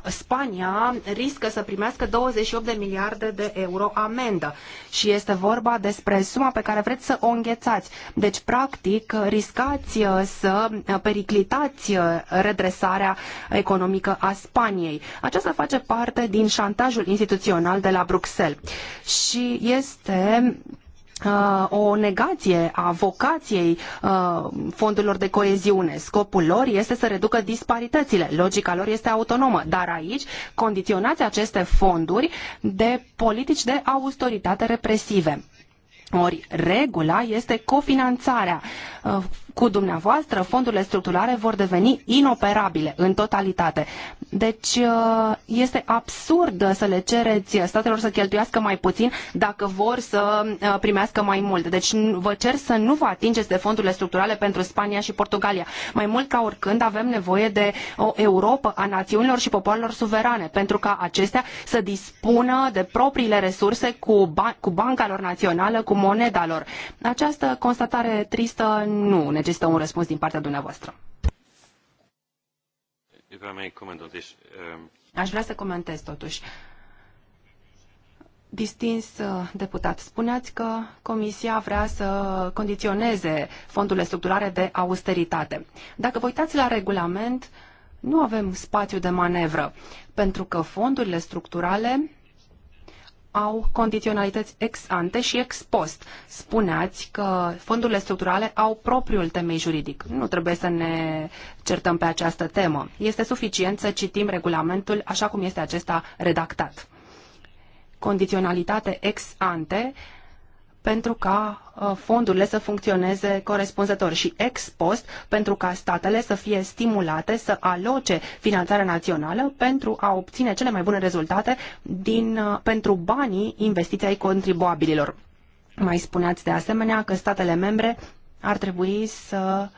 Spania riscă să primească 28 de miliarde de euro amendă și este vorba despre suma pe care vreți să o înghețați. Deci, practic, riscați uh, să periclitați redresarea economică a Spaniei. Aceasta face parte din șantajul instituțional de la Bruxelles și este Uh, o negație a vocației uh, fondurilor de coeziune. Scopul lor este să reducă disparitățile. Logica lor este autonomă, dar aici condiționați aceste fonduri de politici de austeritate represive. Ori regula este cofinanțarea uh, cu dumneavoastră, fondurile structurale vor deveni inoperabile în totalitate. Deci uh, este absurd să le cereți statelor să cheltuiască mai puțin dacă vor să uh, primească mai mult. Deci vă cer să nu vă atingeți de fondurile structurale pentru Spania și Portugalia. Mai mult ca oricând avem nevoie de o Europa a națiunilor și popoarelor suverane pentru ca acestea să dispună de propriile resurse cu, ban- cu banca lor națională, cu moneda lor. Această constatare tristă nu ne necesită un răspuns din partea dumneavoastră. Um, Aș vrea să comentez totuși. Distins uh, deputat, spuneați că Comisia vrea să condiționeze fondurile structurale de austeritate. Dacă vă uitați la regulament, nu avem spațiu de manevră, pentru că fondurile structurale au condiționalități ex ante și ex post. Spuneați că fondurile structurale au propriul temei juridic. Nu trebuie să ne certăm pe această temă. Este suficient să citim regulamentul așa cum este acesta redactat. Condiționalitate ex ante pentru ca uh, fondurile să funcționeze corespunzător și ex post pentru ca statele să fie stimulate să aloce finanțarea națională pentru a obține cele mai bune rezultate din, uh, pentru banii investiți ai contribuabililor. Mai spuneați de asemenea că statele membre ar trebui să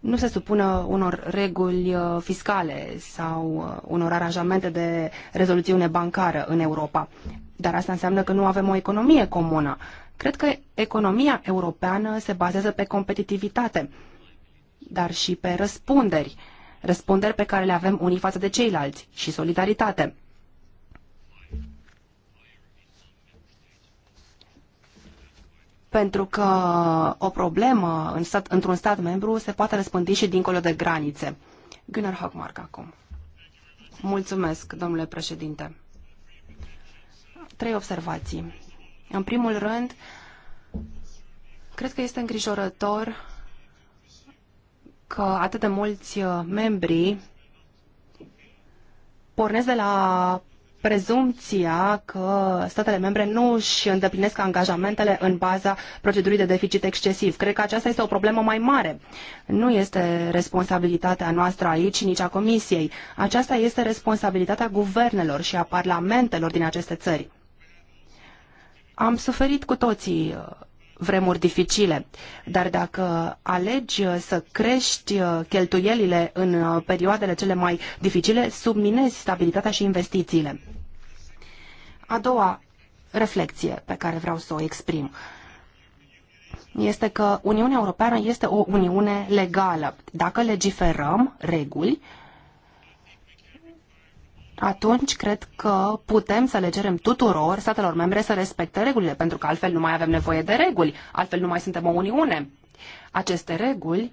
nu se supună unor reguli uh, fiscale sau unor aranjamente de rezoluțiune bancară în Europa. Dar asta înseamnă că nu avem o economie comună. Cred că economia europeană se bazează pe competitivitate, dar și pe răspunderi, răspunderi pe care le avem unii față de ceilalți și solidaritate. pentru că o problemă în stat, într-un stat membru se poate răspândi și dincolo de granițe. Gunnar Hockmark acum. Mulțumesc, domnule președinte trei observații. În primul rând, cred că este îngrijorător că atât de mulți uh, membri pornesc de la prezumția că statele membre nu își îndeplinesc angajamentele în baza procedurii de deficit excesiv. Cred că aceasta este o problemă mai mare. Nu este responsabilitatea noastră aici, nici a Comisiei. Aceasta este responsabilitatea guvernelor și a parlamentelor din aceste țări. Am suferit cu toții uh, vremuri dificile, dar dacă alegi uh, să crești uh, cheltuielile în perioadele cele mai dificile, subminezi stabilitatea și investițiile. A doua reflexie pe care vreau să o exprim este că Uniunea Europeană este o uniune legală. Dacă legiferăm reguli, atunci cred că putem să le cerem tuturor statelor membre să respecte regulile, pentru că altfel nu mai avem nevoie de reguli, altfel nu mai suntem o Uniune. Aceste reguli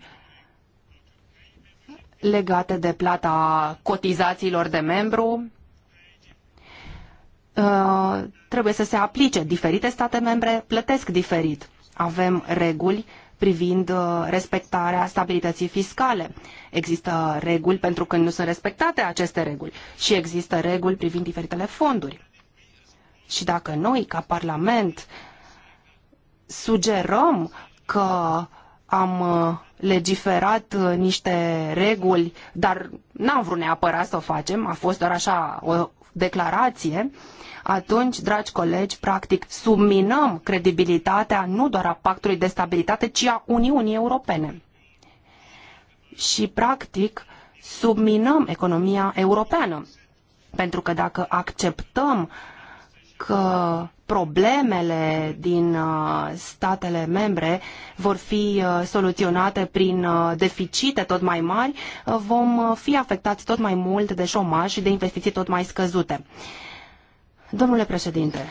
legate de plata cotizațiilor de membru uh, trebuie să se aplice. Diferite state membre plătesc diferit. Avem reguli privind uh, respectarea stabilității fiscale. Există reguli pentru când nu sunt respectate aceste reguli și există reguli privind diferitele fonduri. Și dacă noi, ca Parlament, sugerăm că am uh, legiferat uh, niște reguli, dar n-am vrut neapărat să o facem, a fost doar așa o declarație, atunci, dragi colegi, practic subminăm credibilitatea nu doar a Pactului de Stabilitate, ci a Uniunii Europene și, practic, subminăm economia europeană. Pentru că dacă acceptăm că problemele din uh, statele membre vor fi uh, soluționate prin uh, deficite tot mai mari, vom fi afectați tot mai mult de șomaj și de investiții tot mai scăzute. Domnule președinte,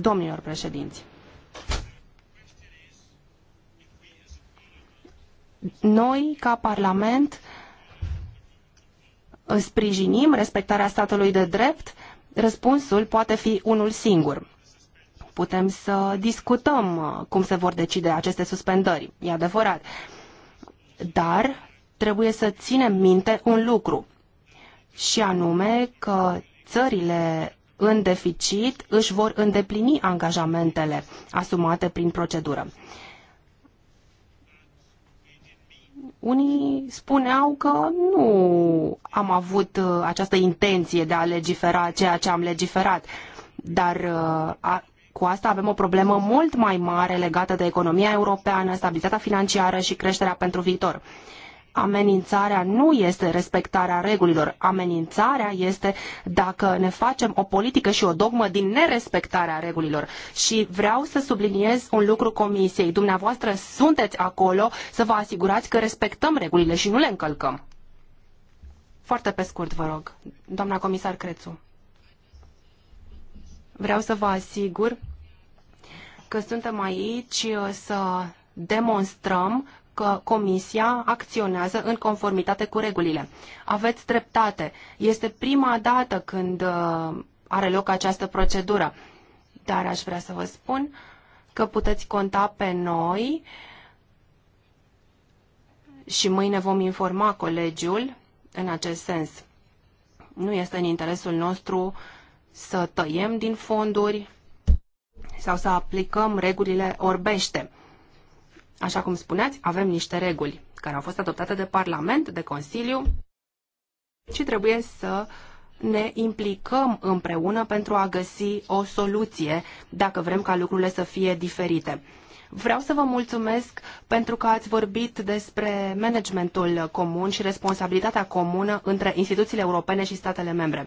domnilor președinți, Noi, ca Parlament, sprijinim respectarea statului de drept, răspunsul poate fi unul singur. Putem să discutăm uh, cum se vor decide aceste suspendări, e adevărat. Dar trebuie să ținem minte un lucru, și anume că țările în deficit își vor îndeplini angajamentele asumate prin procedură. Unii spuneau că nu am avut uh, această intenție de a legifera ceea ce am legiferat, dar uh, a, cu asta avem o problemă mult mai mare legată de economia europeană, stabilitatea financiară și creșterea pentru viitor. Uh, amenințarea nu este respectarea regulilor. Amenințarea este dacă ne facem o politică și o dogmă din nerespectarea regulilor. Și vreau să subliniez un lucru comisiei. Dumneavoastră sunteți acolo să vă asigurați că respectăm regulile și nu le încălcăm. Foarte pe scurt, vă rog, doamna comisar Crețu. Vreau să vă asigur că suntem aici să demonstrăm că Comisia acționează în conformitate cu regulile. Aveți dreptate. Este prima dată când uh, are loc această procedură. Dar aș vrea să vă spun că puteți conta pe noi și mâine vom informa colegiul în acest sens. Nu este în interesul nostru să tăiem din fonduri sau să aplicăm regulile orbește. Așa cum spuneați, avem niște reguli care au fost adoptate de Parlament, de Consiliu și trebuie să ne implicăm împreună pentru a găsi o soluție dacă vrem ca lucrurile să fie diferite. Vreau să vă mulțumesc pentru că ați vorbit despre managementul comun și responsabilitatea comună între instituțiile europene și statele membre.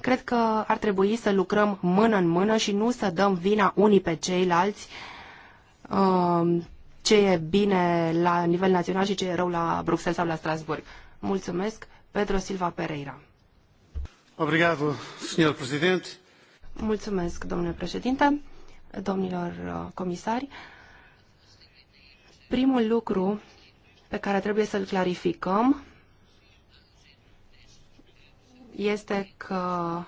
Cred că ar trebui să lucrăm mână în mână și nu să dăm vina unii pe ceilalți uh, ce e bine la nivel național și ce e rău la Bruxelles sau la Strasburg. Mulțumesc, Pedro Silva Pereira. Obrigado, senhor presidente. Mulțumesc, domnule președinte, domnilor uh, comisari. Primul lucru pe care trebuie să-l clarificăm este că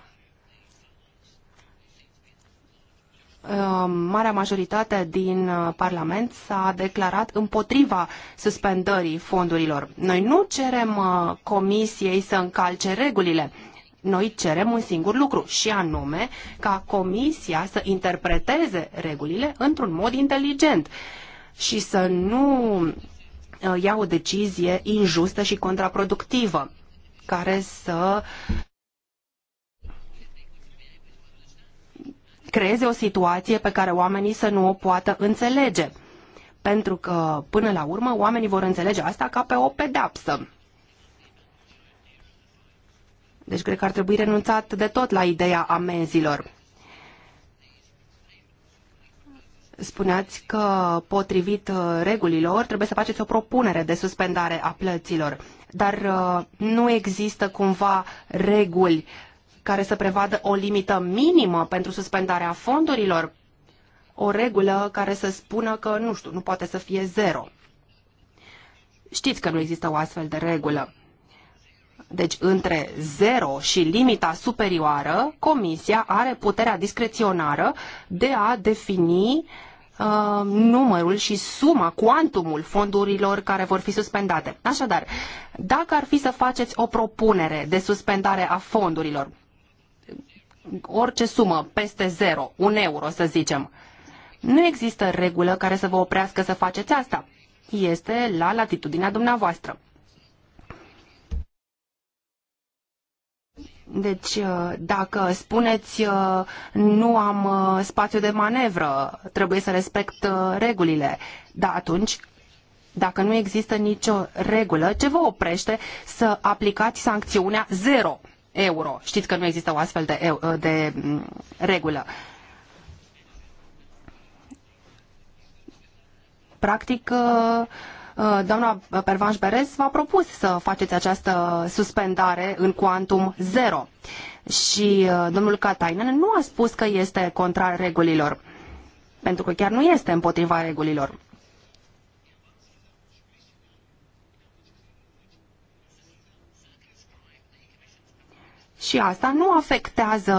Um, marea majoritate din uh, Parlament s-a declarat împotriva suspendării fondurilor. Noi nu cerem uh, Comisiei să încalce regulile. Noi cerem un singur lucru și anume ca Comisia să interpreteze regulile într-un mod inteligent și să nu uh, ia o decizie injustă și contraproductivă care să creeze o situație pe care oamenii să nu o poată înțelege. Pentru că, până la urmă, oamenii vor înțelege asta ca pe o pedapsă. Deci cred că ar trebui renunțat de tot la ideea amenzilor. Spuneați că, potrivit uh, regulilor, trebuie să faceți o propunere de suspendare a plăților, dar uh, nu există cumva reguli care să prevadă o limită minimă pentru suspendarea fondurilor, o regulă care să spună că, nu știu, nu poate să fie zero. Știți că nu există o astfel de regulă. Deci, între zero și limita superioară, Comisia are puterea discreționară de a defini uh, numărul și suma, cuantumul fondurilor care vor fi suspendate. Așadar, dacă ar fi să faceți o propunere de suspendare a fondurilor, orice sumă peste zero, un euro să zicem. Nu există regulă care să vă oprească să faceți asta. Este la latitudinea dumneavoastră. Deci, uh, dacă spuneți uh, nu am uh, spațiu de manevră, trebuie să respect regulile, dar atunci, dacă nu există nicio regulă, ce vă oprește să aplicați sancțiunea zero? euro. Știți că nu există o astfel de, de mm, regulă. Practic, uh, uh, doamna Pervanș Berez v-a propus să faceți această suspendare în cuantum zero. Și uh, domnul Katainen nu a spus că este contrar regulilor, pentru că chiar nu este împotriva regulilor. Și asta nu afectează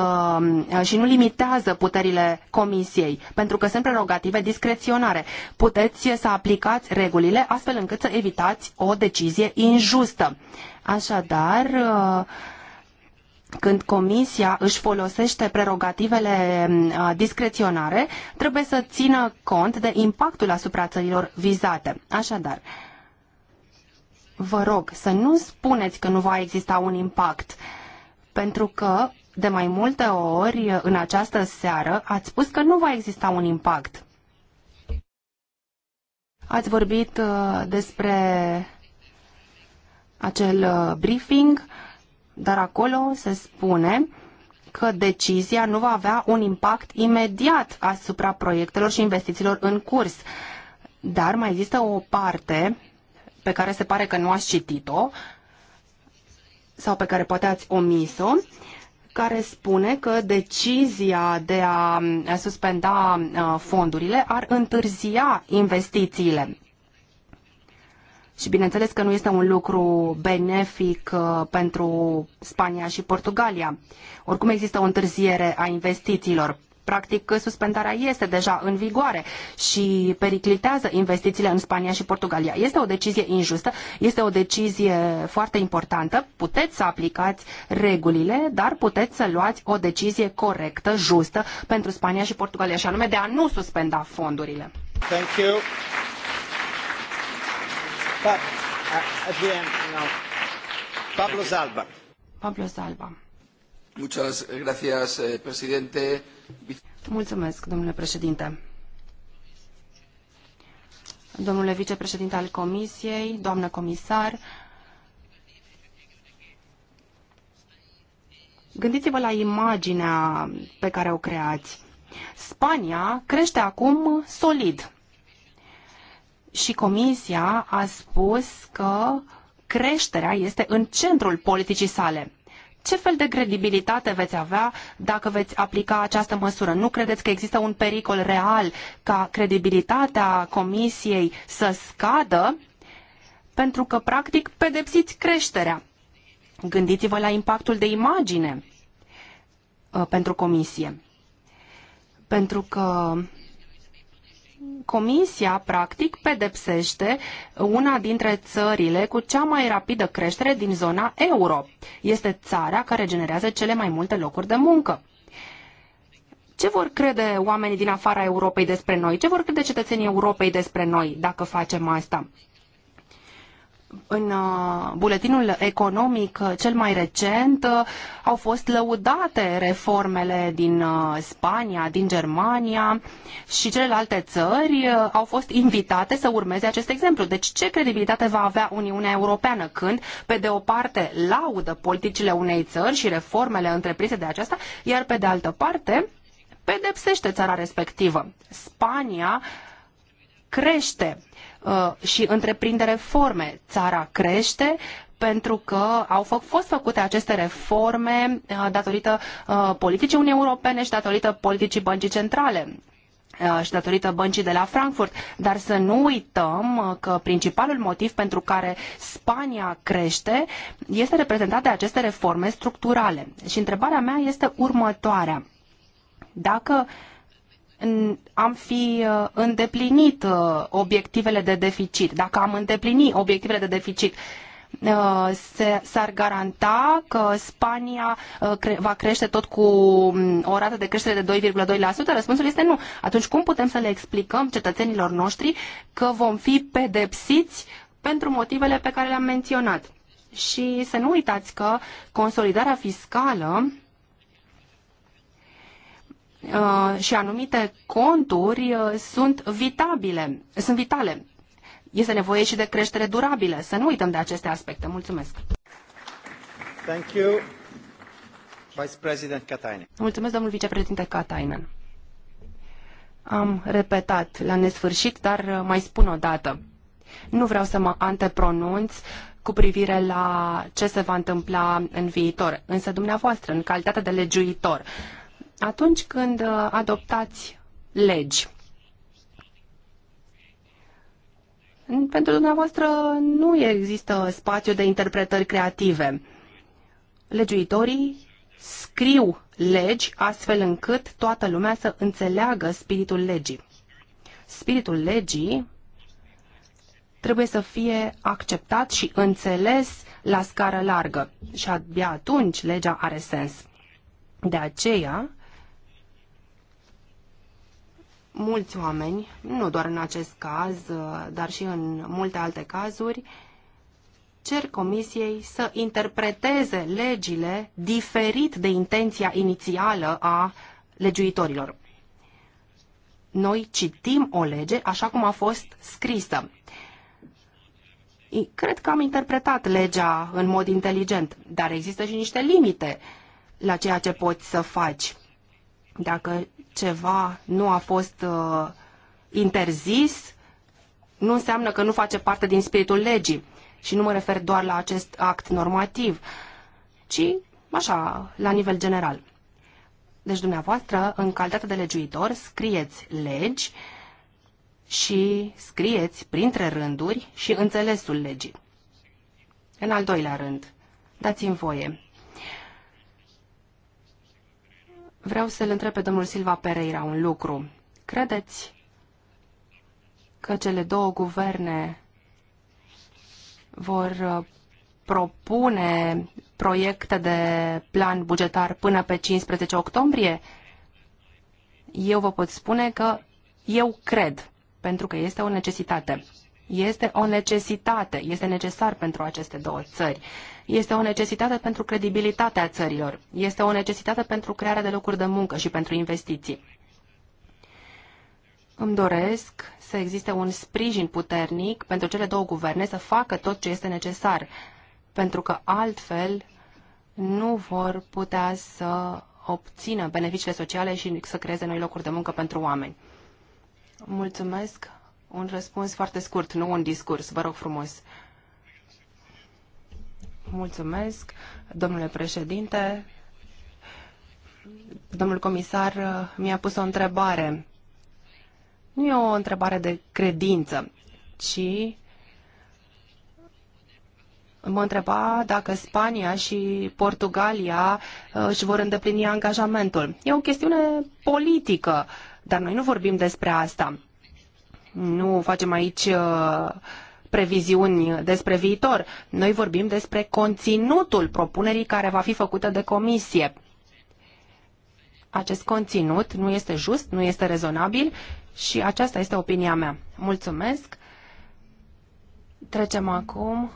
uh, și nu limitează puterile comisiei, pentru că sunt prerogative discreționare. Puteți să aplicați regulile astfel încât să evitați o decizie injustă. Așadar, uh, când comisia își folosește prerogativele uh, discreționare, trebuie să țină cont de impactul asupra țărilor vizate. Așadar, vă rog să nu spuneți că nu va exista un impact pentru că de mai multe ori în această seară ați spus că nu va exista un impact. Ați vorbit uh, despre acel uh, briefing, dar acolo se spune că decizia nu va avea un impact imediat asupra proiectelor și investițiilor în curs. Dar mai există o parte pe care se pare că nu ați citit-o, sau pe care poate ați omis-o, care spune că decizia de a suspenda fondurile ar întârzia investițiile. Și bineînțeles că nu este un lucru benefic pentru Spania și Portugalia. Oricum există o întârziere a investițiilor. Practic, suspendarea este deja în vigoare și periclitează investițiile în Spania și Portugalia. Este o decizie injustă, este o decizie foarte importantă. Puteți să aplicați regulile, dar puteți să luați o decizie corectă, justă pentru Spania și Portugalia, și anume de a nu suspenda fondurile. Thank you. at the end, no. Pablo Salva. Pablo Salva. Muchas gracias, eh, presidente. Mulțumesc, domnule președinte. Domnule vicepreședinte al Comisiei, doamnă comisar, Gândiți-vă la imaginea pe care o creați. Spania crește acum solid. Și Comisia a spus că creșterea este în centrul politicii sale ce fel de credibilitate veți avea dacă veți aplica această măsură? Nu credeți că există un pericol real ca credibilitatea Comisiei să scadă? Pentru că, practic, pedepsiți creșterea. Gândiți-vă la impactul de imagine uh, pentru Comisie. Pentru că Comisia, practic, pedepsește una dintre țările cu cea mai rapidă creștere din zona euro. Este țara care generează cele mai multe locuri de muncă. Ce vor crede oamenii din afara Europei despre noi? Ce vor crede cetățenii Europei despre noi dacă facem asta? în uh, buletinul economic uh, cel mai recent uh, au fost lăudate reformele din Spania, din Germania și celelalte țări au fost invitate să urmeze acest exemplu. Deci ce credibilitate va avea Uniunea Europeană când, pe de o parte, laudă politicile unei țări și reformele întreprise de aceasta, iar pe de altă parte, pedepsește țara respectivă. Spania crește Uh, și întreprinde reforme. Țara crește pentru că au fost făcute aceste reforme uh, datorită uh, politicii Uniunii Europene și datorită politicii băncii centrale și datorită băncii de la Frankfurt. Dar să nu uităm că principalul motiv pentru care Spania crește este reprezentat de aceste reforme structurale. Și întrebarea mea este următoarea. Dacă uh, am fi uh, îndeplinit uh, obiectivele de deficit, dacă am îndeplinit obiectivele de deficit, uh, s-ar garanta că Spania va crește tot cu um, o rată de creștere de 2,2%? Răspunsul este nu. Atunci cum putem să le explicăm cetățenilor noștri că vom fi pedepsiți pentru motivele pe care le-am menționat? Și să nu uitați că consolidarea fiscală Uh, și anumite conturi uh, sunt vitabile, sunt vitale. Este nevoie și de creștere durabilă. Să nu uităm de aceste aspecte. Mulțumesc. Thank you. Vice President Katainen. Mulțumesc, domnul vicepreședinte Katainen. Am repetat la nesfârșit, dar uh, mai spun o dată. Nu vreau să mă antepronunț cu privire la ce se va întâmpla în viitor. Însă dumneavoastră, în calitate de legiuitor, atunci când uh, adoptați legi. Pentru dumneavoastră nu există spațiu de interpretări creative. Legiuitorii scriu legi astfel încât toată lumea să înțeleagă spiritul legii. Spiritul legii trebuie să fie acceptat și înțeles la scară largă și abia atunci legea are sens. De aceea, mulți oameni, nu doar în acest caz, uh, dar și în multe alte cazuri, cer comisiei să interpreteze legile diferit de intenția inițială a legiuitorilor. Noi citim o lege așa cum a fost scrisă. Cred că am interpretat legea în mod inteligent, dar există și niște limite la ceea ce poți să faci. Dacă ceva nu a fost uh, interzis, nu înseamnă că nu face parte din spiritul legii. Și nu mă refer doar la acest act normativ, ci așa, la nivel general. Deci dumneavoastră, în calitate de legiuitor, scrieți legi și scrieți printre rânduri și înțelesul legii. În al doilea rând, dați-mi voie Vreau să-l întreb pe domnul Silva Pereira un lucru. Credeți că cele două guverne vor uh, propune proiecte de plan bugetar până pe 15 octombrie? Eu vă pot spune că eu cred, pentru că este o necesitate. Este o necesitate, este necesar pentru aceste două țări. Este o necesitate pentru credibilitatea țărilor. Este o necesitate pentru crearea de locuri de muncă și pentru investiții. Îmi doresc să existe un sprijin puternic pentru cele două guverne să facă tot ce este necesar, pentru că altfel nu vor putea să obțină beneficiile sociale și să creeze noi locuri de muncă pentru oameni. Mulțumesc. Un răspuns foarte scurt, nu un discurs, vă rog frumos. Mulțumesc, domnule președinte. Domnul comisar uh, mi-a pus o întrebare. Nu e o întrebare de credință, ci mă întreba dacă Spania și Portugalia uh, își vor îndeplini angajamentul. E o chestiune politică, dar noi nu vorbim despre asta. Nu facem aici uh, previziuni despre viitor. Noi vorbim despre conținutul propunerii care va fi făcută de comisie. Acest conținut nu este just, nu este rezonabil și aceasta este opinia mea. Mulțumesc. Trecem acum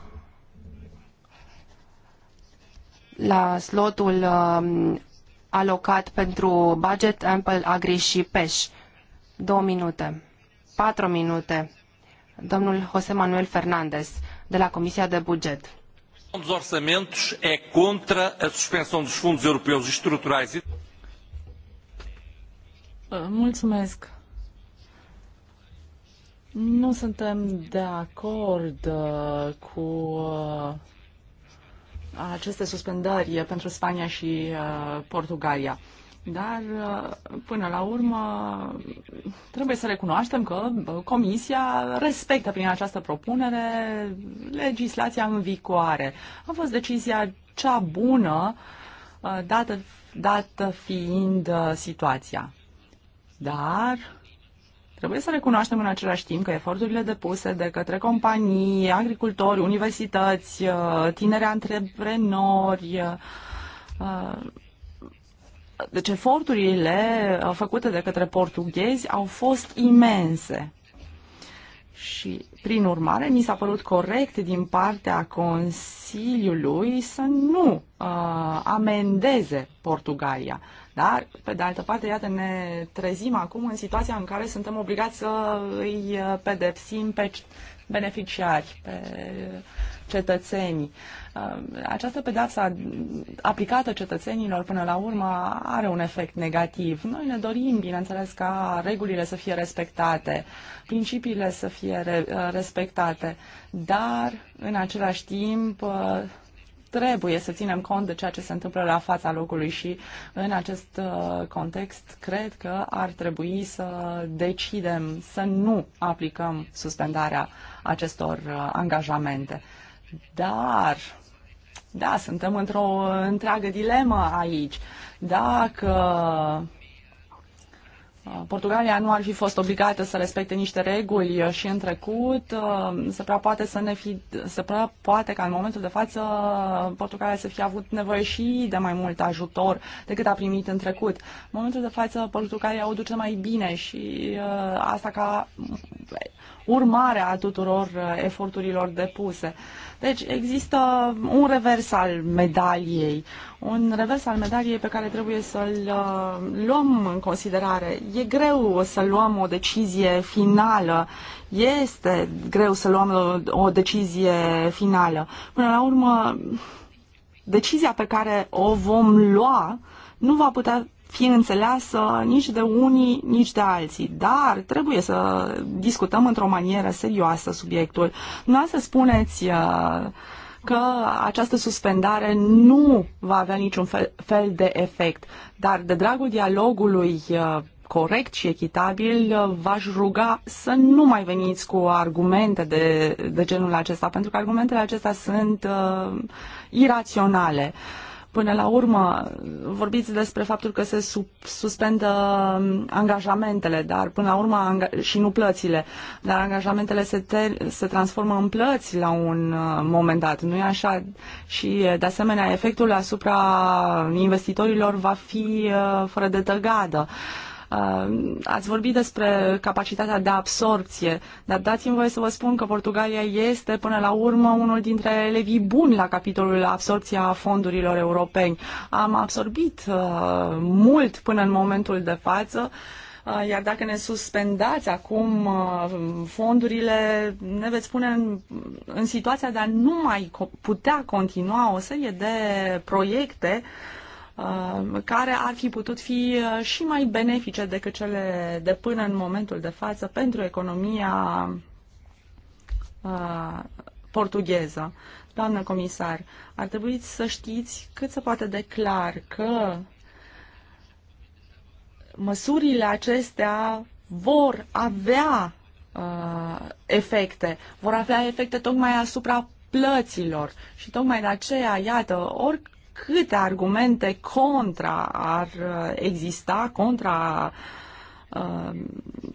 la slotul um, alocat pentru budget, ample, agri și peș. Două minute, patru minute domnul José Manuel Fernandes de la Comisia de Buget. contra uh, Mulțumesc. Nu suntem de acord uh, cu uh, aceste suspendări pentru Spania și Portugalia. Dar, uh, până la urmă, trebuie să recunoaștem că uh, Comisia respectă prin această propunere legislația în vigoare. A fost decizia cea bună, uh, dată, dată fiind situația. Dar, Trebuie să recunoaștem în același timp că eforturile depuse de către companii, agricultori, universități, tineri antreprenori, deci eforturile făcute de către portughezi au fost imense. Și, prin urmare, mi s-a părut corect din partea Consiliului să nu uh, amendeze Portugalia. Dar, pe de altă parte, iată, ne trezim acum în situația în care suntem obligați să îi uh, pedepsim pe beneficiari, pe cetățenii. Um, această pedeapsă aplicată cetățenilor până la urmă are un efect negativ. Noi ne dorim, bineînțeles, ca regulile să fie respectate, principiile să fie uh, respectate, dar în același timp uh, trebuie să ținem cont de ceea ce se întâmplă la fața locului și în acest uh, context cred că ar trebui să decidem să nu aplicăm suspendarea acestor angajamente. Dar da, suntem într-o întreagă dilemă aici. Dacă uh, Portugalia nu ar fi fost obligată să respecte niște reguli uh, și în trecut, uh, se prea poate să ne fi, se prea poate ca în momentul de față Portugalia să fi avut nevoie și de mai mult ajutor decât a primit în trecut. În momentul de față Portugalia o duce mai bine și asta ca urmare a tuturor uh, eforturilor depuse. Deci există un revers al medaliei, un revers al medaliei pe care trebuie să-l uh, luăm în considerare. E greu să luăm o decizie finală, este greu să luăm uh, o decizie finală. Până la urmă, decizia pe care o vom lua nu va putea fie înțeleasă nici de unii, nici de alții. Dar trebuie să discutăm într-o manieră serioasă subiectul. Nu să spuneți uh, că această suspendare nu va avea niciun fel, fel de efect, dar de dragul dialogului uh, corect și echitabil, uh, v-aș ruga să nu mai veniți cu argumente de, de genul acesta, pentru că argumentele acestea sunt uh, iraționale. Uh, Până la urmă, vorbiți despre faptul că se sub, suspendă um, angajamentele, dar până la urmă și nu plățile, dar angajamentele se, te- se transformă în plăți la un uh, moment dat, nu e așa? Și, uh, de asemenea, efectul asupra investitorilor va fi uh, fără de tăgadă. Uh, Ați vorbit despre capacitatea de absorpție, dar dați-mi voie să vă spun că Portugalia este până la urmă unul dintre elevii buni la capitolul absorpția fondurilor europeni. Am absorbit uh, mult până în momentul de față uh, iar dacă ne suspendați acum uh, fondurile, ne veți pune în, în situația de a nu mai putea continua o serie de proiecte uh, Uh, care ar fi putut fi uh, și mai benefice decât cele de până în momentul de față pentru economia uh, portugheză. Doamnă comisar, ar trebui să știți cât se poate de clar că măsurile acestea vor avea uh, efecte, vor avea efecte tocmai asupra plăților și tocmai de aceea, iată, oric, câte argumente contra ar uh, exista, contra uh,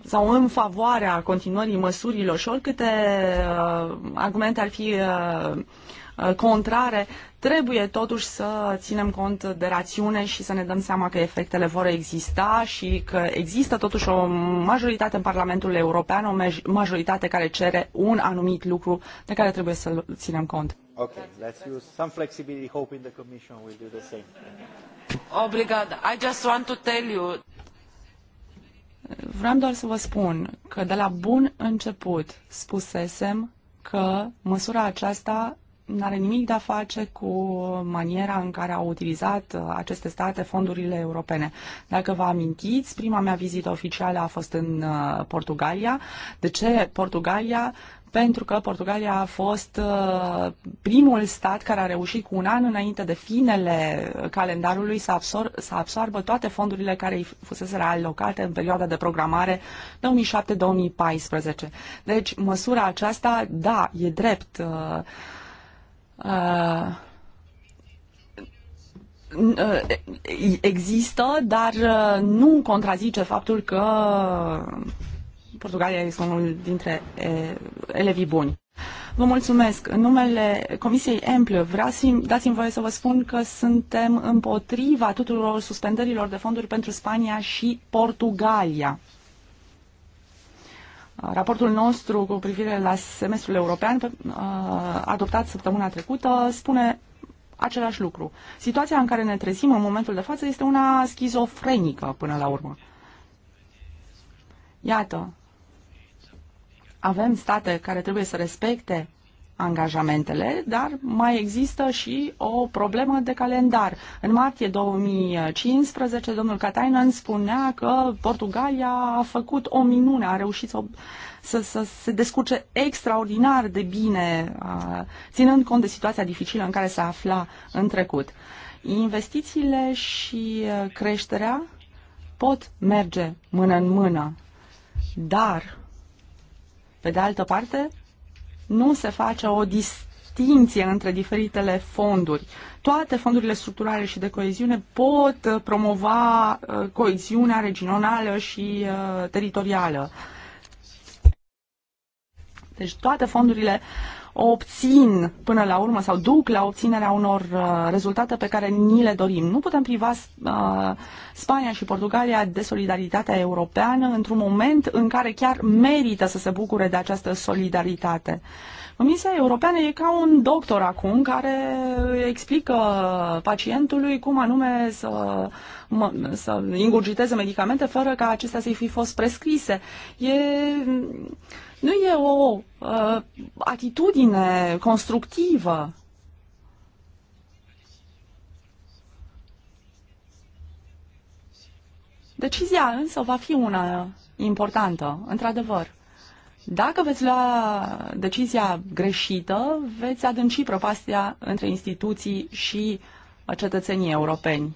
sau în favoarea continuării măsurilor și oricâte uh, argumente ar fi contrare, trebuie totuși să ținem cont de rațiune și să ne dăm seama că efectele vor exista și că există totuși o majoritate în Parlamentul European, o majoritate care cere un anumit lucru de care trebuie să ținem cont. Okay, let's use some flexibility, hoping the Commission will do the same. Obrigada. I just want to tell you. Vreau doar să vă spun că de la bun început spusesem că măsura aceasta nu are nimic de a face cu maniera în care au utilizat uh, aceste state fondurile europene. Dacă vă amintiți, prima mea vizită oficială a fost în uh, Portugalia. De ce Portugalia? pentru că Portugalia a fost uh, primul stat care a reușit cu un an înainte de finele calendarului să, absor- să absorbă toate fondurile care îi fusese alocate în perioada de programare 2007-2014. Deci, măsura aceasta, da, e drept. Uh, uh, există, dar uh, nu contrazice faptul că Portugalia este unul dintre elevii buni. Vă mulțumesc. În numele Comisiei Emplă, vreau să dați-mi voie să vă spun că suntem împotriva tuturor suspendărilor de fonduri pentru Spania și Portugalia. Raportul nostru cu privire la semestrul european adoptat săptămâna trecută spune același lucru. Situația în care ne trezim în momentul de față este una schizofrenică până la urmă. Iată, avem state care trebuie să respecte angajamentele, dar mai există și o problemă de calendar. În martie 2015, domnul Katainen spunea că Portugalia a făcut o minune, a reușit să, să, să se descurce extraordinar de bine, ținând cont de situația dificilă în care se afla în trecut. Investițiile și creșterea pot merge mână în mână, dar pe de altă parte, nu se face o distinție între diferitele fonduri. Toate fondurile structurale și de coeziune pot promova uh, coeziunea regională și uh, teritorială. Deci toate fondurile uh, obțin până la urmă sau duc la obținerea unor uh, rezultate pe care ni le dorim. Nu putem priva uh, Spania și Portugalia de solidaritatea europeană într-un moment în care chiar merită să se bucure de această solidaritate. Comisia Europeană e ca un doctor acum care explică pacientului cum anume să, mă, să ingurgiteze medicamente fără ca acestea să-i fi fost prescrise. E nu e o uh, atitudine constructivă. Decizia însă va fi una importantă, într-adevăr. Dacă veți lua decizia greșită, veți adânci propastia între instituții și cetățenii europeni.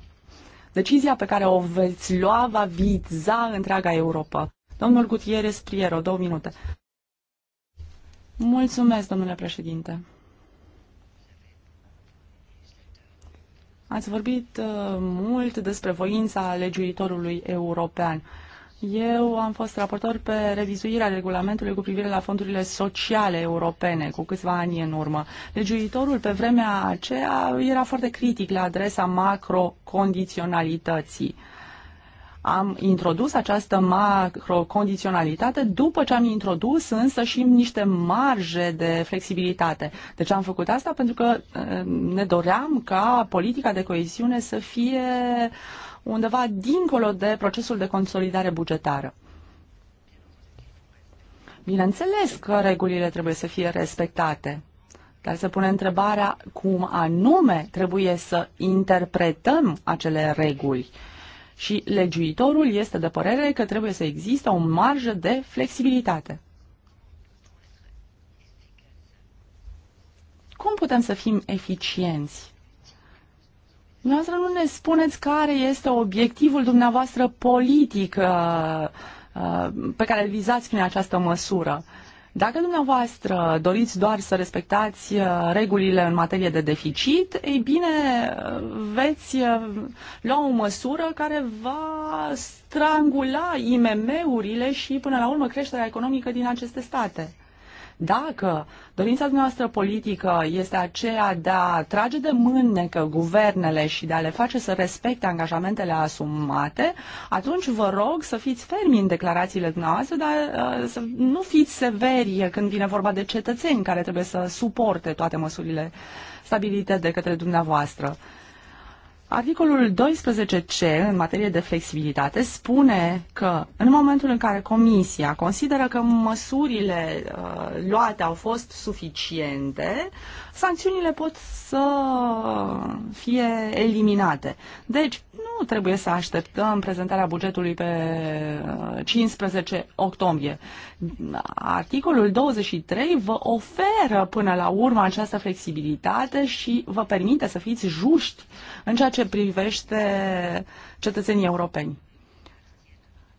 Decizia pe care o veți lua va viza întreaga Europa. Domnul Gutierrez Priero, două minute. Mulțumesc, domnule președinte. Ați vorbit uh, mult despre voința legiuitorului european. Eu am fost raportor pe revizuirea regulamentului cu privire la fondurile sociale europene cu câțiva ani în urmă. Legiuitorul pe vremea aceea era foarte critic la adresa macrocondiționalității. Uh, am introdus această macrocondiționalitate după ce am introdus însă și niște marje de flexibilitate. Deci am făcut asta pentru că uh, ne doream ca politica de coeziune să fie undeva dincolo de procesul de consolidare bugetară. Bineînțeles că regulile trebuie să fie respectate, dar se pune întrebarea cum anume trebuie să interpretăm acele reguli. Uh, și legiuitorul este de părere că trebuie să existe o marjă de flexibilitate. Cum putem să fim eficienți? Dumneavoastră nu ne spuneți care este obiectivul dumneavoastră politic uh, uh, pe care îl vizați prin această măsură. Dacă dumneavoastră doriți doar să respectați uh, regulile în materie de deficit, ei bine, uh, veți uh, lua o măsură care va strangula IMM-urile și, până la urmă, creșterea economică din aceste state. Dacă dorința noastră politică este aceea de a trage de mânecă guvernele și de a le face să respecte angajamentele asumate, atunci vă rog să fiți fermi în declarațiile dumneavoastră, dar uh, să nu fiți severi când vine vorba de cetățeni care trebuie să suporte toate măsurile stabilite de către dumneavoastră. Articolul 12c în materie de flexibilitate spune că în momentul în care Comisia consideră că măsurile uh, luate au fost suficiente, sancțiunile pot să fie eliminate. Deci, nu trebuie să așteptăm prezentarea bugetului pe 15 uh, octombrie. Articolul 23 vă oferă până la urmă această flexibilitate și vă permite să fiți juști în ceea ce privește cetățenii europeni.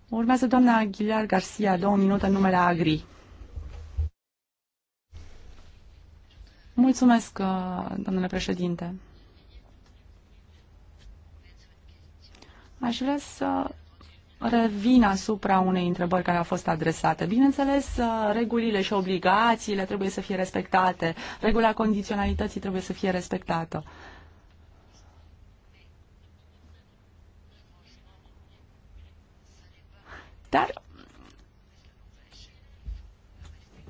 Urmează doamna Aguilar Garcia, două minute în numele Agri. Mulțumesc, uh, domnule președinte. Aș vrea să revin asupra unei întrebări care a fost adresată. Bineînțeles, uh, regulile și obligațiile trebuie să fie respectate, regula condiționalității trebuie să fie respectată. Dar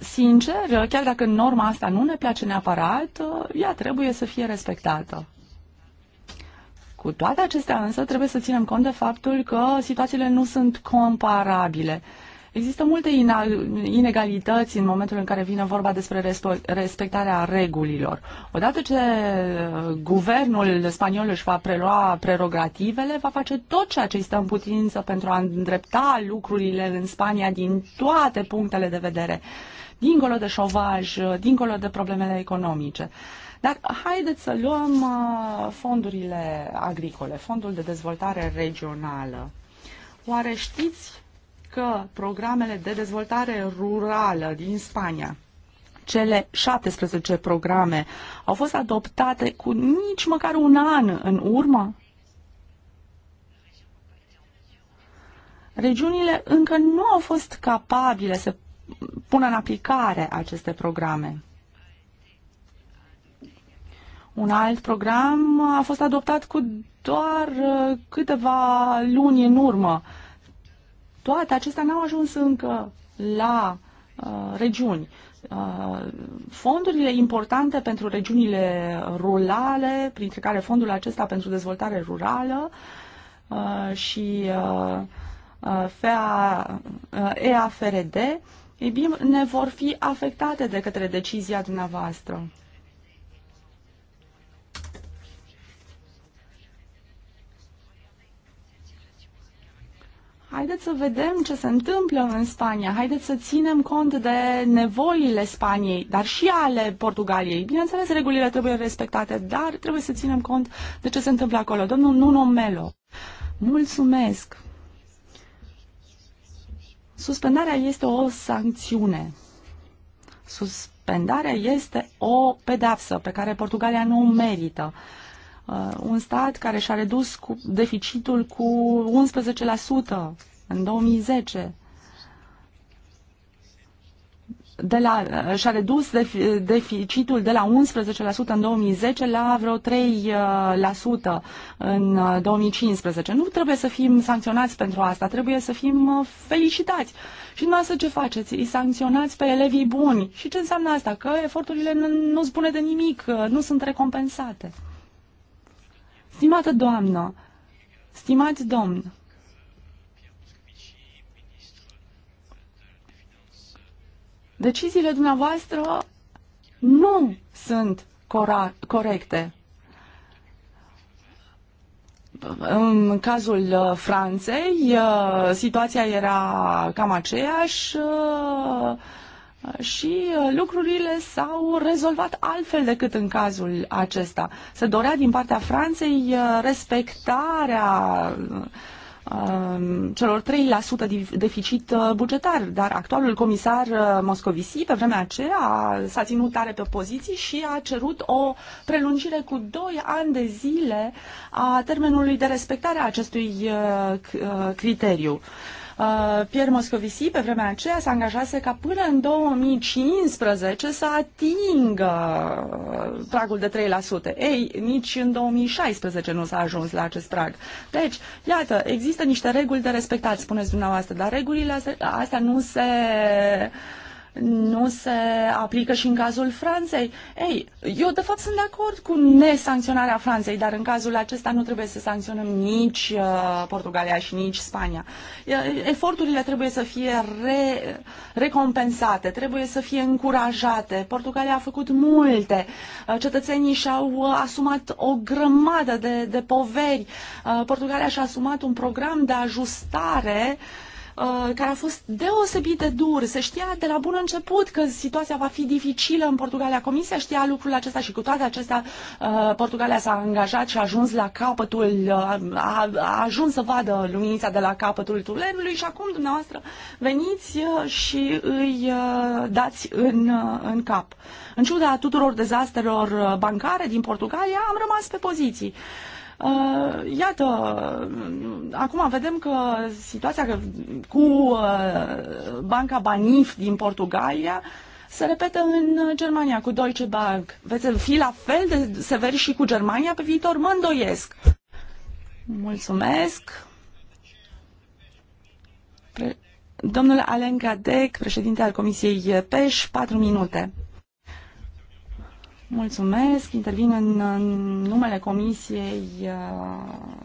sincer, chiar dacă norma asta nu ne place neapărat, ea trebuie să fie respectată. Cu toate acestea însă trebuie să ținem cont de faptul că situațiile nu sunt comparabile. Există multe inegalități în momentul în care vine vorba despre respectarea regulilor. Odată ce guvernul spaniol își va prelua prerogativele, va face tot ceea ce stă în putință pentru a îndrepta lucrurile în Spania din toate punctele de vedere dincolo de șovaj, dincolo de problemele economice. Dar haideți să luăm uh, fondurile agricole, fondul de dezvoltare regională. Oare știți că programele de dezvoltare rurală din Spania, cele 17 programe, au fost adoptate cu nici măcar un an în urmă? Regiunile încă nu au fost capabile să pună în aplicare aceste programe. Un alt program a fost adoptat cu doar uh, câteva luni în urmă. Toate acestea n-au ajuns încă la uh, regiuni. Uh, fondurile importante pentru regiunile rurale, printre care fondul acesta pentru dezvoltare rurală uh, și uh, uh FEA, uh, EAFRD, ei bine, vor fi afectate de către decizia dumneavoastră. Haideți să vedem ce se întâmplă în Spania. Haideți să ținem cont de nevoile Spaniei, dar și ale Portugaliei. Bineînțeles, regulile trebuie respectate, dar trebuie să ținem cont de ce se întâmplă acolo. Domnul Nuno Melo. Mulțumesc! Suspendarea este o sancțiune. Suspendarea este o pedeapsă pe care Portugalia nu o merită. Uh, un stat care și-a redus cu deficitul cu 11% în 2010 de la, și-a redus deficitul de la 11% în 2010 la vreo 3% în 2015. Uh, nu trebuie să fim sancționați pentru asta, trebuie să fim uh, felicitați. Și dumneavoastră ce faceți? Îi sancționați pe elevii buni. Și ce înseamnă asta? Că eforturile nu spune de nimic, uh, nu sunt recompensate. Stimată doamnă, stimați domn, Deciziile dumneavoastră nu sunt corecte. În cazul uh, Franței, uh, situația era cam aceeași uh, și lucrurile s-au rezolvat altfel decât în cazul acesta. Se dorea din partea Franței respectarea uh, Um, celor 3% deficit uh, bugetar, dar actualul comisar uh, Moscovici pe vremea aceea s-a ținut tare pe poziții și a cerut o prelungire cu 2 ani de zile a termenului de respectare a acestui uh, criteriu. Uh, Pierre Moscovici pe vremea aceea se angajase ca până în 2015 să atingă uh, pragul de 3%. Ei, nici în 2016 nu s-a ajuns la acest prag. Deci, iată, există niște reguli de respectat, spuneți dumneavoastră, dar regulile astea, astea nu se uh, nu se aplică și în cazul Franței. Ei, eu de fapt sunt de acord cu nesancționarea Franței, dar în cazul acesta nu trebuie să sancționăm nici uh, Portugalia și nici Spania. Eforturile trebuie să fie re, recompensate, trebuie să fie încurajate. Portugalia a făcut multe. Uh, cetățenii și-au uh, asumat o grămadă de, de poveri. Uh, Portugalia și-a asumat un program de ajustare uh, Uh, care a fost deosebit de dur. Se știa de la bun început că situația va fi dificilă în Portugalia. Comisia știa lucrul acesta și cu toate acestea uh, Portugalia s-a angajat și a ajuns la capătul, uh, a, a ajuns să vadă luminița de la capătul tulenului și acum dumneavoastră veniți și îi dați în, în cap. În ciuda tuturor dezastrelor bancare din Portugalia, am rămas pe poziții. Uh, iată, acum vedem că situația cu uh, Banca Banif din Portugalia se repetă în Germania cu Deutsche Bank. Veți fi la fel de severi și cu Germania pe viitor? Mă îndoiesc. Mulțumesc. Pre- Domnule Alen Gadec, președinte al Comisiei PEș, patru minute. Mulțumesc, intervin în, numele Comisiei uh,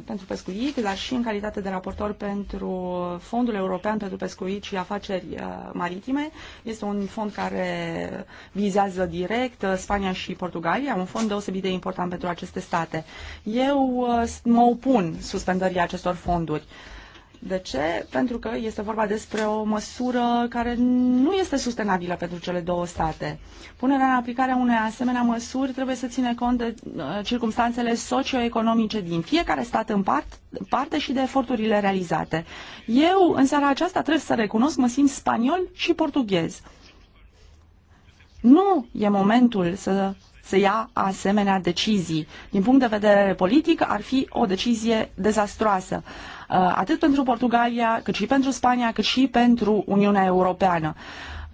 pentru Pescuit, dar și în calitate de raportor pentru Fondul European pentru Pescuit și Afaceri uh, Maritime. Este un fond care vizează direct uh, Spania și Portugalia, un fond deosebit de important pentru aceste state. Eu mă opun suspendării acestor fonduri. Uh, de ce? Pentru că este vorba despre o măsură care nu este sustenabilă pentru cele două state. Punerea în aplicare a unei asemenea măsuri trebuie să ține cont de uh, circumstanțele socioeconomice din fiecare stat în part, parte și de eforturile realizate. Eu, în seara aceasta, trebuie să recunosc, mă simt spaniol și portughez. Nu e momentul să să ia asemenea decizii. Din punct de vedere politic, ar fi o decizie dezastroasă. Uh, atât pentru Portugalia, cât și pentru Spania, cât și pentru Uniunea Europeană.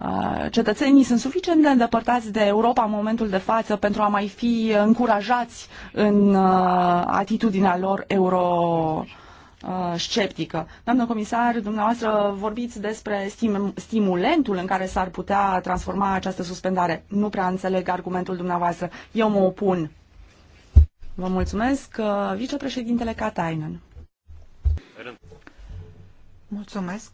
Uh, cetățenii sunt suficient de îndepărtați de Europa în momentul de față pentru a mai fi încurajați în uh, atitudinea lor euro sceptică. Doamnă comisar, dumneavoastră vorbiți despre stim stimulentul în care s-ar putea transforma această suspendare. Nu prea înțeleg argumentul dumneavoastră. Eu mă opun. Vă mulțumesc, vicepreședintele Katainen. Mulțumesc.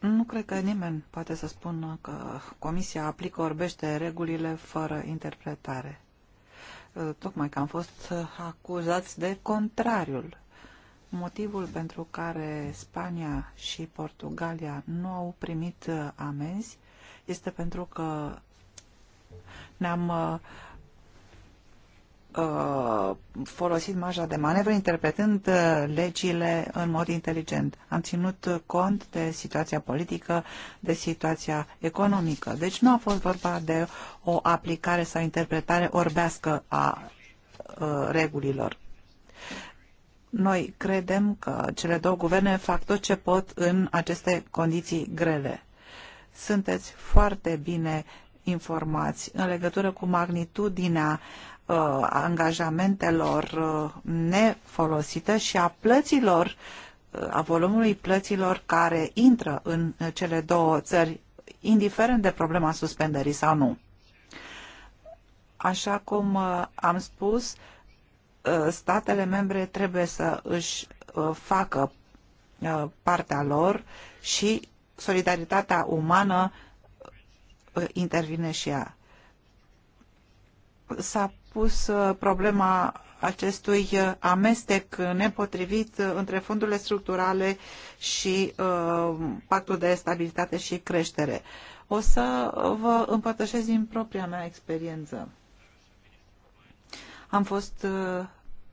Nu cred că nimeni poate să spună că Comisia aplică, orbește regulile fără interpretare. Uh, tocmai că am fost acuzați de contrariul. Motivul pentru care Spania și Portugalia nu au primit uh, amenzi este pentru că ne-am uh, Uh, folosit marja de manevră interpretând uh, legile în mod inteligent. Am ținut cont de situația politică, de situația economică. Deci nu a fost vorba de o aplicare sau interpretare orbească a uh, regulilor. Noi credem că cele două guverne fac tot ce pot în aceste condiții grele. Sunteți foarte bine informați în legătură cu magnitudinea Uh, angajamentelor uh, nefolosite și a plăților, uh, a volumului plăților care intră în cele două țări, indiferent de problema suspendării sau nu. Așa cum am spus, statele membre trebuie să își facă partea lor și solidaritatea umană intervine și ea. S-a pus uh, problema acestui uh, amestec nepotrivit uh, între fondurile structurale și pactul de stabilitate și creștere. O să vă împărtășesc din propria mea experiență. Am fost,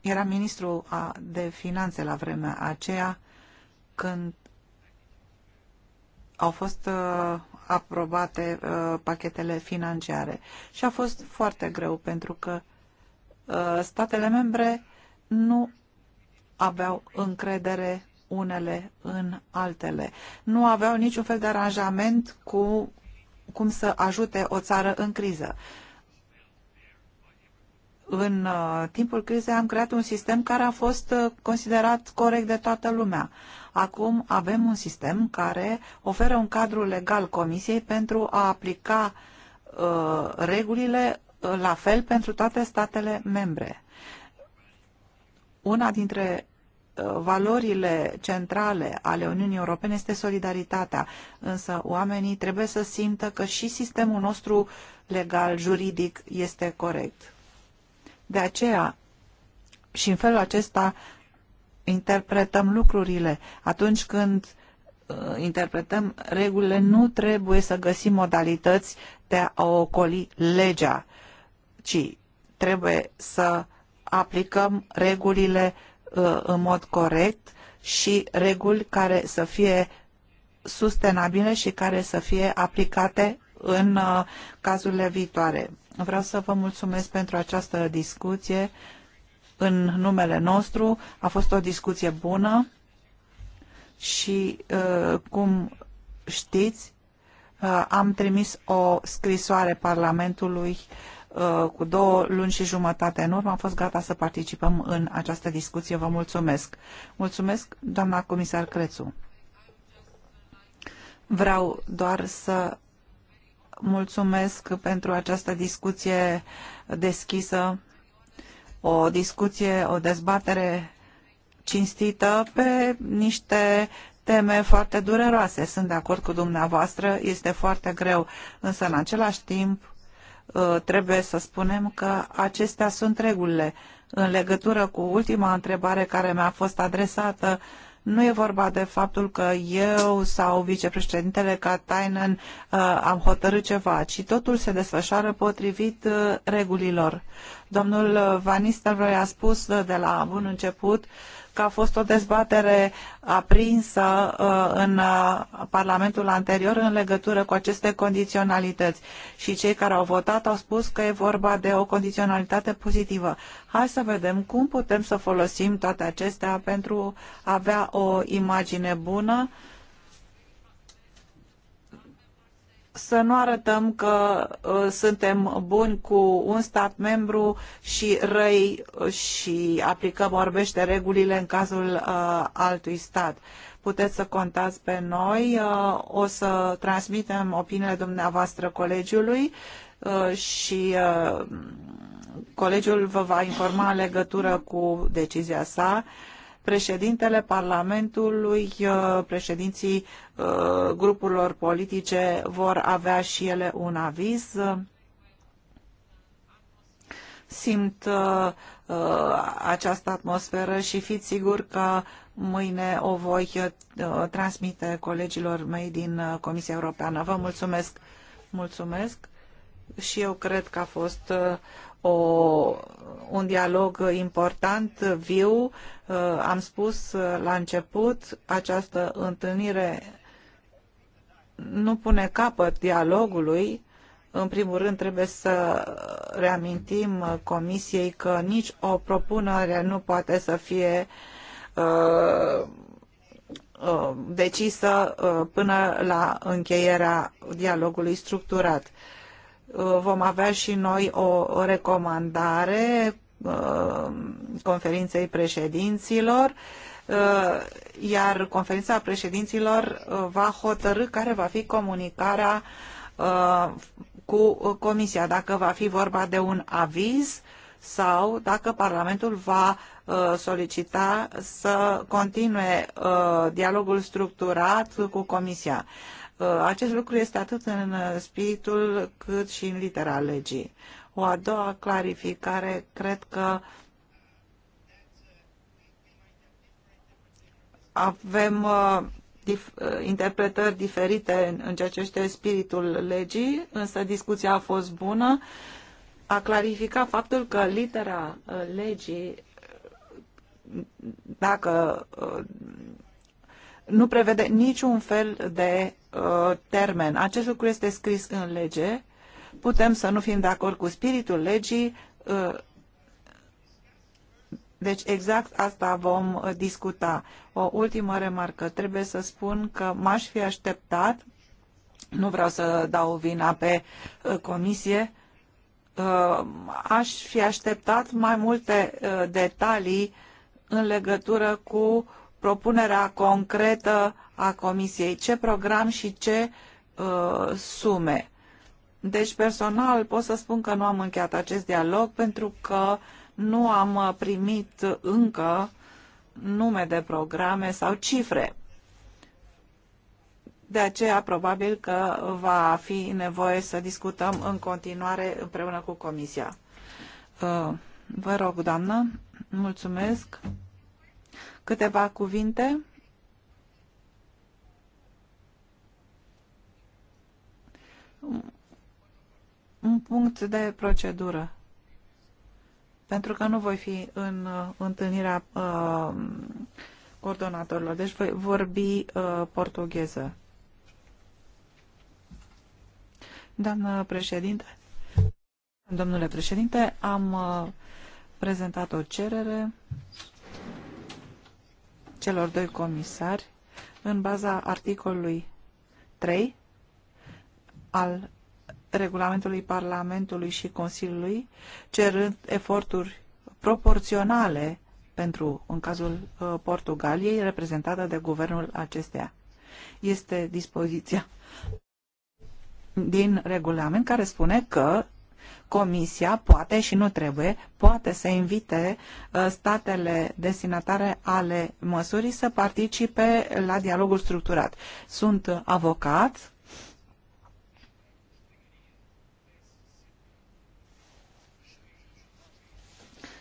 era ministru de finanțe la vremea aceea când au fost aprobate uh, pachetele financiare. Și a fost foarte greu pentru că uh, statele membre nu aveau încredere unele în altele. Nu aveau niciun fel de aranjament cu cum să ajute o țară în criză. În uh, timpul crizei am creat un sistem care a fost uh, considerat corect de toată lumea. Acum avem un sistem care oferă un cadru legal Comisiei pentru a aplica uh, regulile uh, la fel pentru toate statele membre. Una dintre uh, valorile centrale ale Uniunii Europene este solidaritatea, însă oamenii trebuie să simtă că și sistemul nostru legal, juridic, este corect. De aceea, și în felul acesta, interpretăm lucrurile. Atunci când uh, interpretăm regulile, nu trebuie să găsim modalități de a ocoli legea, ci trebuie să aplicăm regulile uh, în mod corect și reguli care să fie sustenabile și care să fie aplicate în uh, cazurile viitoare. Vreau să vă mulțumesc pentru această discuție în numele nostru. A fost o discuție bună și, uh, cum știți, uh, am trimis o scrisoare Parlamentului uh, cu două luni și jumătate în urmă. Am fost gata să participăm în această discuție. Vă mulțumesc. Mulțumesc, doamna comisar Crețu. Vreau doar să mulțumesc pentru această discuție deschisă o discuție, o dezbatere cinstită pe niște teme foarte dureroase. Sunt de acord cu dumneavoastră, este foarte greu, însă în același timp ă, trebuie să spunem că acestea sunt regulile. În legătură cu ultima întrebare care mi-a fost adresată, uh, nu e vorba de faptul că eu sau vicepreședintele Katainen uh, am hotărât ceva, ci totul se desfășoară potrivit uh, regulilor. Domnul uh, Van Nistelrooy a spus de la bun început că a fost o dezbatere aprinsă uh, în uh, Parlamentul anterior în legătură cu aceste condiționalități și cei care au votat au spus că e vorba de o condiționalitate pozitivă. Hai să vedem cum putem să folosim toate acestea pentru a avea o imagine bună uh, să nu arătăm că uh, suntem buni cu un stat membru și răi uh, și aplicăm orbește regulile în cazul uh, altui stat. Puteți să contați pe noi, uh, o să transmitem opiniile dumneavoastră colegiului uh, și uh, colegiul vă va informa în legătură cu decizia sa. Uh, președintele Parlamentului, uh, președinții uh, grupurilor politice vor avea și ele un aviz. Simt uh, această atmosferă și fiți sigur că mâine o voi transmite colegilor mei din Comisia Europeană. Vă mulțumesc! Mulțumesc! și eu cred că a fost uh, o, un dialog important, viu. Uh, am spus uh, la început, această întâlnire nu pune capăt dialogului. În primul rând trebuie să reamintim Comisiei că nici o propunere nu poate să fie decisă până la încheierea dialogului structurat. Uh, vom avea și noi o recomandare uh, conferinței președinților, uh, iar conferința președinților va hotărâ care va fi comunicarea cu Comisia, dacă va fi vorba de un aviz sau dacă Parlamentul va solicita să continue dialogul structurat cu Comisia. Uh, acest lucru este atât în spiritul cât și în litera legii. O a doua clarificare, cred că avem uh, dif uh, interpretări diferite în ceea ce este spiritul legii, însă discuția a fost bună. A clarificat faptul că litera legii, dacă nu prevede niciun fel de Uh, termen. Acest lucru este scris în lege. Putem să nu fim de acord cu spiritul legii. Uh, deci exact asta vom uh, discuta. O ultimă remarcă. Trebuie să spun că m-aș fi așteptat, nu vreau să dau vina pe comisie, aș fi așteptat mai multe detalii în legătură cu uh, propunerea concretă a Comisiei, ce program și ce uh, sume. Deci, personal, pot să spun că nu am încheiat acest dialog pentru că nu am uh, primit încă nume de programe sau cifre. De aceea, probabil că va fi nevoie să discutăm în continuare împreună cu Comisia. Uh, vă rog, doamnă, mulțumesc. Câteva cuvinte. Un punct de procedură. Pentru că nu voi fi în uh, întâlnirea uh, coordonatorilor, deci voi vorbi uh, portugheză. Doamnă președinte, domnule președinte, am uh, prezentat o cerere celor doi comisari în baza articolului 3 al regulamentului Parlamentului și Consiliului, cerând eforturi proporționale pentru, în cazul uh, Portugaliei, reprezentată de guvernul acesteia. Este dispoziția din regulament care spune că Comisia poate și nu trebuie, poate să invite uh, statele destinatare ale măsurii să participe la dialogul structurat. Sunt avocat,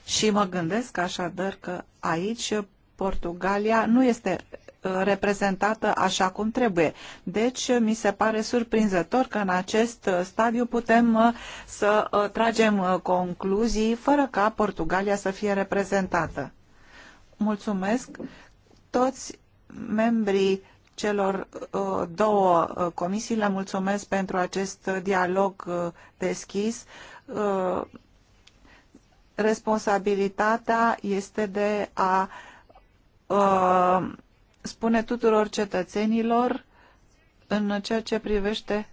Și mă gândesc așadar că aici Portugalia nu este reprezentată așa cum trebuie. Deci, mi se pare surprinzător că în acest stadiu putem uh, să uh, tragem uh, concluzii fără ca Portugalia să fie reprezentată. Mulțumesc toți membrii celor două comisii. Le mulțumesc pentru acest dialog deschis. Responsabilitatea este de a spune tuturor cetățenilor în ceea ce privește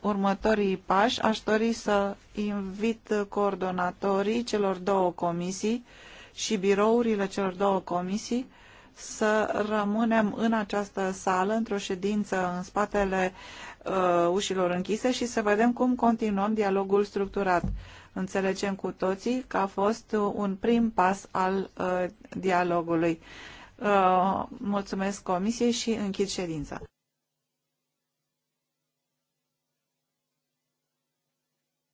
următorii pași. Aș dori să invit coordonatorii celor două comisii și birourile celor două comisii să rămânem în această sală, într-o ședință în spatele uh, ușilor închise și să vedem cum continuăm dialogul structurat. Înțelegem cu toții că a fost un prim pas al uh, dialogului. Uh, mulțumesc comisiei și închid ședința.